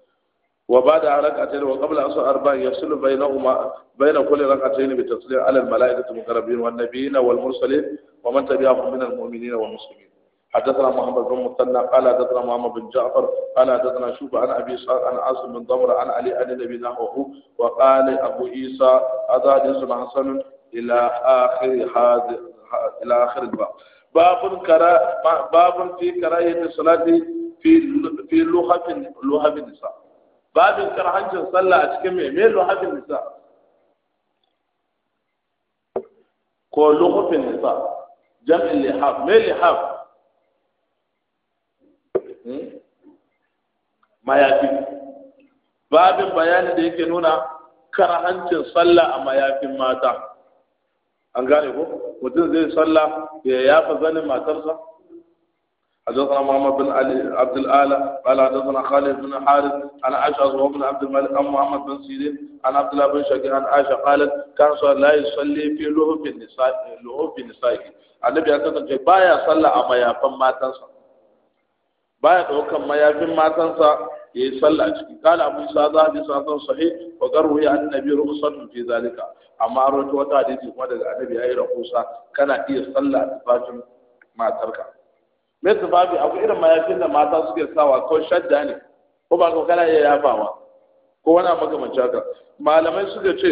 wa ba da rak'atayn wa qabla asu arba'in yafsilu bainahuma baina kulli rak'atayn bi taslim ala al mala'ikati muqarrabin wan nabiyina wal mursalin wa man tabi'ahum min al mu'minina wal muslimin حدثنا محمد بن مثنى قال حدثنا محمد بن جعفر قال حدثنا شوف عن ابي سعد عن عاصم بن ضمر عن علي عن النبي نحوه وقال ابو عيسى هذا حديث حسن الى اخر هذا الى اخر الباب باب كرا باب في كراهيه الصلاه في في لغه لغه النساء باب كراهيه الصلاه a cikin me لغه النساء ko لوحة النساء جمع اللحاف me اللحاف mayafi babin bayanin da yake nuna karahancin sallah a mayafin mata an gane ko mutum zai sallah ya yafa zanin matarsa حدثنا محمد بن علي عبد الآلة قال حدثنا خالد بن حارث عن عائشة وابن عبد الملك عن محمد بن سيرين عن عبد الله بن شقيق عن aisha قالت كان صلى لا يصلي في لهب النساء لهب النساء النبي عليه الصلاة والسلام بايا صلى أما يفهم ما تنسى بايا دوكم ما يفهم ما تنسى ya yi sallah ciki kala abu isa za a ji sasan sahi wa garu ya annabi rukusatun fi zalika amma an rawaito wata hadisi kuma daga annabi ya yi rahusa kana iya sallah a tufafin matarka Me tufafi abu irin mayafin da mata suke sawa ko shadda ne ko ba ko kana iya yafawa ko wani makamancin haka malamai suka ce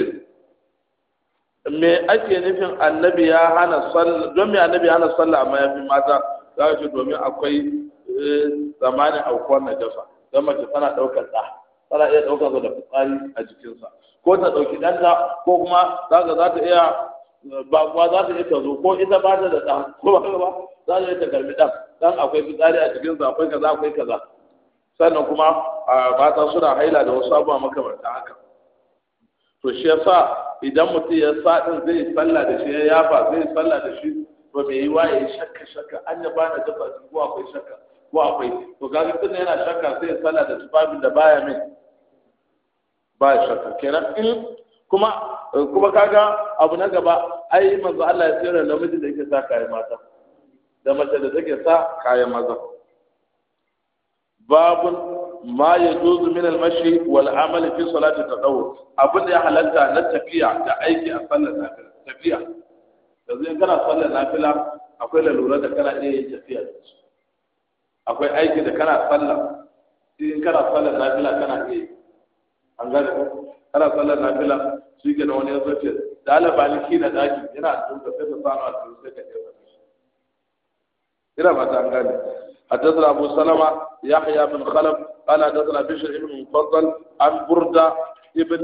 me ake nufin annabi ya hana sallah don me annabi ya hana sallah a mayafin mata za ce domin akwai eh, zamanin aukuwar najasa don mace tana ɗaukar ɗa tana iya ɗaukar sa da fitsari a jikinsa ko ta ɗauki ɗanta ko kuma zaka za ta iya ba kuwa za ta iya ta zo ko ita ba ta da ɗan ko ba ba za ta iya ta karɓi ɗan ɗan akwai fitsari a jikinsa akwai kaza akwai kaza sannan kuma mata suna haila da wasu abubuwa makamanta haka to shi yasa idan mutum ya sa ɗin zai sallah da shi ya yafa zai sallah da shi mai yi wa ya shakka shakka an ya bana dafa ko akwai shakka ko akwai to kaga tun yana shakka sai sallah da tufafin da baya mai ya shakka kenan in kuma kuma kaga abu na gaba ai manzo Allah ya tsira namiji da yake sa kayan mata da mace da take sa kayan maza babun ma yajuzu min al-mashi wal amal fi salati tadawwu abin da ya halalta na tafiya da aiki a sallar nafila tafiya yanzu in kana sallar nafila akwai lalura da kana iya yin tafiya da su akwai aiki da kana sallah in kana sallar nafila kana iya an gane ko kana na nafila shi ke da wani ya zoce da alabaliki na daki yana tunka sai ka samu a tunka sai ka ina ba an gane حدثنا أبو سلمة يحيى بن خلف قال حدثنا بشر بن المفضل عن بردة ابن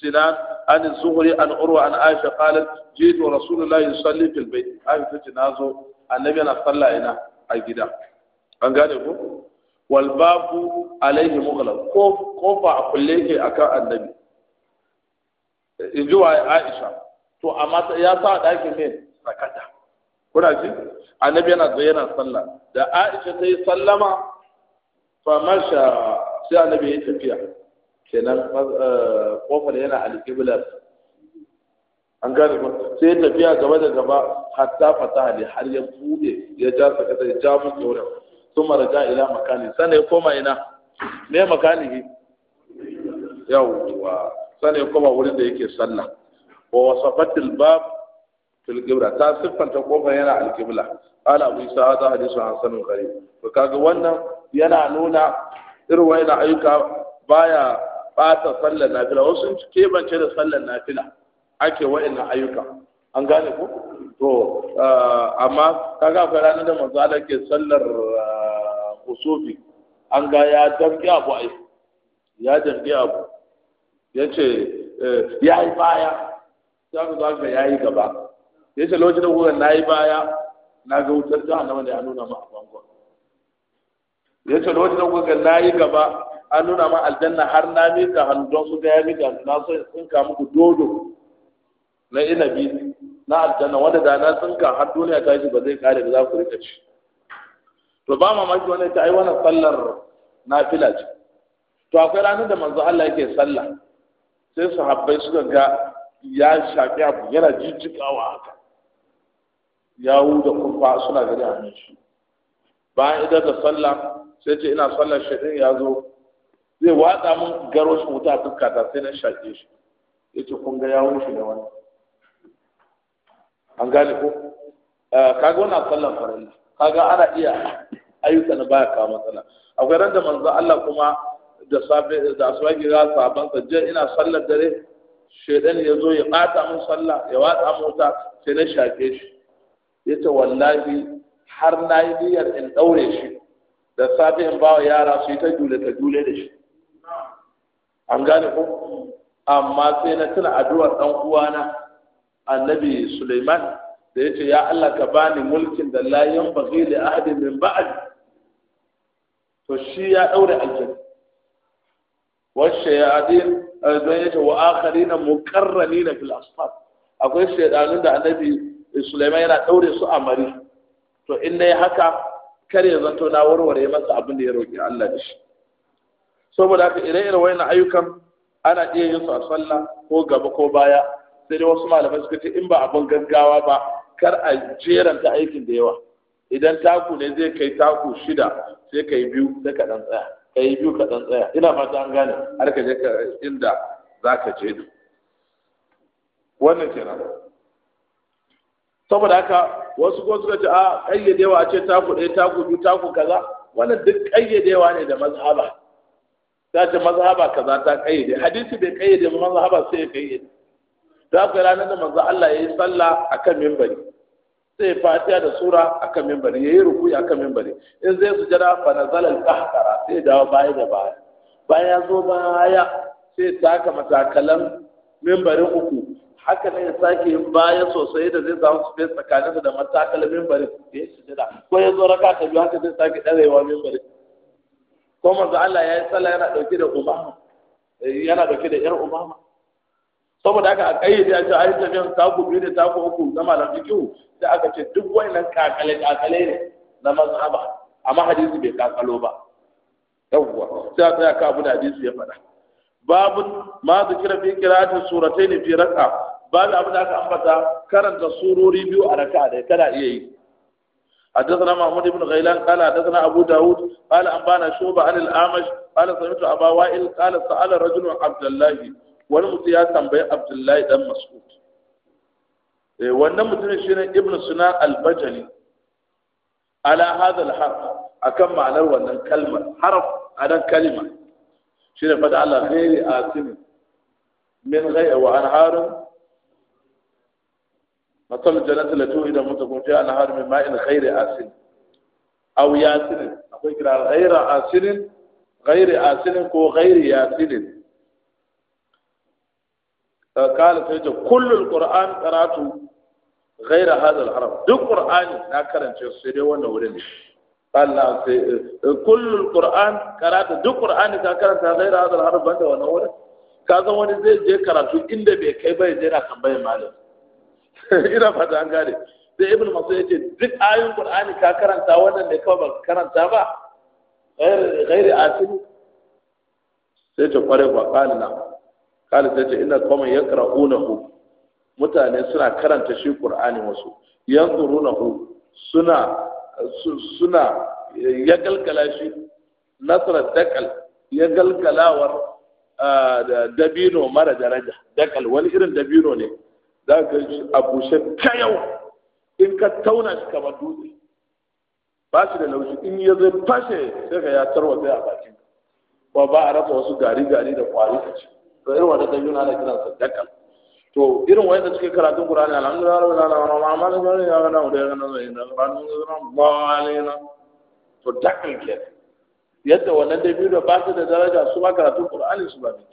سنان عن الزهري عن عروة عن عائشة قالت جئت ورسول الله يصلي في البيت عائشة تنازو النبي أنا صلى هنا أجدا an gane ko wal babu alaihi mughlaq ko kofa a kulle ke akan annabi inji wa Aisha to amma ya sa ɗakin ne sakata kuna ji annabi yana zai yana sallah da Aisha ta yi sallama fa masha sai annabi ya tafiya kenan eh, kofar yana alƙiblar an gane ko sai ya tafiya gaba da gaba hatta fata ne har ya bude ya ja sakata ya ja mu wurin sun maraja ila makani sannan ya ma ina me makani yawwa sannan ya koma wurin da yake sallah wa wasafatil bab fil qibla ta siffanta kofar yana al qibla ala abu isa hada hadisu hasanun gari to kaga wannan yana nuna irin wayna ayyuka baya bata sallar nafila wasu kebance da sallar nafila ake wayna ayyuka an gane ko to amma kaga akwai ranar da manzo Allah ke sallar kusufi an ga ya damge abu ai ya damge abu ya ce eh, ya yi baya ta ga za ka ya yi gaba ya ce lokacin da kuka na yi baya na ga wutar jahannama da ya nuna ma a bangon ya ce lokacin da kuka na yi gaba an nuna ma aljanna har na mika hannu don su ga ya miƙa na so sun tsinka muku dodo na inabi na aljanna wanda da na ka har duniya ta shi ba zai kare ba za ku rika ci to ba mamaki wani ta ai wannan sallar nafila ce to akwai ranar da manzo Allah yake sallah sai sahabbai suka ga ya shafi abu yana jijjigawa haka yawu da kurfa suna gari a shi bayan idan da sallah sai ce ina sallar shaɗin ya zo zai watsa mun garo shi wuta a fuskata sai na shaƙe shi ya ce kun ga yawun shi da wani an gane ko eh, kaga wannan sallar farilla kaga ana iya ayyuka na baya kawo matsala akwai ran da manzo Allah kuma da safe da asuwaki ga saban sajjan ina sallar dare shedan ya zo ya bata mun sallah ya wata mun ta sai na shafe shi yace wallahi har na yi niyyar in daure shi da safe in bawa yara su yi ta dule ta dule da shi an gane ko amma sai na tuna addu'ar dan uwana annabi Sulaiman da ya ce ya Allah ka bani mulkin da layan bazi da ahadi min ba'ad to shi ya daure aljanna wa shayadin azan eh, ya wa akharin na mukarrani fil asfar akwai shaidanun da annabi sulaiman yana daure su a mari to in dai haka kare zanto na warware masa abin da ya roƙi Allah da shi saboda haka ire ire wayannan ayyukan ana iya yin su a sallah ko gaba ko baya sai dai wasu malamai suka ce in ba abin gaggawa ba kar a jeranta aikin da yawa idan taku ne zai kai taku shida sai ka yi biyu sai ka dan tsaya ka yi biyu ka dan tsaya ina fata an gane har ka je ka inda za ka je da wannan kenan saboda haka wasu ko suka ce a kayyadewa a ce taku ɗaya taku biyu taku kaza wannan duk kayyadewa ne da mazhaba ta ce mazhaba kaza ta ƙayyade hadisi bai ƙayyade mazhaba sai ya Za ka yi ranar da manzo Allah ya yi sallah kan mimbari sai fatiha da sura a kan mimbari yayi a kan mimbari in zai su jira fa nazala al-qahqara sai dawo baya da baya bayan ya zo baya sai taka matakalan mimbarin uku haka ne ya sake yin baya sosai da zai samu space tsakanin da matakalan mimbarin da ya sujada ko ya zo raka ta biyu haka zai sake ɗarewa mimbarin ko manzo Allah ya yi sallah yana ɗauke da umama eh, yana ɗauke da ƴar umama saboda aka kayyade a ce ai tafiyan taku biyu da taku uku na malam fiqhu da aka ce duk wannan kakale kakale ne na mazhaba amma hadisi bai kakalo ba yawwa sai a tsaya ka abu hadisi ya faɗa babu ma zikira fi qira'ati suratayn fi raka babu abu da aka ambata karanta surori biyu a raka da kana iya yi حدثنا محمود بن غيلان قال حدثنا أبو داود قال أنبانا شوبة عن الأعمش قال سمعت أبا وائل قال سأل رجل عبد الله wani mutum ya tambayi abdullahi dan mas'ud eh, wannan mutumin ne ibnu suna al-bajali ala hadha al-harf akan ma'anar wannan kalmar harf adan kalma ne fada Allah ghairi asim min ghairi wa anharun matal jannati la tu'ida mutakun fi anhar min ma'in ghairi asim aw yasin akwai kira ghairi asin ghairi asin ko ghairi yasin قال سيجي كل القرآن قرأته غير هذا الحرف دو قرآن لا كرنت سيدي وانا ولدي قال لا كل القرآن قرأته دو قرآن لا كرنت غير هذا الحرف wannan wurin ka kaga wani zai je karatu inda bai kai ba ya je na tambayar malam ina fata an gane sai ibnu masud yace duk ayoyin qur'ani ka karanta wannan ne kawai ba karanta ba ghairi ghairi asiri sai ta kware ba qala ta قال تجي إن قوم يقرؤونه mutane suna karanta shi ƙur'ani wasu yanzurunahu suna suna ya galgala shi nasarar dakal ya galgalawar dabino mara daraja dakal wani irin dabino ne za ka shi a bushe yau in ka tauna shi kamar dutse ba shi da laushi in ya zai fashe sai ka ya zai a bakin ba ba a rasa wasu gari gari da kwari a ciki to irin wani dabi na da kiran sa to irin wanda suke karatun qur'ani alhamdulillah rabbil alamin wa ma la ilaha illa huwa ya na inna qur'anun dhalina to dakal ke yadda wannan dabi da ba su da daraja su ma karatun qur'ani su ba ne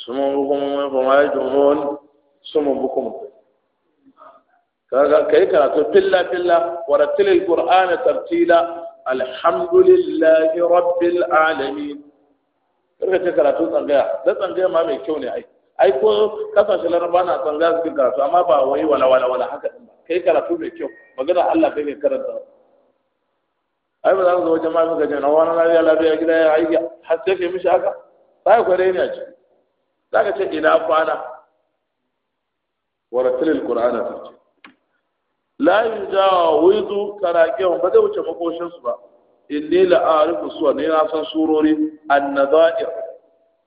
su mun hukumu ba ma yajmun su mun hukumu kaga kai karatu filla filla wa rattilil qur'ana tartila alhamdulillahi rabbil alamin karka ce karatu tsangaya da tsangaya ma mai kyau ne ai ai ko kasashe laraba na tsangaya su karatu amma ba wai wala wala wala haka din ba kai karatu mai kyau magana Allah kai kai karanta ai ba za mu zo wajen ma muka je na wani lafiya lafiya gida ya aiki har sai kai mishi haka sai kware rene a ciki ka ce ina kwana waratilil qur'ana tarjuma la yujawizu karakehum ba zai wuce makoshin su ba inni arifu suwa ne na san surori annadair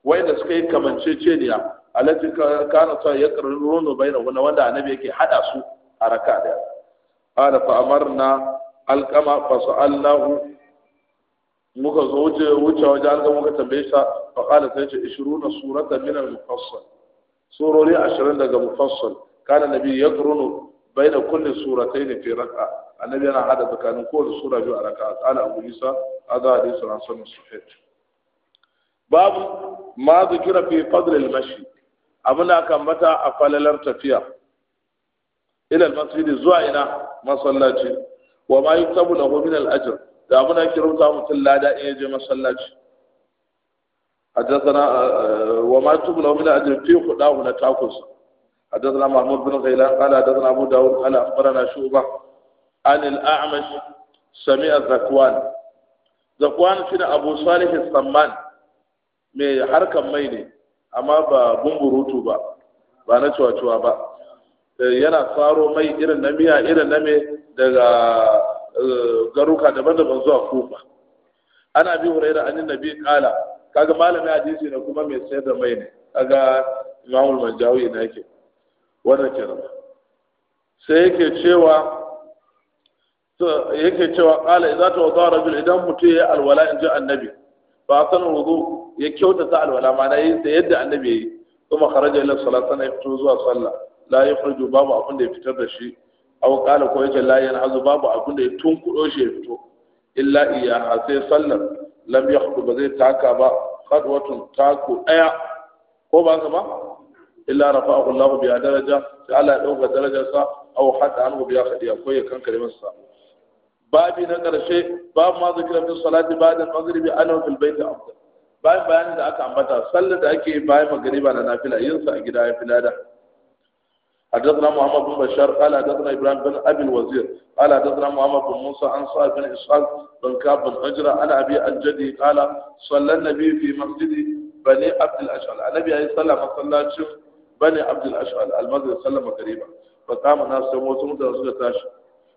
wai da suka yi kamanceceniya alati kana ta ya Rono baina wannan wanda annabi yake hada su a raka daya ala fa amarna alqama fa sallahu muka zo wuce wuce waje an ga muka tambaye sa fa qala sai ce 20 surata min al-mufassal surori 20 daga mufassal kana nabi ya karrunu baina kulli suratayn fi raka'a annabi yana hada tsakanin kowace sura biyu a raka'a tsala abu isa hadha hadithun su sahih babu ma zikira fi fadl al-mashi abuna kan mata a falalar tafiya ila al-masjid zuwa ina masallaci wa ma yuktabu lahu min al-ajr da abuna kirauta mutun lada in yaje masallaci حدثنا وما يكتب له من اجر في خداه نتاكس حدثنا محمود بن غيلان قال حدثنا ابو داود قال اخبرنا شعبه an al-a'mash sami'a zakwan zakwan shine abu salih samman mai harkan mai ne amma ba bumburutu ba ba na cuwa-cuwa ba eh, yana tsaro mai irin na miya irin na mai daga eh, garuka daban-daban zuwa kufa ana bi huraira an nabi kala kaga malamin hadisi ne kuma mai sayar da mai ne kaga imamul manjawi na yake wannan kenan sai yake cewa yake cewa qala idza tawadda rajul idan mutum ya alwala in ji annabi ba san wudu ya kyautata alwala ma dai da yadda annabi yayi kuma kharaja ila salati sana fito zuwa sallah la yakhruju babu abin da ya fitar da shi aw qala ko yace la yanhazu babu abin da ya tunkudo shi ya fito illa iya sai sallar lam yakhdu ba zai taka ba khadwatun taku daya ko ba ka ba illa rafa'ahu Allah bi daraja sai Allah ya dauka darajarsa aw hatta anhu bi khadiya ko ya kankare masa babi na karshe babu ma zikira min salati ba'da maghribi ana fil baiti afdal bayan bayanin da aka ambata sallar da ake yi bayan magriba na nafila yin sa a gida ya filada حدثنا محمد بن بشار قال حدثنا ابراهيم بن ابي الوزير قال حدثنا محمد بن موسى عن صاحب بن اسحاق بن كعب بن عجرة عن ابي الجدي قال صلى النبي في مسجد بني عبد الاشعل النبي عليه الصلاه والسلام بني عبد الاشعل المسجد سلم قريبا فقام الناس وسمت رسول تاشي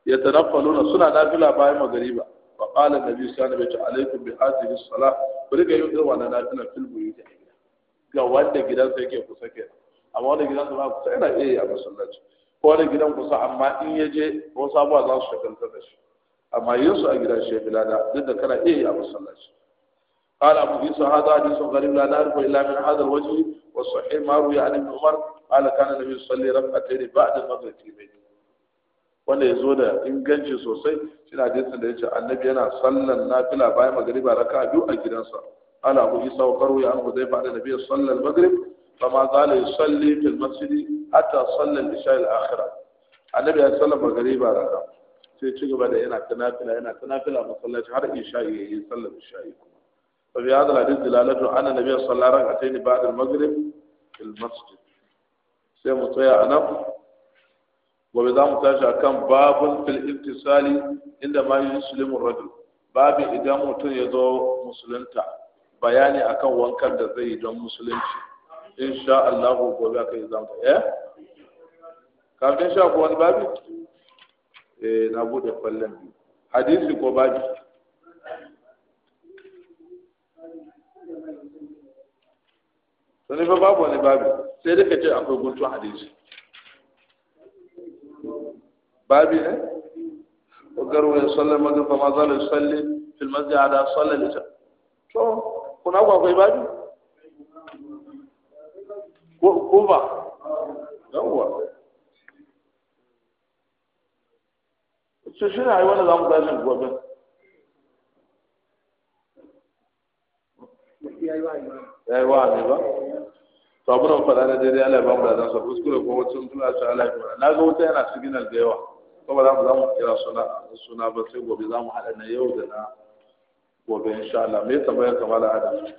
nuna suna nafila bayan magariba fa qala nabi sallallahu bai wasallam alaikum bi hadhihi as-salah ku riga yin irin wannan nafila fil buyut ga wanda sai ke kusa kenan amma wanda gidansa kusa yana iya yi a masallaci ko wani gidan kusa amma in ya je za su shagaltar da shi amma yin su a gidan duk da kana iya yi a masallaci قال أبو عيسى هذا حديث غريب لا نعرف إلا من هذا الوجه والصحيح ما روي عن ابن عمر قال كان النبي يصلي ركعتين بعد المغرب في بيته wanda ya zo da inganci sosai shi na hadisin da ya ce annabi yana sallan nafila bayan magariba raka biyu a gidansa ala abu isa wa karu ya an hudai ba da nabi sallan magrib fa ma zala yusalli fil masjidi hatta sallan isha al akhira. annabi ya sallan magariba raka sai ci gaba da yana ta nafila yana ta nafila masallaci har isha yi sallan isha kuma fa bi hadal hadith dilalatu anna nabiy sallallahu alaihi wa sallam ba'da al maghrib fil masjid sai mu tsaya anan gobe za mu tashi akan babun fil sali, inda ma musulmin rajul babu idan mutum ya zo musulunta bayani akan wankan da zai yi don musulunci insha Allah gobe aka yi zanga eh kafin sha ko wani babu eh na bude kwallon biyu hadisi ko babu sani ba babu wani babu sai da ka ce akwai guntun hadisi بابي نه وګر وې صلی الله علیه وسلم په مازه صلی په مسجد علی صلی الله علیه څو کو نا کوې بابي کو کو با دا و څه شې حیوان زام دایم کوګه ای وای ای وای صبر او پرانه دې دی علي بابا دا څه وسکره کوڅه ټول چاله لا غوته نه ko ba za mu za mu kira suna ba sai gobe za mu haɗa na yau da na gobe insha Allah me tambayar kamar da